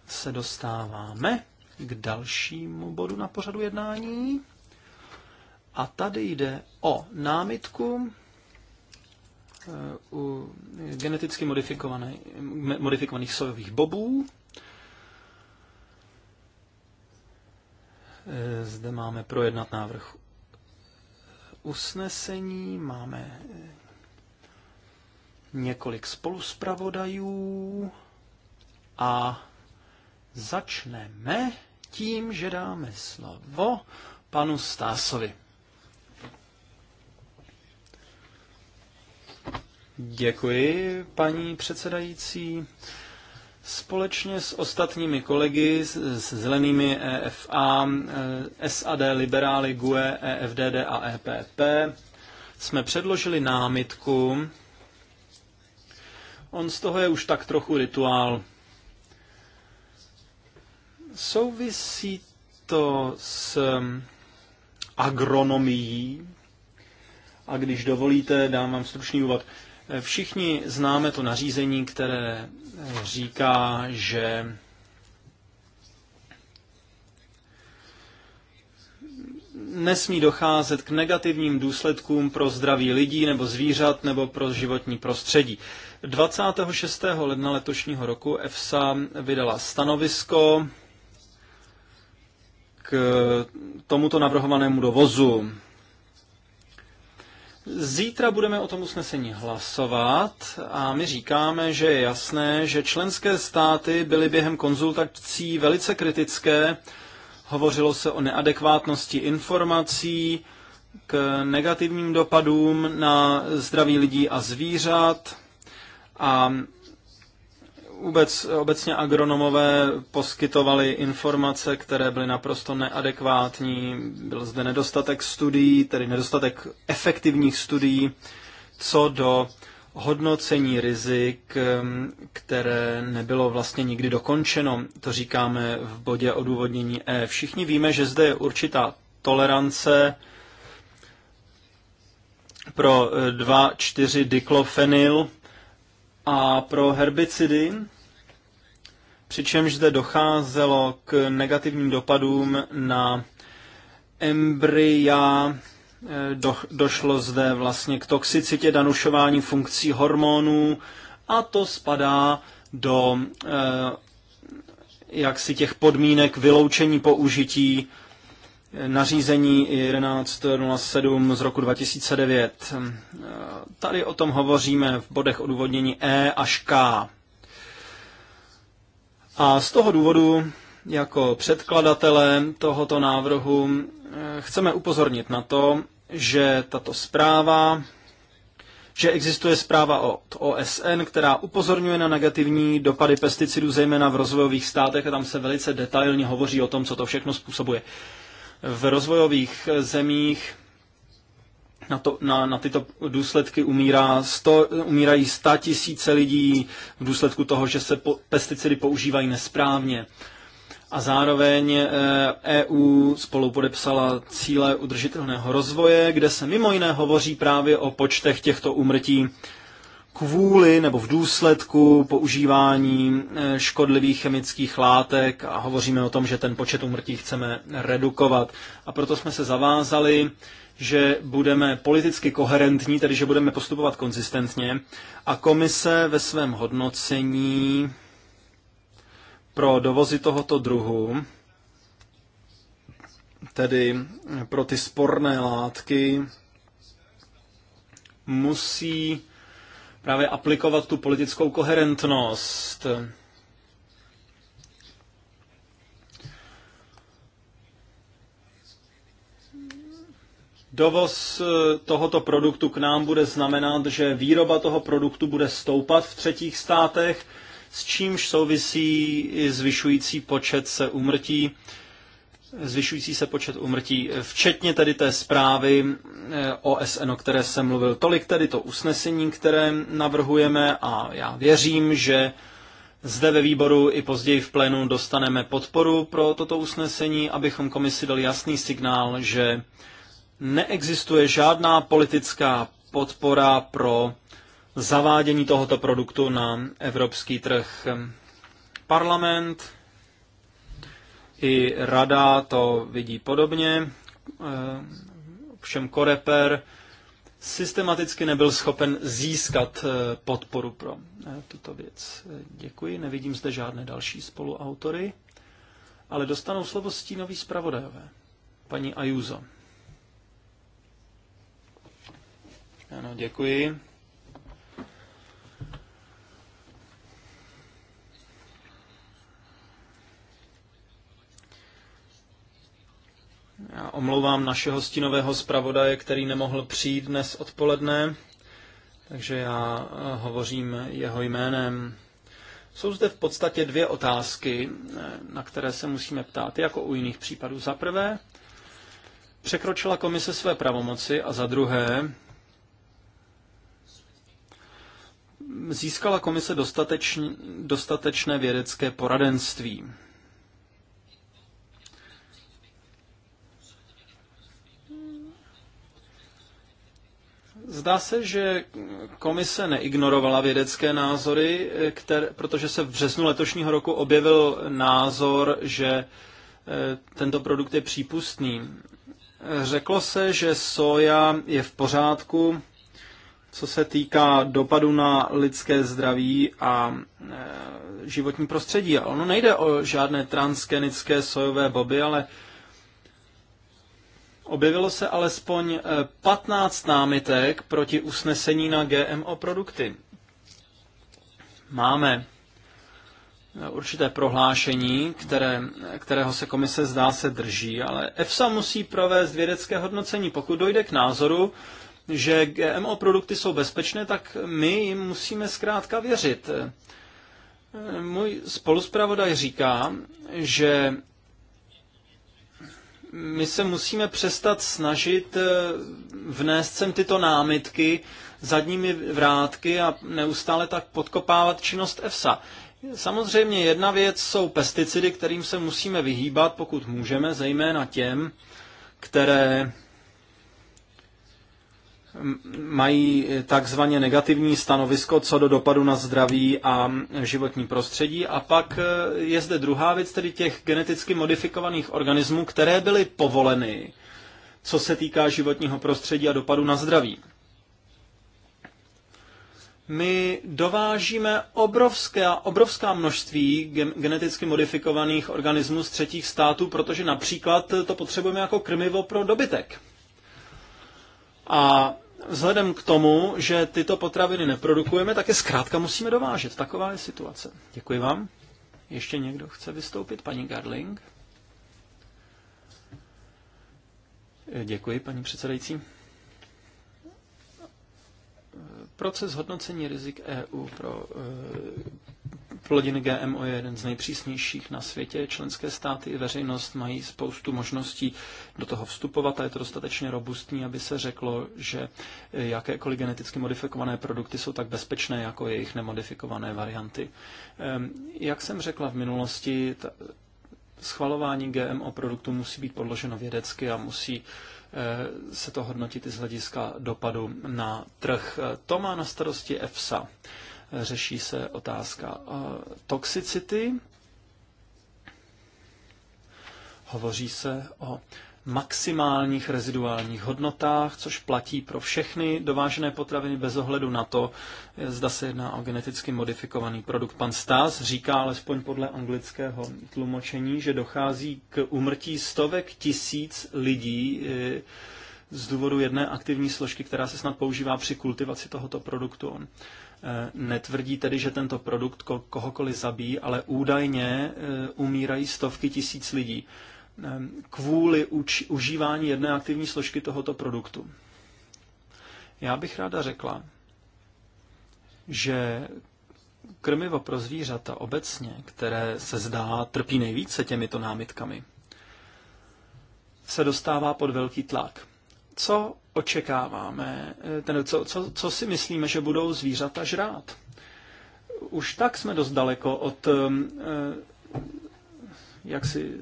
se dostáváme k dalšímu bodu na pořadu jednání. A tady jde o námitku Eh, u geneticky modifikovaných sojových bobů. Eh, zde máme projednat návrh usnesení, máme eh, několik spoluspravodajů a začneme tím, že dáme slovo panu Stásovi. Děkuji, paní předsedající. Společně s ostatními kolegy, s zelenými EFA, eh, SAD, liberály, GUE, EFDD a EPP, jsme předložili námitku. On z toho je už tak trochu rituál. Souvisí to s eh, agronomií. A když dovolíte, dám vám stručný úvod. Všichni známe to nařízení, které eh, říká, že nesmí docházet k negativním důsledkům pro zdraví lidí nebo zvířat nebo pro životní prostředí. 26. ledna letošního roku EFSA vydala stanovisko k tomuto navrhovanému dovozu. Zítra budeme o tom usnesení hlasovat a my říkáme, že je jasné, že členské státy byly během konzultací velice kritické. Hovořilo se o neadekvátnosti informací, k negativním dopadům na zdraví lidí a zvířat a Vůbec, obecně agronomové poskytovali informace, které byly naprosto neadekvátní. Byl zde nedostatek studií, tedy nedostatek efektivních studií, co do hodnocení rizik, které nebylo vlastně nikdy dokončeno. To říkáme v bodě odůvodnění E. Všichni víme, že zde je určitá tolerance pro 2,4 e, diklofenyl, a pro herbicidy, přičemž zde docházelo k negativním dopadům na embrya, eh, do, došlo zde vlastně k toxicitě danušování funkcí hormonů a to spadá do eh, jaksi těch podmínek vyloučení použití nařízení 1107 z roku 2009. Tady o tom hovoříme v bodech odůvodnění E až K. A z toho důvodu jako předkladatele tohoto návrhu eh, chceme upozornit na to, že tato zpráva, že existuje zpráva od OSN, která upozorňuje na negativní dopady pesticidů, zejména v rozvojových státech, a tam se velice detailně hovoří o tom, co to všechno způsobuje v rozvojových zemích na, to, na, na tyto důsledky umírá 100, umírají 100 tisíce lidí v důsledku toho, že se po, pesticidy používají nesprávně. A zároveň EU eh, e spolu podepsala cíle udržitelného rozvoje, kde se mimo jiné hovoří právě o počtech těchto úmrtí kvůli nebo v důsledku používání eh, škodlivých chemických látek a hovoříme o tom, že ten počet umrtí chceme redukovat. A proto jsme se zavázali, že budeme politicky koherentní, tedy že budeme postupovat konzistentně a komise ve svém hodnocení pro dovozy tohoto druhu, tedy eh, pro ty sporné látky, musí právě aplikovat tu politickou koherentnost. Dovoz eh, tohoto produktu k nám bude znamenat, že výroba toho produktu bude stoupat v třetích státech, s čímž souvisí i zvyšující počet se umrtí zvyšující se počet umrtí, včetně tedy té zprávy eh, OSN, o které jsem mluvil. Tolik tedy to usnesení, které navrhujeme a já věřím, že zde ve výboru i později v plénu dostaneme podporu pro toto usnesení, abychom komisi dali jasný signál, že neexistuje žádná politická podpora pro zavádění tohoto produktu na evropský trh. Parlament i rada to vidí podobně, eh, všem koreper systematicky nebyl schopen získat eh, podporu pro eh, tuto věc. Děkuji, nevidím zde žádné další spoluautory, ale dostanou slovo stínoví zpravodajové. Paní Ajuzo. Ano, děkuji. Já omlouvám našeho stínového zpravodaje, který nemohl přijít dnes odpoledne, takže já eh, hovořím jeho jménem. Jsou zde v podstatě dvě otázky, eh, na které se musíme ptát, jako u jiných případů. Za prvé, překročila komise své pravomoci a za druhé, získala komise dostatečné vědecké poradenství. Zdá se, že komise neignorovala vědecké názory, které, protože se v březnu letošního roku objevil názor, že eh, tento produkt je přípustný. Řeklo se, že soja je v pořádku, co se týká dopadu na lidské zdraví a eh, životní prostředí. A ono nejde o žádné transgenické sojové boby, ale Objevilo se alespoň 15 eh, námitek proti usnesení na GMO produkty. Máme eh, určité prohlášení, které, kterého se komise zdá se drží, ale EFSA musí provést vědecké hodnocení. Pokud dojde k názoru, že GMO produkty jsou bezpečné, tak my jim musíme zkrátka věřit. Eh, můj spoluspravodaj říká, že my se musíme přestat snažit eh, vnést sem tyto námitky zadními vrátky a neustále tak podkopávat činnost EFSA. Samozřejmě jedna věc jsou pesticidy, kterým se musíme vyhýbat, pokud můžeme, zejména těm, které mají takzvaně negativní stanovisko co do dopadu na zdraví a životní prostředí. A pak e, je zde druhá věc, tedy těch geneticky modifikovaných organismů, které byly povoleny, co se týká životního prostředí a dopadu na zdraví. My dovážíme obrovské, obrovská množství geneticky modifikovaných organismů z třetích států, protože například to potřebujeme jako krmivo pro dobytek. A Vzhledem k tomu, že tyto potraviny neprodukujeme, tak je zkrátka musíme dovážet. Taková je situace. Děkuji vám. Ještě někdo chce vystoupit? Paní Garling? Děkuji, paní předsedající. Proces hodnocení rizik EU pro eh, plodin GMO je jeden z nejpřísnějších na světě. Členské státy i veřejnost mají spoustu možností do toho vstupovat a je to dostatečně robustní, aby se řeklo, že jakékoliv geneticky modifikované produkty jsou tak bezpečné jako jejich nemodifikované varianty. Ehm, jak jsem řekla v minulosti, schvalování GMO produktů musí být podloženo vědecky a musí eh, se to hodnotit i z hlediska dopadu na trh. To má na starosti EFSA. Řeší se otázka eh, toxicity. Hovoří se o maximálních reziduálních hodnotách, což platí pro všechny dovážené potraviny bez ohledu na to, zda se jedná o geneticky modifikovaný produkt. Pan Stas říká, alespoň podle anglického tlumočení, že dochází k umrtí stovek tisíc lidí eh, z důvodu jedné aktivní složky, která se snad používá při kultivaci tohoto produktu. On Eh, netvrdí tedy, že tento produkt kohokoliv zabíjí, ale údajně eh, umírají stovky tisíc lidí eh, kvůli uč- užívání jedné aktivní složky tohoto produktu. Já bych ráda řekla, že krmivo pro zvířata obecně, které se zdá trpí nejvíce těmito námitkami, se dostává pod velký tlak co očekáváme, eh, ten, co, co, co si myslíme, že budou zvířata žrát. Už tak jsme dost daleko od eh, eh, jak si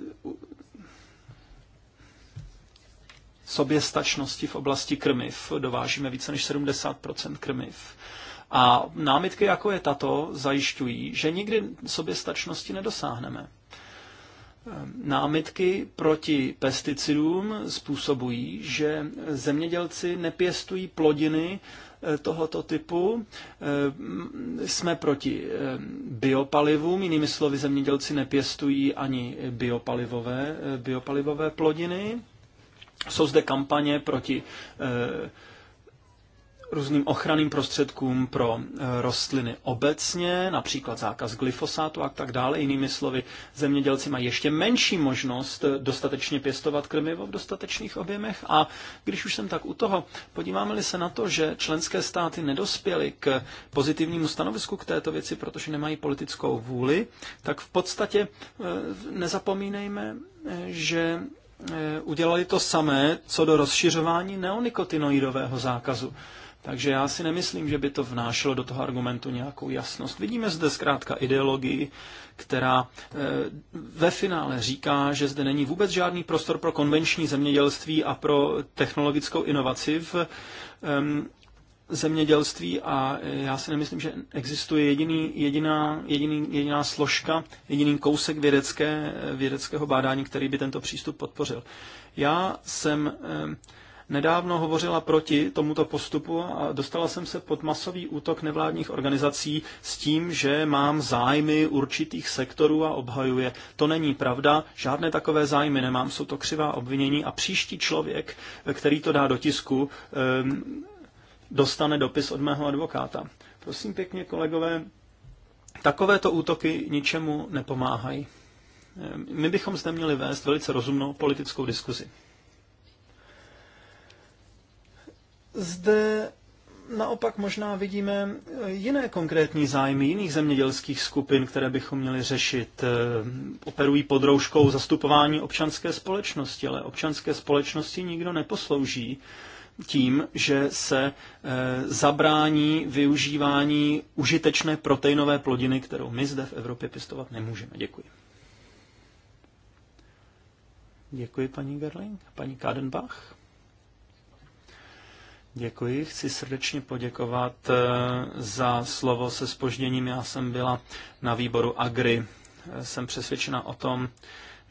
soběstačnosti v oblasti krmiv. Dovážíme více než 70 krmiv. A námitky, jako je tato, zajišťují, že nikdy soběstačnosti nedosáhneme. Námitky proti pesticidům způsobují, že zemědělci nepěstují plodiny eh, tohoto typu. Eh, jsme proti eh, biopalivům, jinými slovy zemědělci nepěstují ani biopalivové, biopalivové plodiny. Jsou zde kampaně proti různým ochranným prostředkům pro eh, rostliny obecně, například zákaz glyfosátu a tak dále. Jinými slovy, zemědělci mají ještě menší možnost eh, dostatečně pěstovat krmivo v dostatečných objemech a když už jsem tak u toho, podíváme-li se na to, že členské státy nedospěly k pozitivnímu stanovisku k této věci, protože nemají politickou vůli, tak v podstatě eh, nezapomínejme, že udělali to samé co do rozšiřování neonikotinoidového zákazu. Takže já si nemyslím, že by to vnášelo do toho argumentu nějakou jasnost. Vidíme zde zkrátka ideologii, která eh, ve finále říká, že zde není vůbec žádný prostor pro konvenční zemědělství a pro technologickou inovaci v zemědělství a eh, já si nemyslím, že existuje jediný, jediná, jediný, jediná složka, jediný kousek vědecké, eh, vědeckého bádání, který by tento přístup podpořil. Já jsem eh, nedávno hovořila proti tomuto postupu a dostala jsem se pod masový útok nevládních organizací s tím, že mám zájmy určitých sektorů a obhajuje. To není pravda, žádné takové zájmy nemám, jsou to křivá obvinění a příští člověk, který to dá do tisku, dostane dopis od mého advokáta. Prosím pěkně, kolegové, takovéto útoky ničemu nepomáhají. My bychom zde měli vést velice rozumnou politickou diskuzi. Zde naopak možná vidíme eh, jiné konkrétní zájmy jiných zemědělských skupin, které bychom měli řešit. Eh, operují pod rouškou zastupování občanské společnosti, ale občanské společnosti nikdo neposlouží tím, že se eh, zabrání využívání užitečné proteinové plodiny, kterou my zde v Evropě pěstovat nemůžeme. Děkuji. Děkuji paní Gerling. Paní Kadenbach. Děkuji, chci srdečně poděkovat eh, za slovo se spožděním. Já jsem byla na výboru Agri. Eh, jsem přesvědčena o tom,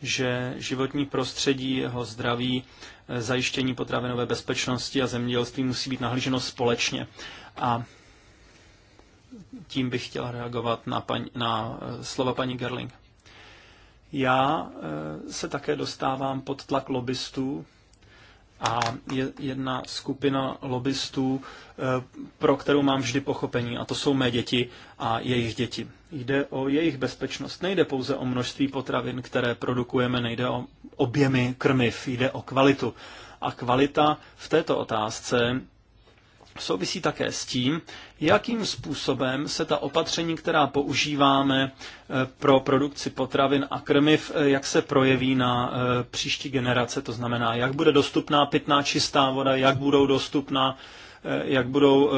že životní prostředí, jeho zdraví, eh, zajištění potravinové bezpečnosti a zemědělství musí být nahlíženo společně. A tím bych chtěla reagovat na, paň, na slova paní Gerling. Já se také dostávám pod tlak lobbystů, a je jedna skupina lobbystů, eh, pro kterou mám vždy pochopení, a to jsou mé děti a jejich děti. Jde o jejich bezpečnost. Nejde pouze o množství potravin, které produkujeme, nejde o objemy krmiv, jde o kvalitu. A kvalita v této otázce souvisí také s tím, jakým způsobem se ta opatření, která používáme eh, pro produkci potravin a krmiv, eh, jak se projeví na eh, příští generace, to znamená, jak bude dostupná pitná čistá voda, jak budou dostupná, jak budou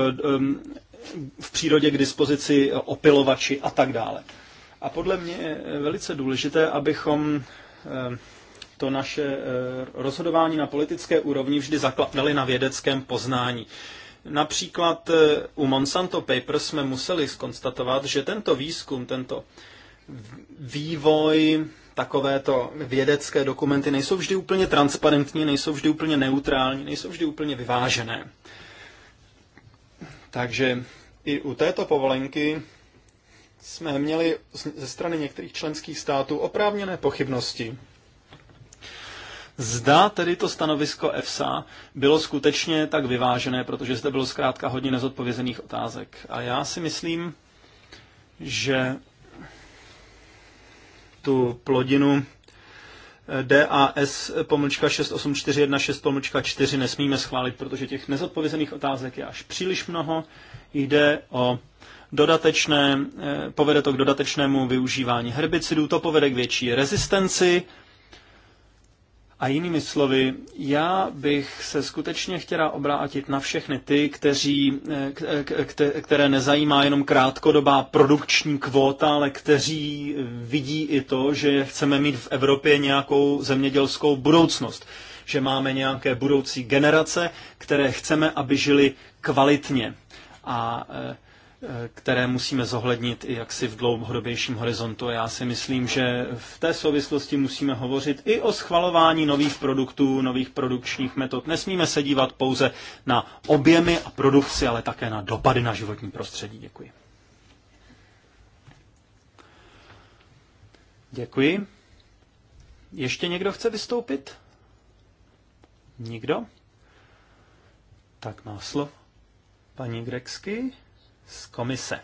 v přírodě k dispozici opilovači a tak dále. A podle mě je velice důležité, abychom to naše rozhodování na politické úrovni vždy zakládali na vědeckém poznání. Například eh, u Monsanto Papers jsme museli skonstatovat, že tento výzkum, tento vývoj, takovéto vědecké dokumenty nejsou vždy úplně transparentní, nejsou vždy úplně neutrální, nejsou vždy úplně vyvážené. Takže i u této povolenky jsme měli ze strany některých členských států oprávněné pochybnosti Zda tedy to stanovisko EFSA bylo skutečně tak vyvážené, protože zde bylo zkrátka hodně nezodpovězených otázek. A já si myslím, že tu plodinu eh, DAS pomlčka 68416 pomlčka 4 nesmíme schválit, protože těch nezodpovězených otázek je až příliš mnoho. Jde o dodatečné, eh, povede to k dodatečnému využívání herbicidů, to povede k větší rezistenci a jinými slovy, já bych se skutečně chtěla obrátit na všechny ty, kteří, eh, eh, které nezajímá jenom krátkodobá produkční kvóta, ale kteří vidí i to, že chceme mít v Evropě nějakou zemědělskou budoucnost, že máme nějaké budoucí generace, které chceme, aby žili kvalitně. A eh, které musíme zohlednit i jaksi v dlouhodobějším horizontu. Já si myslím, že v té souvislosti musíme hovořit i o schvalování nových produktů, nových produkčních metod. Nesmíme se dívat pouze na objemy a produkci, ale také na dopady na životní prostředí. Děkuji. Děkuji. Ještě někdo chce vystoupit? Nikdo? Tak má slovo. Paní Grexky z komise.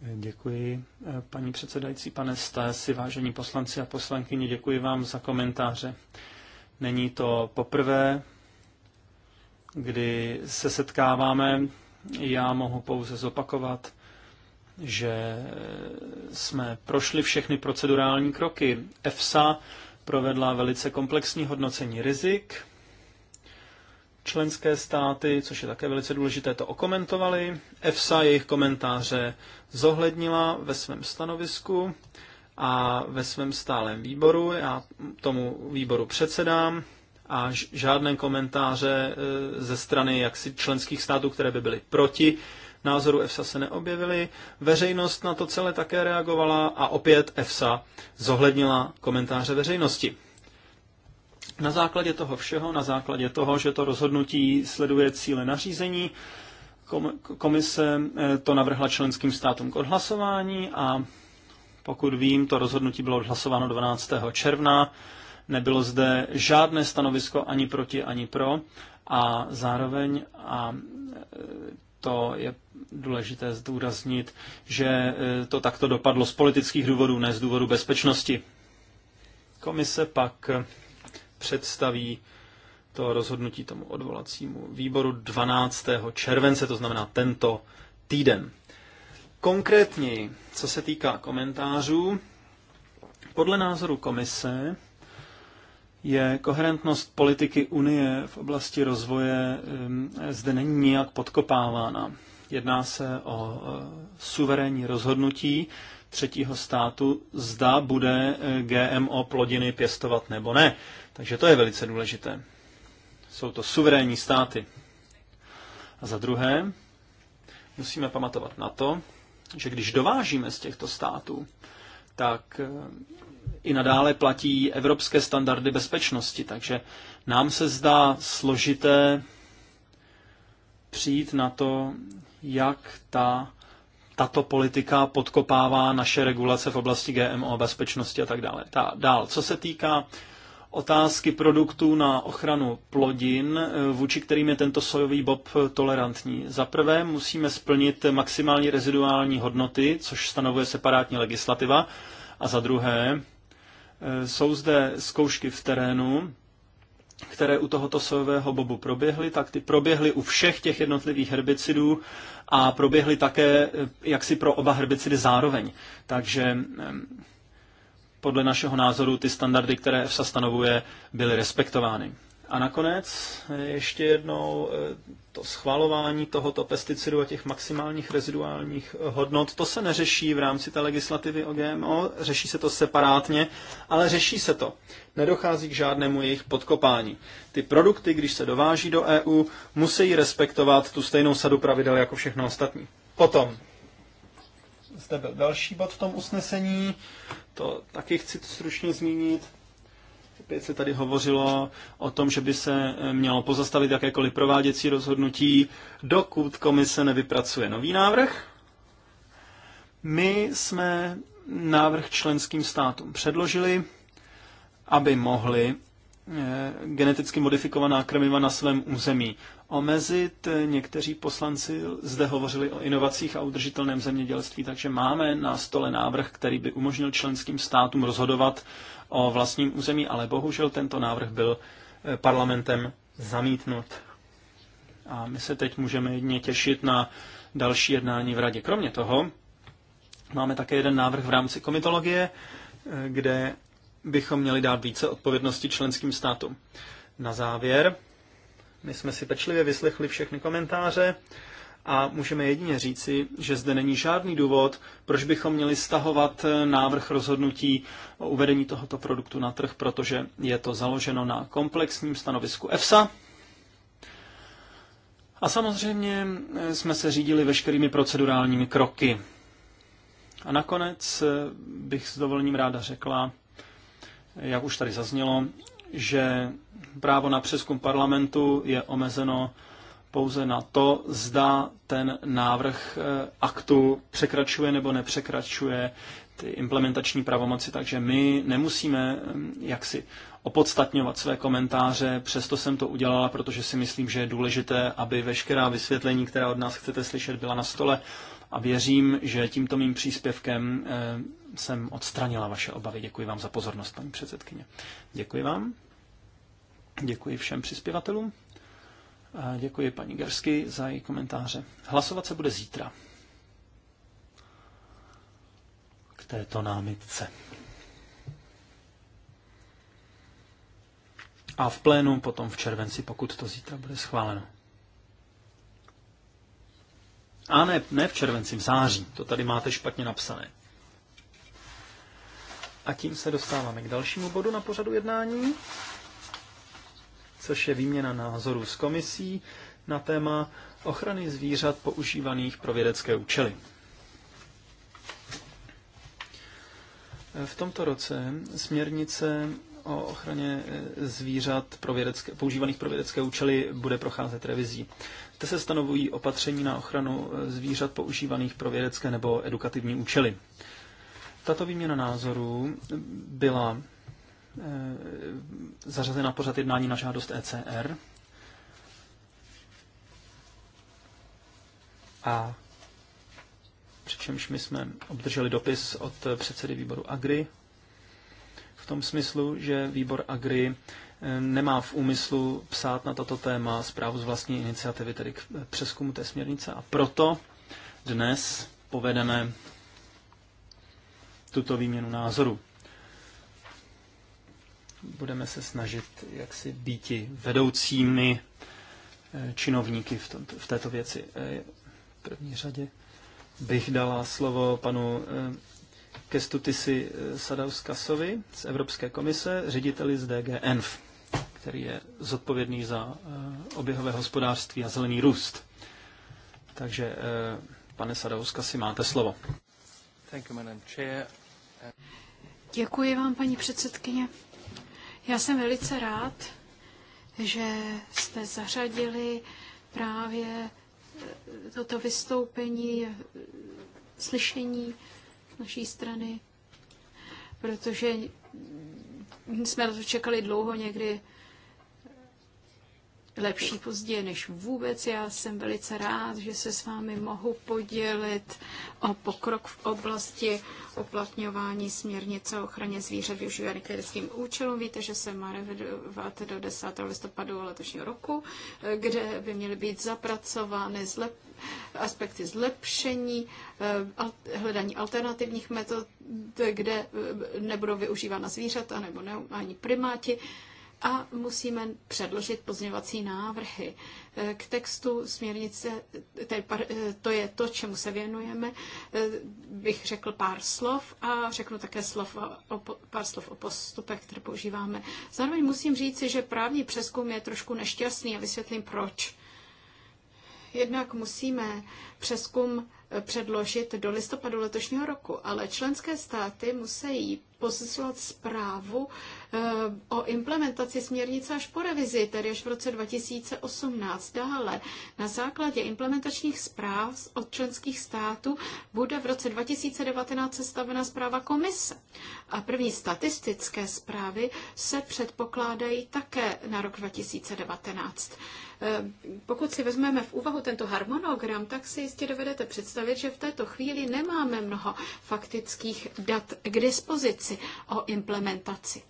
Děkuji, eh, paní předsedající, pane Stasi, vážení poslanci a poslankyni, děkuji vám za komentáře. Není to poprvé, kdy se setkáváme. Já mohu pouze zopakovat, že eh, jsme prošli všechny procedurální kroky. EFSA provedla velice komplexní hodnocení rizik, Členské státy, což je také velice důležité, to okomentovali. EFSA jejich komentáře zohlednila ve svém stanovisku a ve svém stálem výboru. Já tomu výboru předsedám a žádné komentáře e, ze strany jaksi členských států, které by byly proti názoru EFSA se neobjevily. Veřejnost na to celé také reagovala a opět EFSA zohlednila komentáře veřejnosti. Na základě toho všeho, na základě toho, že to rozhodnutí sleduje cíle nařízení, komise eh, to navrhla členským státům k odhlasování a pokud vím, to rozhodnutí bylo odhlasováno 12. června. Nebylo zde žádné stanovisko ani proti, ani pro. A zároveň, a eh, to je důležité zdůraznit, že eh, to takto dopadlo z politických důvodů, ne z důvodu bezpečnosti. Komise pak představí to rozhodnutí tomu odvolacímu výboru 12. července, to znamená tento týden. Konkrétně, co se týká komentářů, podle názoru komise je koherentnost politiky Unie v oblasti rozvoje zde není nijak podkopávána. Jedná se o e, suverénní rozhodnutí třetího státu, zda bude e, GMO plodiny pěstovat nebo ne. Takže to je velice důležité. Jsou to suverénní státy. A za druhé, musíme pamatovat na to, že když dovážíme z těchto států, tak eh, i nadále platí evropské standardy bezpečnosti, takže nám se zdá složité přijít na to, jak ta, tato politika podkopává naše regulace v oblasti GMO, bezpečnosti a tak dále. Ta, dál, co se týká otázky produktů na ochranu plodin, eh, vůči kterým je tento sojový bob tolerantní. Za prvé musíme splnit maximální reziduální hodnoty, což stanovuje separátní legislativa. A za druhé eh, jsou zde zkoušky v terénu, které u tohoto sojového bobu proběhly, tak ty proběhly u všech těch jednotlivých herbicidů a proběhly také eh, jaksi pro oba herbicidy zároveň. Takže podle našeho názoru ty standardy, které EFSA stanovuje, byly respektovány. A nakonec eh, ještě jednou eh, to schvalování tohoto pesticidu a těch maximálních reziduálních eh, hodnot, to se neřeší v rámci té legislativy o GMO, řeší se to separátně, ale řeší se to. Nedochází k žádnému jejich podkopání. Ty produkty, když se dováží do EU, musí respektovat tu stejnou sadu pravidel jako všechno ostatní. Potom zde byl další bod v tom usnesení, to taky chci stručně zmínit. Opět se tady hovořilo o tom, že by se mělo pozastavit jakékoliv prováděcí rozhodnutí, dokud komise nevypracuje nový návrh. My jsme návrh členským státům předložili, aby mohli Eh, geneticky modifikovaná krmiva na svém území omezit. Eh, někteří poslanci zde hovořili o inovacích a udržitelném zemědělství, takže máme na stole návrh, který by umožnil členským státům rozhodovat o vlastním území, ale bohužel tento návrh byl eh, parlamentem zamítnut. A my se teď můžeme jedně těšit na další jednání v radě. Kromě toho máme také jeden návrh v rámci komitologie, kde bychom měli dát více odpovědnosti členským státům. Na závěr, my jsme si pečlivě vyslechli všechny komentáře a můžeme jedině říci, že zde není žádný důvod, proč bychom měli stahovat eh, návrh rozhodnutí o uvedení tohoto produktu na trh, protože je to založeno na komplexním stanovisku EFSA. A samozřejmě eh, jsme se řídili veškerými procedurálními kroky. A nakonec eh, bych s dovolením ráda řekla, jak už tady zaznělo, že právo na přeskum parlamentu je omezeno pouze na to, zda ten návrh eh, aktu překračuje nebo nepřekračuje ty implementační pravomoci, takže my nemusíme eh, jaksi opodstatňovat své komentáře, přesto jsem to udělala, protože si myslím, že je důležité, aby veškerá vysvětlení, která od nás chcete slyšet, byla na stole a věřím, že tímto mým příspěvkem eh, jsem odstranila vaše obavy. Děkuji vám za pozornost, paní předsedkyně. Děkuji vám. Děkuji všem přispěvatelům. A děkuji paní Gersky za její komentáře. Hlasovat se bude zítra k této námitce. A v plénu potom v červenci, pokud to zítra bude schváleno. A ne, ne v červenci, v září. To tady máte špatně napsané. A tím se dostáváme k dalšímu bodu na pořadu jednání, což je výměna názorů s komisí na téma ochrany zvířat používaných pro vědecké účely. V tomto roce směrnice o ochraně zvířat pro vědecké, používaných pro vědecké účely bude procházet revizí kde se stanovují opatření na ochranu eh, zvířat používaných pro vědecké nebo edukativní účely. Tato výměna názorů byla eh, zařazena pořad jednání na žádost ECR a přičemž my jsme obdrželi dopis od eh, předsedy výboru Agri v tom smyslu, že výbor Agri nemá v úmyslu psát na tato téma zprávu z vlastní iniciativy, tedy k přeskumu té směrnice. A proto dnes povedeme tuto výměnu názoru. Budeme se snažit, jaksi si býti vedoucími eh, činovníky v, tomto, v této věci. Eh, v první řadě bych dala slovo panu eh, Kestutisi Sadauskasovi z Evropské komise, řediteli z DG který je zodpovědný za eh, oběhové hospodářství a zelený růst. Takže, eh, pane Sadouska, si máte slovo. Děkuji vám, paní předsedkyně. Já jsem velice rád, že jste zařadili právě eh, toto vystoupení, slyšení naší strany, protože jsme na to čekali dlouho, někdy lepší později než vůbec. Já jsem velice rád, že se s vámi mohu podělit o pokrok v oblasti uplatňování směrnice o ochraně zvířat využívané k lidským účelům. Víte, že se má revidovat do 10. listopadu letošního roku, kde by měly být zapracovány zlep, aspekty zlepšení, eh, hledání alternativních metod, kde eh, nebudou využívána zvířata nebo ne, ani primáti a musíme předložit pozměňovací návrhy eh, k textu směrnice, eh, tedy, eh, to je to, čemu se věnujeme, bych řekl pár slov a řeknu také slov o, pár slov o postupech, které používáme. Zároveň musím říci, že právní přeskum je trošku nešťastný a vysvětlím proč. Jednak musíme přeskum předložit do listopadu letošního roku, ale členské státy musí poslat zprávu o implementaci směrnice až po revizi, tedy až v roce 2018. Dále na základě implementačních zpráv od členských států bude v roce 2019 sestavena zpráva komise. A první statistické zprávy se předpokládají také na rok 2019. Eh, pokud si vezmeme v úvahu tento harmonogram, tak si jistě dovedete představit, že v této chvíli nemáme mnoho faktických dat k dispozici o implementaci.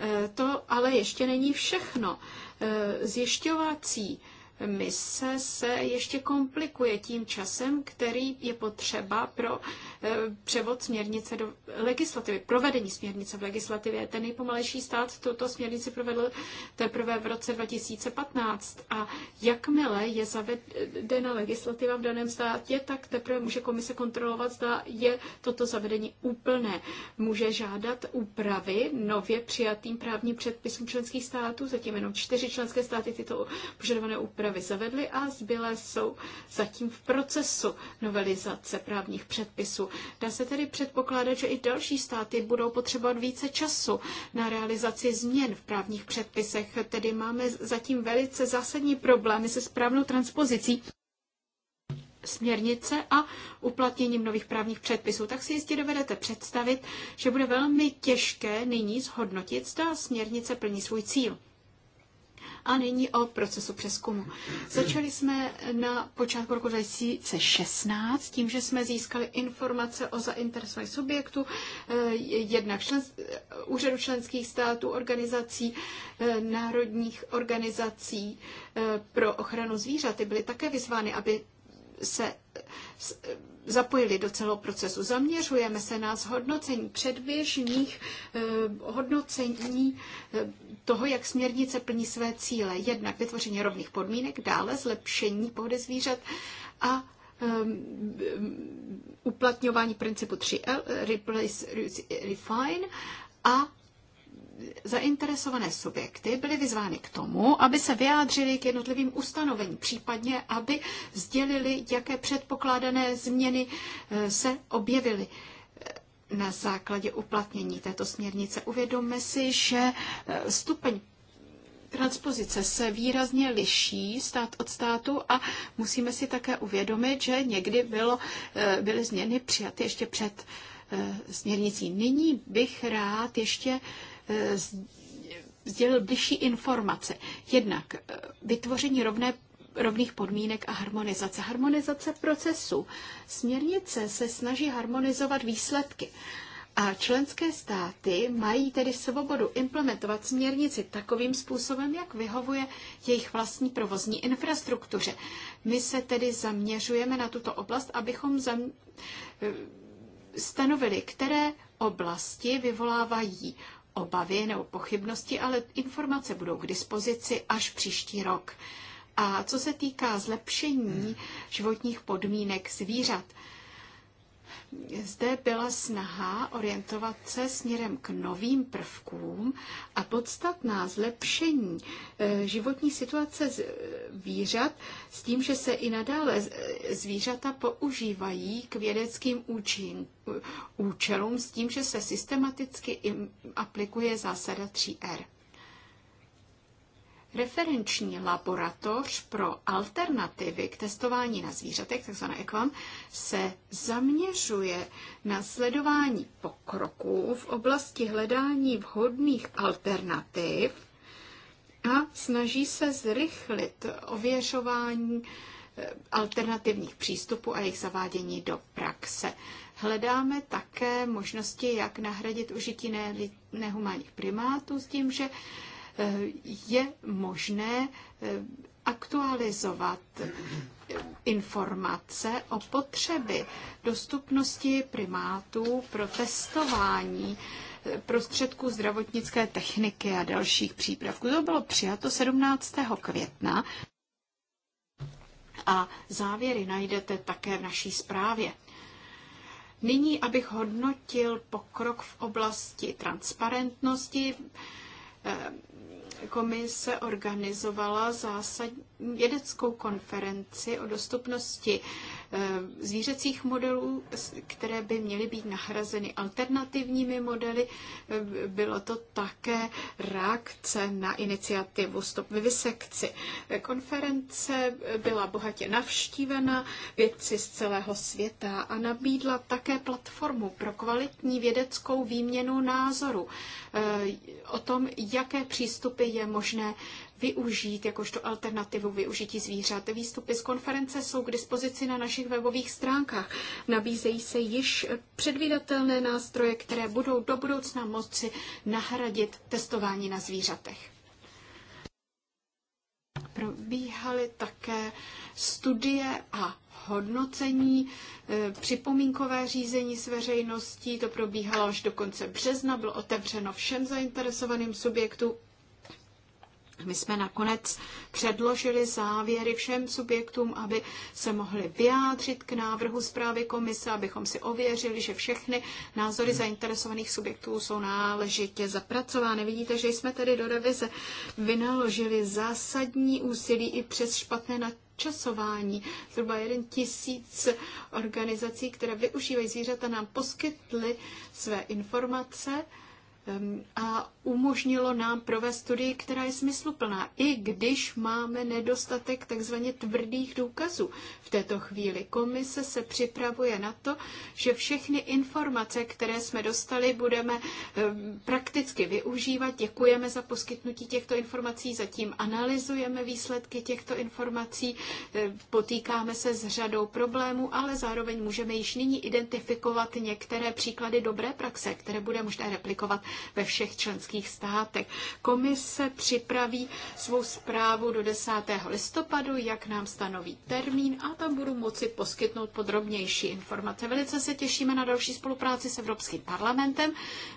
Eh, to ale ještě není všechno. Eh, zjišťovací mise se ještě komplikuje tím časem, který je potřeba pro eh, převod směrnice do legislativy, provedení směrnice v legislativě. Ten nejpomalejší stát tuto směrnici provedl teprve v roce 2015 a jakmile je zavedena legislativa v daném státě, tak teprve může komise kontrolovat, zda je toto zavedení úplné. Může žádat úpravy nově přijatým právním předpisům členských států, zatím jenom čtyři členské státy tyto požadované úpravy úpravy zavedly a zbylé jsou zatím v procesu novelizace právních předpisů. Dá se tedy předpokládat, že i další státy budou potřebovat více času na realizaci změn v právních předpisech, tedy máme zatím velice zásadní problémy se správnou transpozicí směrnice a uplatněním nových právních předpisů, tak si jistě dovedete představit, že bude velmi těžké nyní zhodnotit, zda směrnice plní svůj cíl. A nyní o procesu přeskumu. Začali jsme na počátku roku 2016 tím, že jsme získali informace o zainteresovaných subjektů, eh, jednak člen, úřadu členských států, organizací, eh, národních organizací eh, pro ochranu zvířat. Ty byly také vyzvány, aby se zapojili do celého procesu. Zaměřujeme se na zhodnocení předběžných eh, hodnocení eh, toho, jak směrnice plní své cíle. Jednak vytvoření rovných podmínek, dále zlepšení pohody zvířat a ehm, uplatňování principu 3L, eh, replace, refine a zainteresované subjekty byly vyzvány k tomu, aby se vyjádřili k jednotlivým ustanovením, případně aby sdělili, jaké předpokládané změny eh, se objevily eh, na základě uplatnění této směrnice. Uvědomme si, že eh, stupeň transpozice se výrazně liší stát od státu a musíme si také uvědomit, že někdy bylo, byly změny přijaty ještě před směrnicí. Nyní bych rád ještě Eh, sdělil bližší informace. Jednak eh, vytvoření rovné rovných podmínek a harmonizace. Harmonizace procesu. Směrnice se snaží harmonizovat výsledky. A členské státy mají tedy svobodu implementovat směrnici takovým způsobem, jak vyhovuje jejich vlastní provozní infrastruktuře. My se tedy zaměřujeme na tuto oblast, abychom zam... Eh, stanovili, které oblasti vyvolávají obavy nebo pochybnosti, ale informace budou k dispozici až příští rok. A co se týká zlepšení životních podmínek zvířat, zde byla snaha orientovat se směrem k novým prvkům a podstatná zlepšení e, životní situace e, zvířat s tím, že se i nadále e, zvířata používají k vědeckým účin, účelům s tím, že se systematicky aplikuje zásada 3R. Referenční laboratoř pro alternativy k testování na zvířatech, takzvané EQUAM, se zaměřuje na sledování pokroků v oblasti hledání vhodných alternativ a snaží se zrychlit ověřování eh, alternativních přístupů a jejich zavádění do praxe. Hledáme také možnosti, jak nahradit užití nehumánních primátů s tím, že je možné eh, aktualizovat informace o potřeby dostupnosti primátů pro testování eh, prostředků zdravotnické techniky a dalších přípravků. To bylo přijato 17. května a závěry najdete také v naší zprávě. Nyní, abych hodnotil pokrok v oblasti transparentnosti, eh, komise organizovala zásadní vědeckou konferenci o dostupnosti eh, zvířecích modelů, které by měly být nahrazeny alternativními modely. Eh, bylo to také reakce na iniciativu Stop vivisekci. Eh, konference byla bohatě navštívena vědci z celého světa a nabídla také platformu pro kvalitní vědeckou výměnu názoru o tom, jaké přístupy je možné využít jakožto alternativu využití zvířat. Výstupy z konference jsou k dispozici na našich webových stránkách. Nabízejí se již předvídatelné nástroje, které budou do budoucna moci nahradit testování na zvířatech. Probíhaly také studie a hodnocení, eh, připomínkové řízení s veřejností, to probíhalo až do konce března, bylo otevřeno všem zainteresovaným subjektům my jsme nakonec předložili závěry všem subjektům, aby se mohli vyjádřit k návrhu zprávy komise, abychom si ověřili, že všechny názory zainteresovaných subjektů jsou náležitě zapracovány. Vidíte, že jsme tedy do revize vynaložili zásadní úsilí i přes špatné na časování. Zhruba jeden tisíc organizací, které využívají zvířata, nám poskytly své informace ehm, a umožnilo nám provést studii, která je smysluplná, i když máme nedostatek takzvaně tvrdých důkazů. V této chvíli komise se připravuje na to, že všechny informace, které jsme dostali, budeme prakticky využívat. Děkujeme za poskytnutí těchto informací, zatím analyzujeme výsledky těchto informací, e, potýkáme se s řadou problémů, ale zároveň můžeme již nyní identifikovat některé příklady dobré praxe, které bude možné replikovat ve všech členských členských státech. Komise připraví svou zprávu do 10. listopadu, jak nám stanoví termín a tam budu moci poskytnout podrobnější informace. Velice se těšíme na další spolupráci s Evropským parlamentem.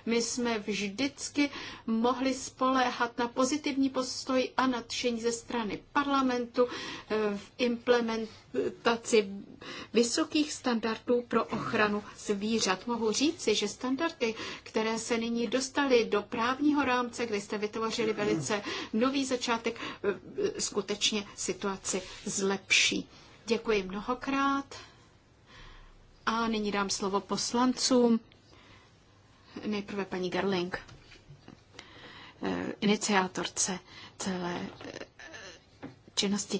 My jsme vždycky mohli spoléhat na pozitivní postoj a nadšení ze strany parlamentu eh, v implementaci adaptaci vysokých standardů pro ochranu zvířat. Mohu říci, že standardy, které se nyní dostaly do právního rámce, kde jste vytvořili velice nový začátek, e, skutečně situaci zlepší. Děkuji mnohokrát. A nyní dám slovo poslancům. Nejprve paní Garling, e, iniciátorce celé e, činnosti.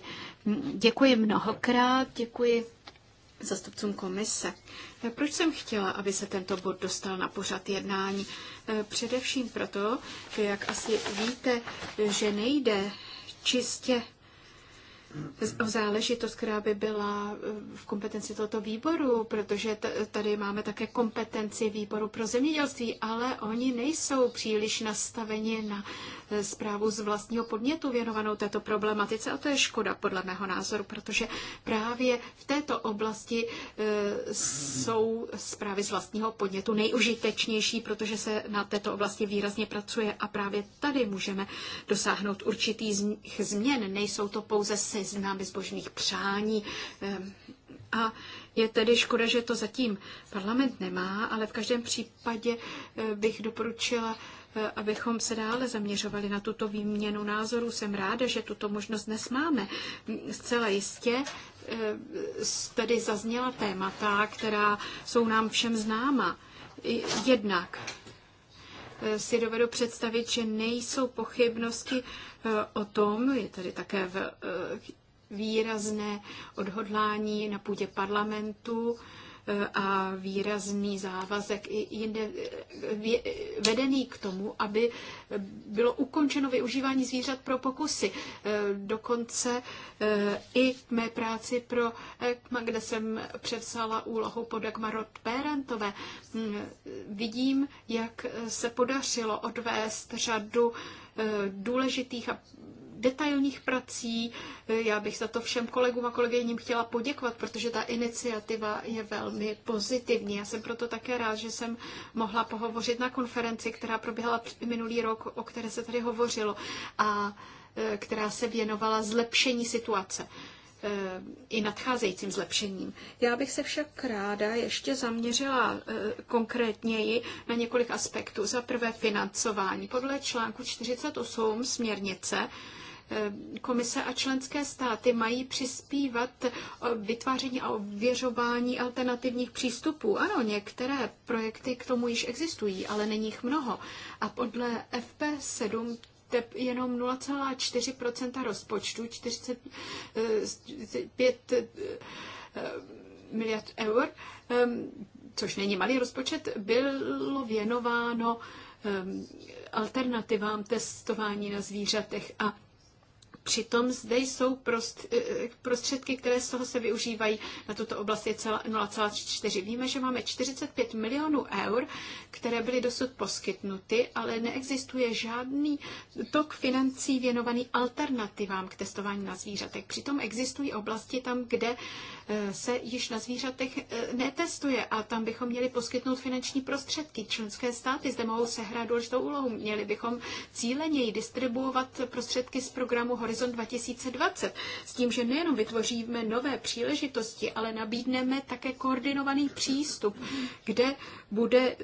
Děkuji mnohokrát, děkuji zastupcům komise. Proč jsem chtěla, aby se tento bod dostal na pořad jednání? Eh, především proto, že jak asi víte, že nejde čistě záležitost, která by byla eh, v kompetenci tohoto výboru, protože tady máme také kompetenci výboru pro zemědělství, ale oni nejsou příliš nastaveni na eh, zprávu z vlastního podnětu věnovanou této problematice a to je škoda podle mého názoru, protože právě v této oblasti eh, jsou zprávy z vlastního podnětu nejužitečnější, protože se na této oblasti výrazně pracuje a právě tady můžeme dosáhnout určitých změn. Nejsou to pouze se neznám bezbožných přání. Ehm, a je tedy škoda, že to zatím parlament nemá, ale v každém případě eh, bych doporučila eh, abychom se dále zaměřovali na tuto výměnu názorů. Jsem ráda, že tuto možnost dnes máme. Zcela jistě eh, tedy zazněla témata, která jsou nám všem známa. Jednak si dovedu představit, že nejsou pochybnosti eh, o tom, je tady také eh, výrazné odhodlání na půdě parlamentu a výrazný závazek jinde, vedený k tomu, aby bylo ukončeno využívání zvířat pro pokusy. E, dokonce e, i v mé práci pro ECMA, kde jsem převzala úlohu pod Rod Perentové, vidím, jak se podařilo odvést řadu e, důležitých a detailních prací. Já bych za to všem kolegům a kolegyním chtěla poděkovat, protože ta iniciativa je velmi pozitivní. Já jsem proto také rád, že jsem mohla pohovořit na konferenci, která proběhla minulý rok, o které se tady hovořilo, a e, která se věnovala zlepšení situace e, i nadcházejícím zlepšením. Já bych se však ráda ještě zaměřila e, konkrétněji na několik aspektů. Za prvé financování. Podle článku 48 směrnice Eh, komise a členské státy mají přispívat vytváření a ověřování alternativních přístupů. Ano, některé projekty k tomu již existují, ale není jich mnoho. A podle FP7 tep jenom 0,4 rozpočtu, 45 eh, eh, miliard eur, ehm, což není malý rozpočet, bylo věnováno ehm, alternativám testování na zvířatech a Přitom zde jsou eh, eh, prostředky, které z toho se využívají na tuto oblast je 0,4. Víme, že máme 45 milionů eur, které byly dosud poskytnuty, ale neexistuje žádný tok financí věnovaný alternativám k testování na zvířatech. Přitom existují oblasti tam, kde eh, se již na zvířatech netestuje a tam bychom měli poskytnout finanční prostředky. Členské státy zde mohou sehrát důležitou úlohu. Měli bychom cíleněji distribuovat prostředky z programu Horizon Horizon 2020 s tím, že nejenom vytvoříme nové příležitosti, ale nabídneme také koordinovaný přístup, kde bude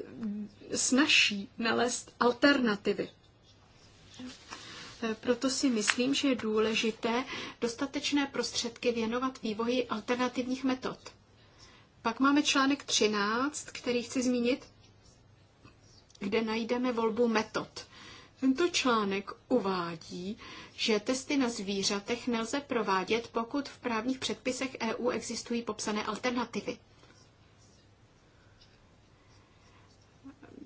snažší nalézt alternativy. Proto si myslím, že je důležité dostatečné prostředky věnovat vývoji alternativních metod. Pak máme článek 13, který chci zmínit, kde najdeme volbu metod. Tento článek uvádí, že testy na zvířatech nelze provádět, pokud v právních předpisech EU existují popsané alternativy.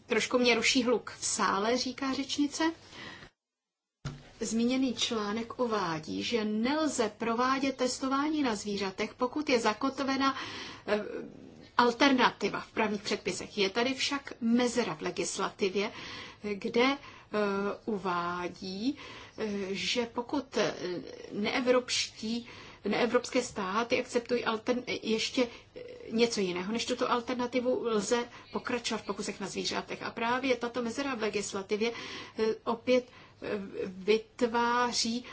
Trošku mě ruší hluk v sále, říká řečnice. Zmíněný článek uvádí, že nelze provádět testování na zvířatech, pokud je zakotvena eh, alternativa v právních předpisech. Je tady však mezera v legislativě, eh, kde Eh, uvádí, eh, že pokud eh, neevropští neevropské státy akceptují altern- ještě něco jiného než tuto alternativu, lze pokračovat v pokusech na zvířátech. A právě tato mezera v legislativě opět vytváří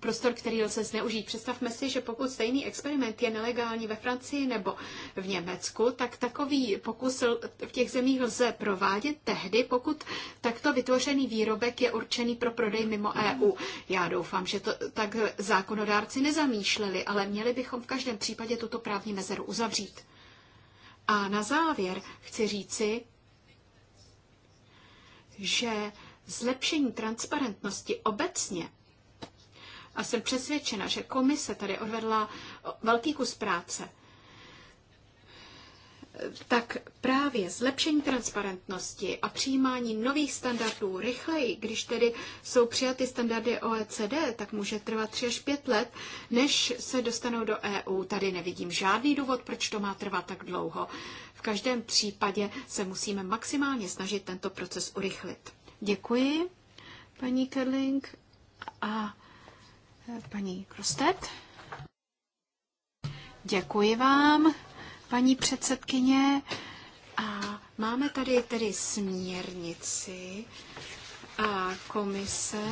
prostor, který lze zneužít. Představme si, že pokud stejný experiment je nelegální ve Francii nebo v Německu, tak takový pokus v těch zemích lze provádět tehdy, pokud takto vytvořený výrobek je určený pro prodej mimo EU. Já doufám, že to tak zákonodárci nezamýšleli, ale měli bychom v každém případě tuto právní mezeru uzavřít. A na závěr chci říci, že zlepšení transparentnosti obecně a jsem přesvědčena, že komise tady odvedla velký kus práce. Tak právě zlepšení transparentnosti a přijímání nových standardů rychleji, když tedy jsou přijaty standardy OECD, tak může trvat 3 až 5 let, než se dostanou do EU. Tady nevidím žádný důvod, proč to má trvat tak dlouho. V každém případě se musíme maximálně snažit tento proces urychlit. Děkuji, paní Kerling. A Paní Krostet. Děkuji vám, paní předsedkyně. A máme tady tedy směrnici a komise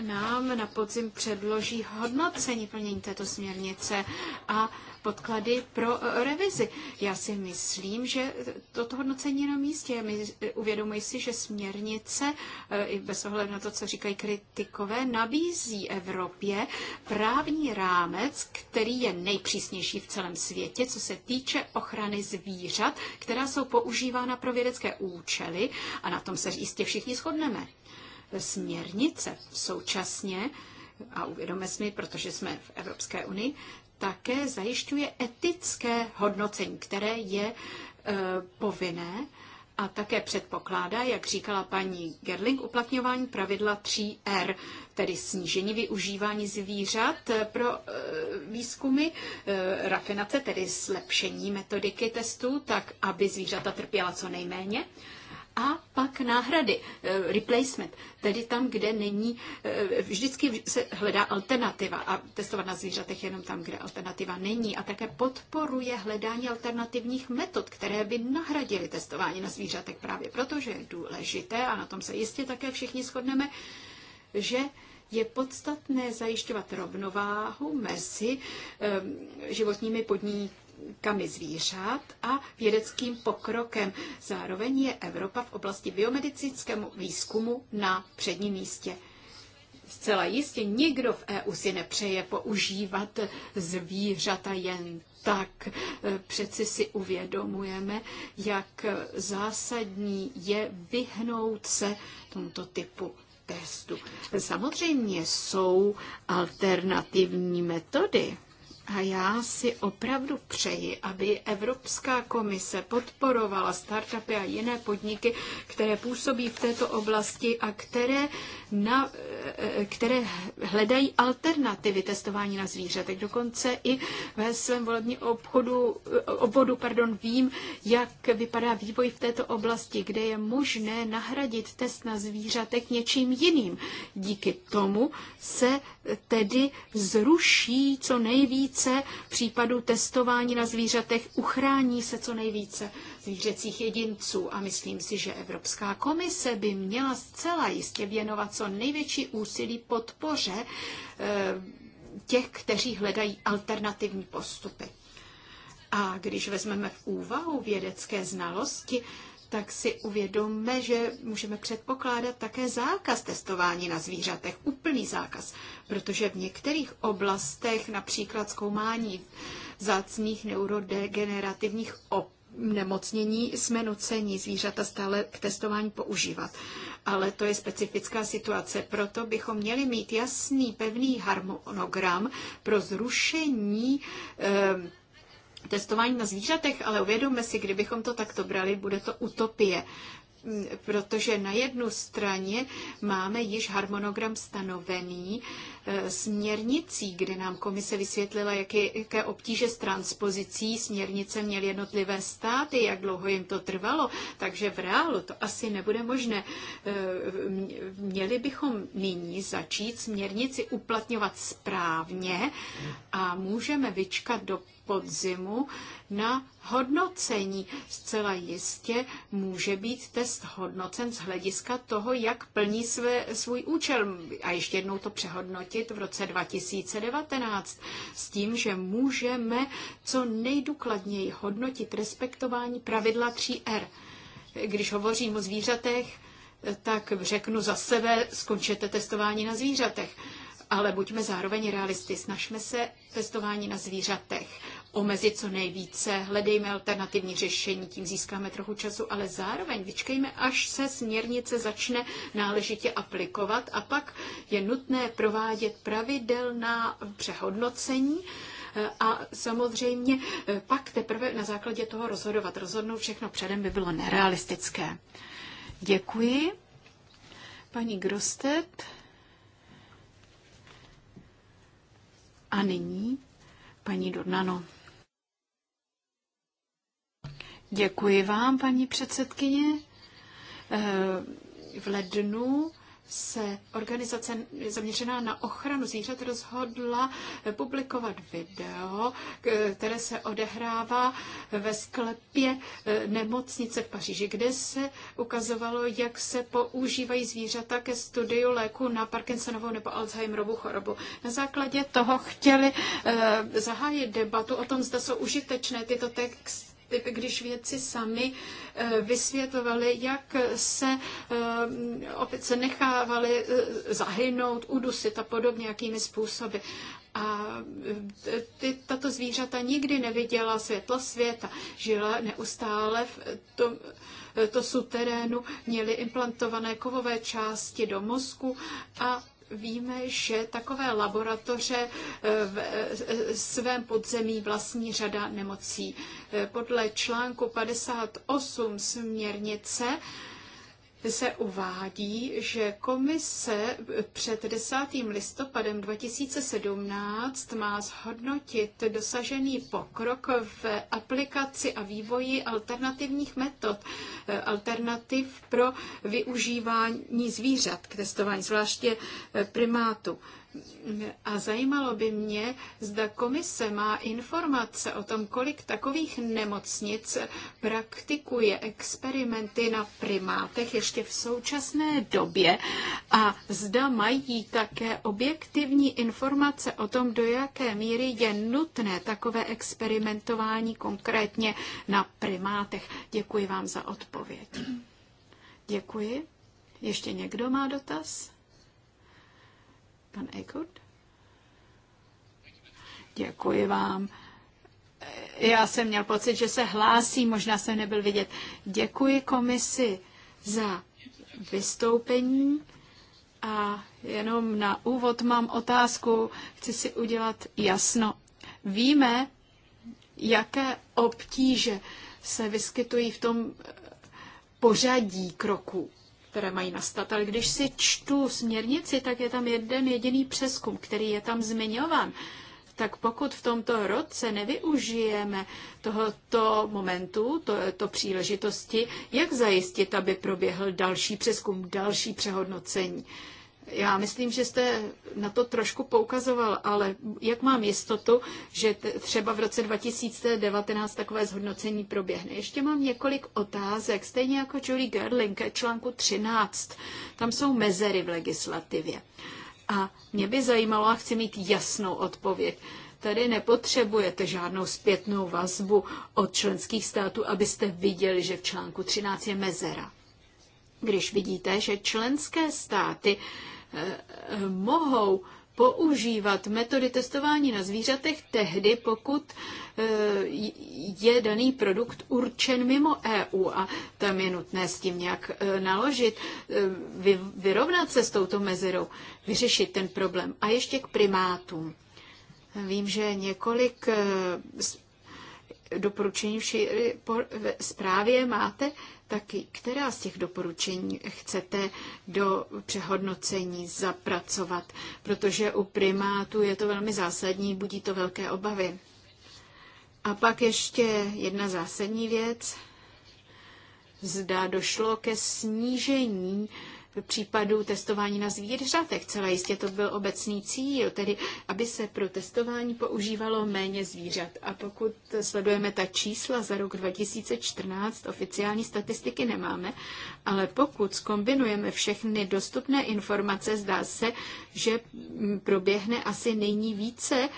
nám na podzim předloží hodnocení plnění této směrnice a podklady pro e, revizi. Já si myslím, že toto hodnocení je na místě. My uvědomuji si, že směrnice, e, i bez ohledu na to, co říkají kritikové, nabízí Evropě právní rámec, který je nejpřísnější v celém světě, co se týče ochrany zvířat, která jsou používána pro vědecké účely a na tom se jistě všichni shodneme směrnice. Současně, a uvědome si, protože jsme v Evropské unii, také zajišťuje etické hodnocení, které je e, povinné a také předpokládá, jak říkala paní Gerling, uplatňování pravidla 3R, tedy snížení využívání zvířat pro e, výzkumy, e, rafinace, tedy zlepšení metodiky testů, tak aby zvířata trpěla co nejméně a pak náhrady, eh, replacement, tedy tam, kde není, eh, vždycky se hledá alternativa a testovat na zvířatech jenom tam, kde alternativa není a také podporuje hledání alternativních metod, které by nahradily testování na zvířatech právě protože je důležité a na tom se jistě také všichni shodneme, že je podstatné zajišťovat rovnováhu mezi eh, životními podmínkami kamy zvířat a vědeckým pokrokem. Zároveň je Evropa v oblasti biomedicínskému výzkumu na předním místě. Zcela jistě nikdo v EU si nepřeje používat zvířata jen tak. Přeci si uvědomujeme, jak zásadní je vyhnout se tomuto typu testu. Samozřejmě jsou alternativní metody a já si opravdu přeji, aby Evropská komise podporovala startupy a jiné podniky, které působí v této oblasti a které, na, eh, které hledají alternativy testování na zvířatech. Dokonce i ve svém volebním obchodu, eh, obvodu pardon, vím, jak vypadá vývoj v této oblasti, kde je možné nahradit test na zvířatek něčím jiným. Díky tomu se tedy zruší co nejvíce více případů testování na zvířatech, uchrání se co nejvíce zvířecích jedinců. A myslím si, že Evropská komise by měla zcela jistě věnovat co největší úsilí podpoře eh, těch, kteří hledají alternativní postupy. A když vezmeme v úvahu vědecké znalosti, tak si uvědomme, že můžeme předpokládat také zákaz testování na zvířatech, úplný zákaz, protože v některých oblastech, například zkoumání zácných neurodegenerativních op nemocnění jsme nuceni zvířata stále k testování používat. Ale to je specifická situace, proto bychom měli mít jasný, pevný harmonogram pro zrušení eh, testování na zvířatech, ale uvědomme si, kdybychom to takto brali, bude to utopie mm, protože na jednu straně máme již harmonogram stanovený E, směrnicí, kdy nám komise vysvětlila, jaké, jaké obtíže s transpozicí směrnice měly jednotlivé státy, jak dlouho jim to trvalo, takže v reálu to asi nebude možné. E, měli bychom nyní začít směrnici uplatňovat správně a můžeme vyčkat do podzimu na hodnocení. Zcela jistě může být test hodnocen z hlediska toho, jak plní své, svůj účel. A ještě jednou to přehodnotit zajistit v roce 2019 s tím, že můžeme co nejdůkladněji hodnotit respektování pravidla 3R. Er. Když hovořím o zvířatech, tak řeknu za sebe, skončete testování na zvířatech. Ale buďme zároveň realisty, snažme se testování na zvířatech omezit co nejvíce, hledejme alternativní řešení, tím získáme trochu času, ale zároveň vyčkejme, až se směrnice začne náležitě aplikovat a pak je nutné provádět pravidelná přehodnocení, a samozřejmě eh, pak teprve na základě toho rozhodovat. Rozhodnout všechno předem by bylo nerealistické. Děkuji. Paní Grostet. A nyní paní Dornano. Děkuji vám, paní předsedkyně. Eh, v lednu se organizace zaměřená na ochranu zvířat rozhodla publikovat video, eh, které se odehrává ve sklepě eh, nemocnice v Paříži, kde se ukazovalo, jak se používají zvířata ke studiu léku na Parkinsonovou nebo Alzheimerovou chorobu. Na základě toho chtěli zahájit debatu o tom, zda jsou užitečné tyto texty když vědci sami eh, vysvětlovali, jak se eh, opice nechávaly eh, zahynout, udusit a podobně, jakými způsoby. A ty, tato zvířata nikdy neviděla světla světa, žila neustále v tom, to suterénu, měli implantované kovové části do mozku a víme, že takové laboratoře eh, v eh, svém podzemí vlastní řada nemocí. Eh, podle článku 58 směrnice se uvádí, že komise před 10. listopadem 2017 má zhodnotit dosažený pokrok v aplikaci a vývoji alternativních metod, alternativ pro využívání zvířat k testování, zvláště primátů. A zajímalo by mě, zda komise má informace o tom, kolik takových nemocnic praktikuje experimenty na primátech ještě v současné době a zda mají také objektivní informace o tom, do jaké míry je nutné takové experimentování konkrétně na primátech. Děkuji vám za odpověď. Děkuji. Ještě někdo má dotaz? Pan Eckert? Děkuji vám. Já jsem měl pocit, že se hlásí, možná jsem nebyl vidět. Děkuji komisi za vystoupení a jenom na úvod mám otázku, chci si udělat jasno. Víme, jaké obtíže se vyskytují v tom pořadí kroků které mají nastat. Ale když si čtu směrnici, tak je tam jeden jediný přeskum, který je tam zmiňován. Tak pokud v tomto roce nevyužijeme tohoto momentu, to, to příležitosti, jak zajistit, aby proběhl další přeskum, další přehodnocení? Uh, já myslím, že jste na to trošku poukazoval, ale jak mám jistotu, že třeba v roce 2019 takové zhodnocení proběhne? Ještě mám několik otázek, stejně jako Julie Gerling ke článku 13. Tam jsou mezery v legislativě. A mě by zajímalo, a chci mít jasnou odpověď, tady nepotřebujete žádnou zpětnou vazbu od členských států, abyste viděli, že v článku 13 je mezera. Když vidíte, že členské státy mohou používat metody testování na zvířatech tehdy, pokud eh, je daný produkt určen mimo EU a tam je nutné s tím nějak eh, naložit, eh, vyrovnat se s touto mezerou, vyřešit ten problém. A ještě k primátům. Vím, že několik doporučení v zprávě máte tak která z těch doporučení chcete do přehodnocení zapracovat? Protože u primátů je to velmi zásadní, budí to velké obavy. A pak ještě jedna zásadní věc. Zda došlo ke snížení případů testování na zvířatech. Celé jistě to byl obecný cíl, tedy aby se pro testování používalo méně zvířat. A pokud sledujeme ta čísla za rok 2014, oficiální statistiky nemáme, ale pokud skombinujeme všechny dostupné informace, zdá se, že proběhne asi nyní více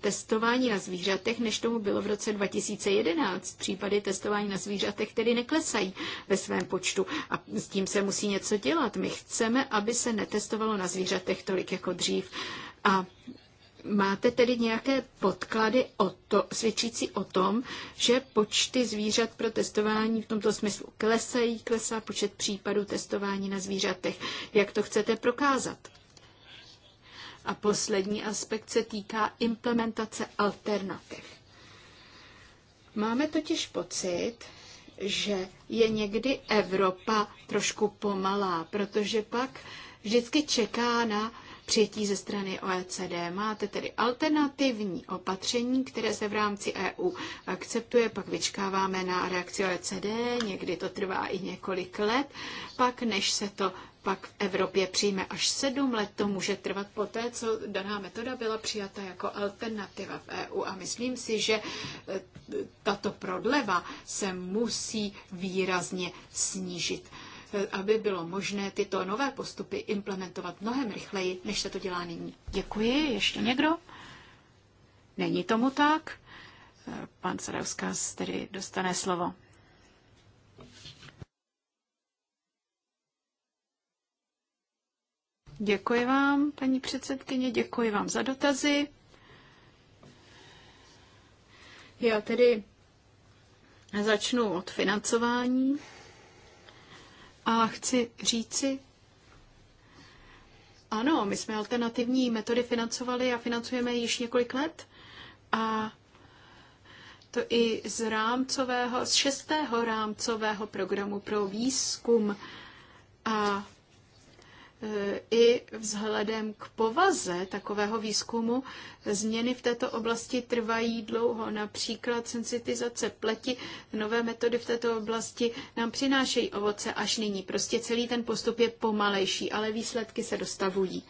testování na zvířatech, než tomu bylo v roce 2011. Případy testování na zvířatech tedy neklesají ve svém počtu a s tím se musí něco dělat dělat. My chceme, aby se netestovalo na zvířatech tolik jako dřív. A máte tedy nějaké podklady o to, svědčící o tom, že počty zvířat pro testování v tomto smyslu klesají, klesá počet případů testování na zvířatech. Jak to chcete prokázat? A poslední aspekt se týká implementace alternativ. Máme totiž pocit, že je někdy Evropa trošku pomalá, protože pak vždycky čeká na přijetí ze strany OECD. Máte tedy alternativní opatření, které se v rámci EU akceptuje, pak vyčkáváme na reakci OECD, někdy to trvá i několik let, pak než se to pak v Evropě přijme až sedm let. To může trvat poté, co daná metoda byla přijata jako alternativa v EU. A myslím si, že e, tato prodleva se musí výrazně snížit e, aby bylo možné tyto nové postupy implementovat mnohem rychleji, než se to dělá nyní. Děkuji. Ještě někdo? Není tomu tak. E, pan Sarauskas tedy dostane slovo. Děkuji vám, paní předsedkyně, děkuji vám za dotazy. Já tedy začnu od financování a chci říci, ano, my jsme alternativní metody financovali a financujeme již několik let a to i z rámcového, z šestého rámcového programu pro výzkum a i vzhledem k povaze takového výzkumu změny v této oblasti trvají dlouho. Například sensitizace pleti, nové metody v této oblasti nám přinášejí ovoce až nyní. Prostě celý ten postup je pomalejší, ale výsledky se dostavují.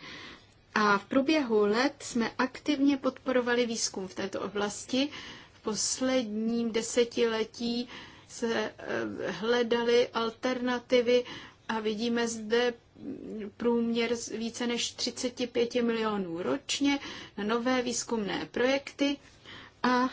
A v průběhu let jsme aktivně podporovali výzkum v této oblasti. V posledním desetiletí se eh, hledaly alternativy a vidíme zde průměr více než 35 milionů ročně na nové výzkumné projekty a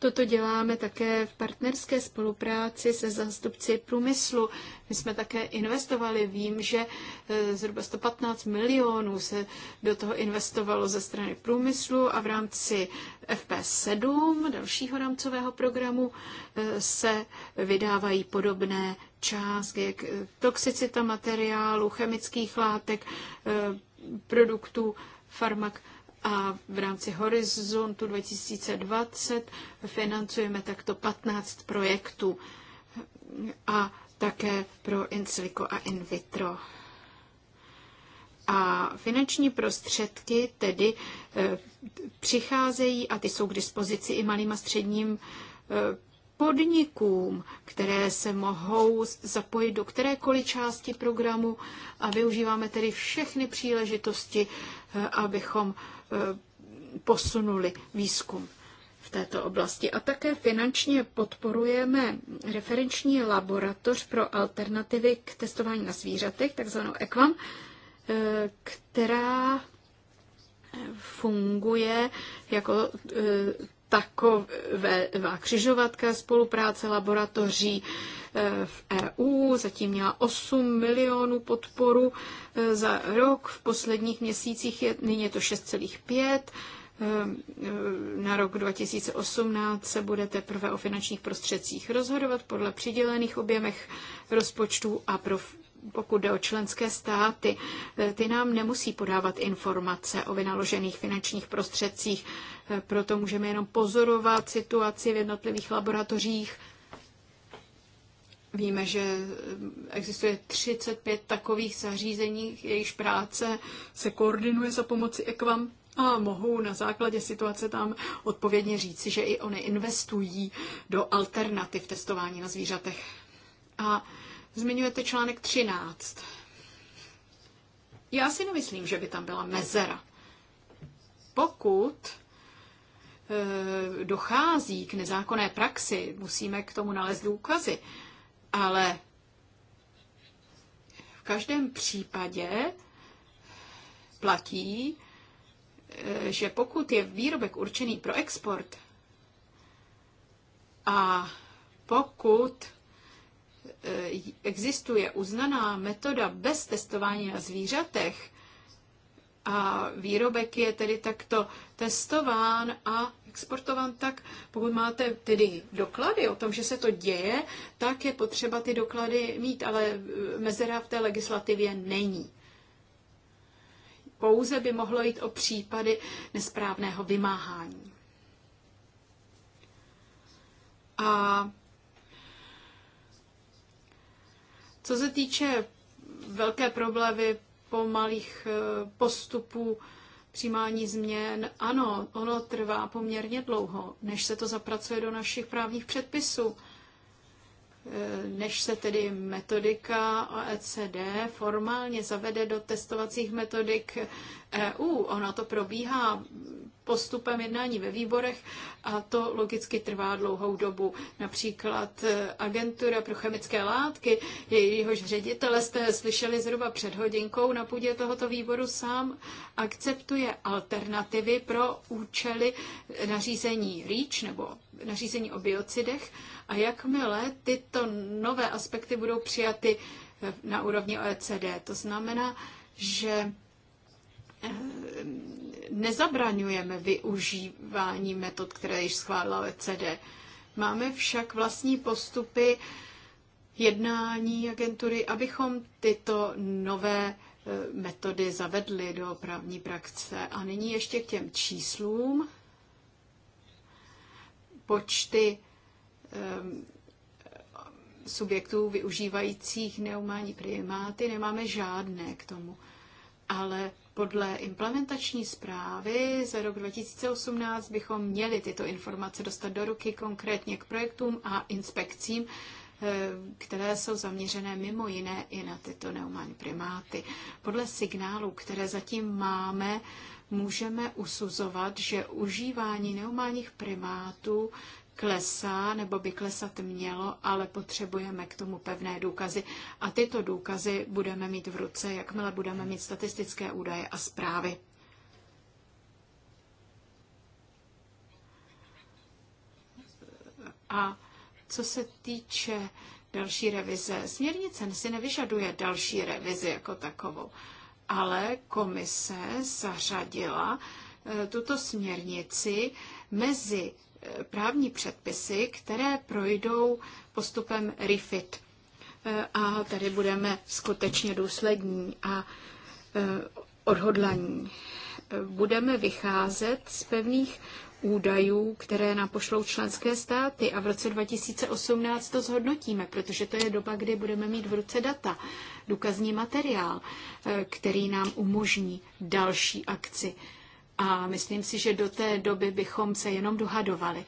Toto děláme také v partnerské spolupráci se zastupci průmyslu. My jsme také investovali. Vím, že e, zhruba 115 milionů se do toho investovalo ze strany průmyslu a v rámci FP7, dalšího rámcového programu, e, se vydávají podobné část, jak eh, toxicita materiálu, chemických látek, eh, produktů, farmak a v rámci Horizontu 2020 financujeme takto 15 projektů a také pro in silico a in vitro. A finanční prostředky tedy eh, přicházejí a ty jsou k dispozici i malým a středním podnikům, které se mohou zapojit do kterékoliv části programu a využíváme tedy všechny příležitosti, eh, abychom eh, posunuli výzkum v této oblasti. A také finančně podporujeme referenční laboratoř pro alternativy k testování na zvířatech, takzvanou EQUAM, eh, která funguje jako taková křižovatka spolupráce laboratoří eh, v EU. Zatím měla 8 milionů podporu eh, za rok, v posledních měsících je, nyní je to 6,5 eh, na rok 2018 se bude teprve o finančních prostředcích rozhodovat podle přidělených objemech rozpočtů a pro pokud jde o členské státy, eh, ty nám nemusí podávat informace o vynaložených finančních prostředcích, eh, proto můžeme jenom pozorovat situaci v jednotlivých laboratořích. Víme, že eh, existuje 35 takových zařízení, jejichž práce se koordinuje za pomoci EQUAM a mohou na základě situace tam odpovědně říci, že i oni investují do alternativ testování na zvířatech. A Zmiňujete článek 13. Já si nemyslím, že by tam byla mezera. Pokud eh, dochází k nezákonné praxi, musíme k tomu nalézt důkazy, ale v každém případě platí, eh, že pokud je výrobek určený pro export a pokud E, existuje uznaná metoda bez testování na zvířatech a výrobek je tedy takto testován a exportován, tak pokud máte tedy doklady o tom, že se to děje, tak je potřeba ty doklady mít, ale e, mezera v té legislativě není. Pouze by mohlo jít o případy nesprávného vymáhání. A Co se týče velké problémy malých eh, postupů přijímání změn, ano, ono trvá poměrně dlouho, než se to zapracuje do našich právních předpisů než se tedy metodika OECD formálně zavede do testovacích metodik EU. Ona to probíhá postupem jednání ve výborech a to logicky trvá dlouhou dobu. Například eh, agentura pro chemické látky, jejíhož ředitele jste slyšeli zhruba před hodinkou na půdě tohoto výboru sám, akceptuje alternativy pro účely nařízení REACH nebo nařízení o biocidech a jakmile tyto nové aspekty budou přijaty eh, na úrovni OECD, to znamená, že eh, nezabraňujeme využívání metod, které již schválila OECD. Máme však vlastní postupy jednání agentury, abychom tyto nové eh, metody zavedli do právní praxe. A nyní ještě k těm číslům. Počty Eh, subjektů využívajících neumální primáty nemáme žádné k tomu. Ale podle implementační zprávy za rok 2018 bychom měli tyto informace dostat do ruky konkrétně k projektům a inspekcím, eh, které jsou zaměřené mimo jiné i na tyto neumání primáty. Podle signálů, které zatím máme, můžeme usuzovat, že užívání neumálních primátů klesá nebo by klesat mělo, ale potřebujeme k tomu pevné důkazy. A tyto důkazy budeme mít v ruce, jakmile budeme mít statistické údaje a zprávy. A co se týče další revize, směrnice si nevyžaduje další revizi jako takovou, ale komise zařadila eh, tuto směrnici mezi právní předpisy, které projdou postupem REFIT. E, a tady budeme skutečně důslední a e, odhodlaní. E, budeme vycházet z pevných údajů, které nám pošlou členské státy a v roce 2018 to zhodnotíme, protože to je doba, kdy budeme mít v ruce data, důkazní materiál, který nám umožní další akci. A myslím si, že do té doby bychom se jenom dohadovali.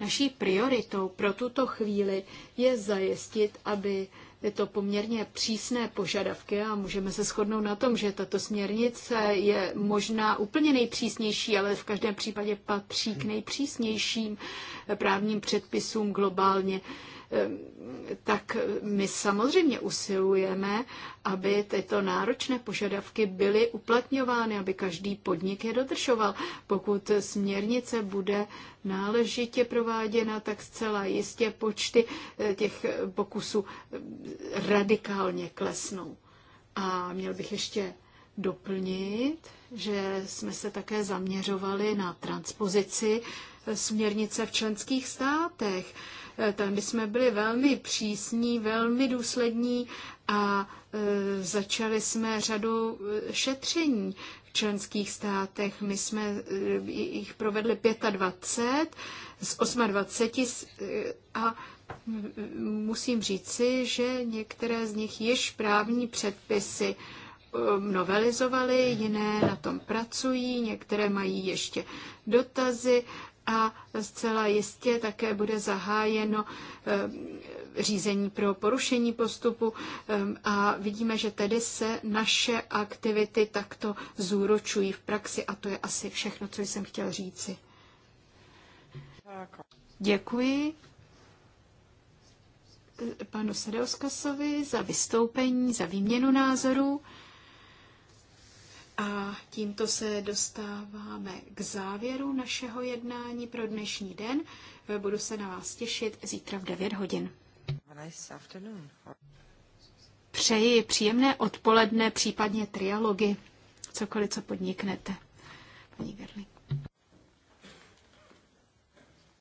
Naší prioritou pro tuto chvíli je zajistit, aby to poměrně přísné požadavky a můžeme se shodnout na tom, že tato směrnice je možná úplně nejpřísnější, ale v každém případě patří k nejpřísnějším právním předpisům globálně tak my samozřejmě usilujeme, aby tyto náročné požadavky byly uplatňovány, aby každý podnik je dodržoval. Pokud směrnice bude náležitě prováděna, tak zcela jistě počty eh, těch pokusů eh, radikálně klesnou. A měl bych ještě doplnit, že jsme se také zaměřovali na transpozici eh, směrnice v členských státech. Eh, tam jsme byli velmi přísní, velmi důslední a eh, začali jsme řadu eh, šetření v členských státech. My jsme jich provedli 25 z 28 a musím říci, že některé z nich již právní předpisy novelizovali, jiné na tom pracují, některé mají ještě dotazy a zcela jistě také bude zahájeno eh, řízení pro porušení postupu eh, a vidíme, že tedy se naše aktivity takto zúročují v praxi a to je asi všechno, co jsem chtěl říci. Děkuji eh, panu Sedeuskasovi za vystoupení, za výměnu názorů. A tímto se dostáváme k závěru našeho jednání pro dnešní den. Budu se na vás těšit zítra v 9 hodin. Přeji příjemné odpoledne, případně trialogy, cokoliv, co podniknete, paní Gerling.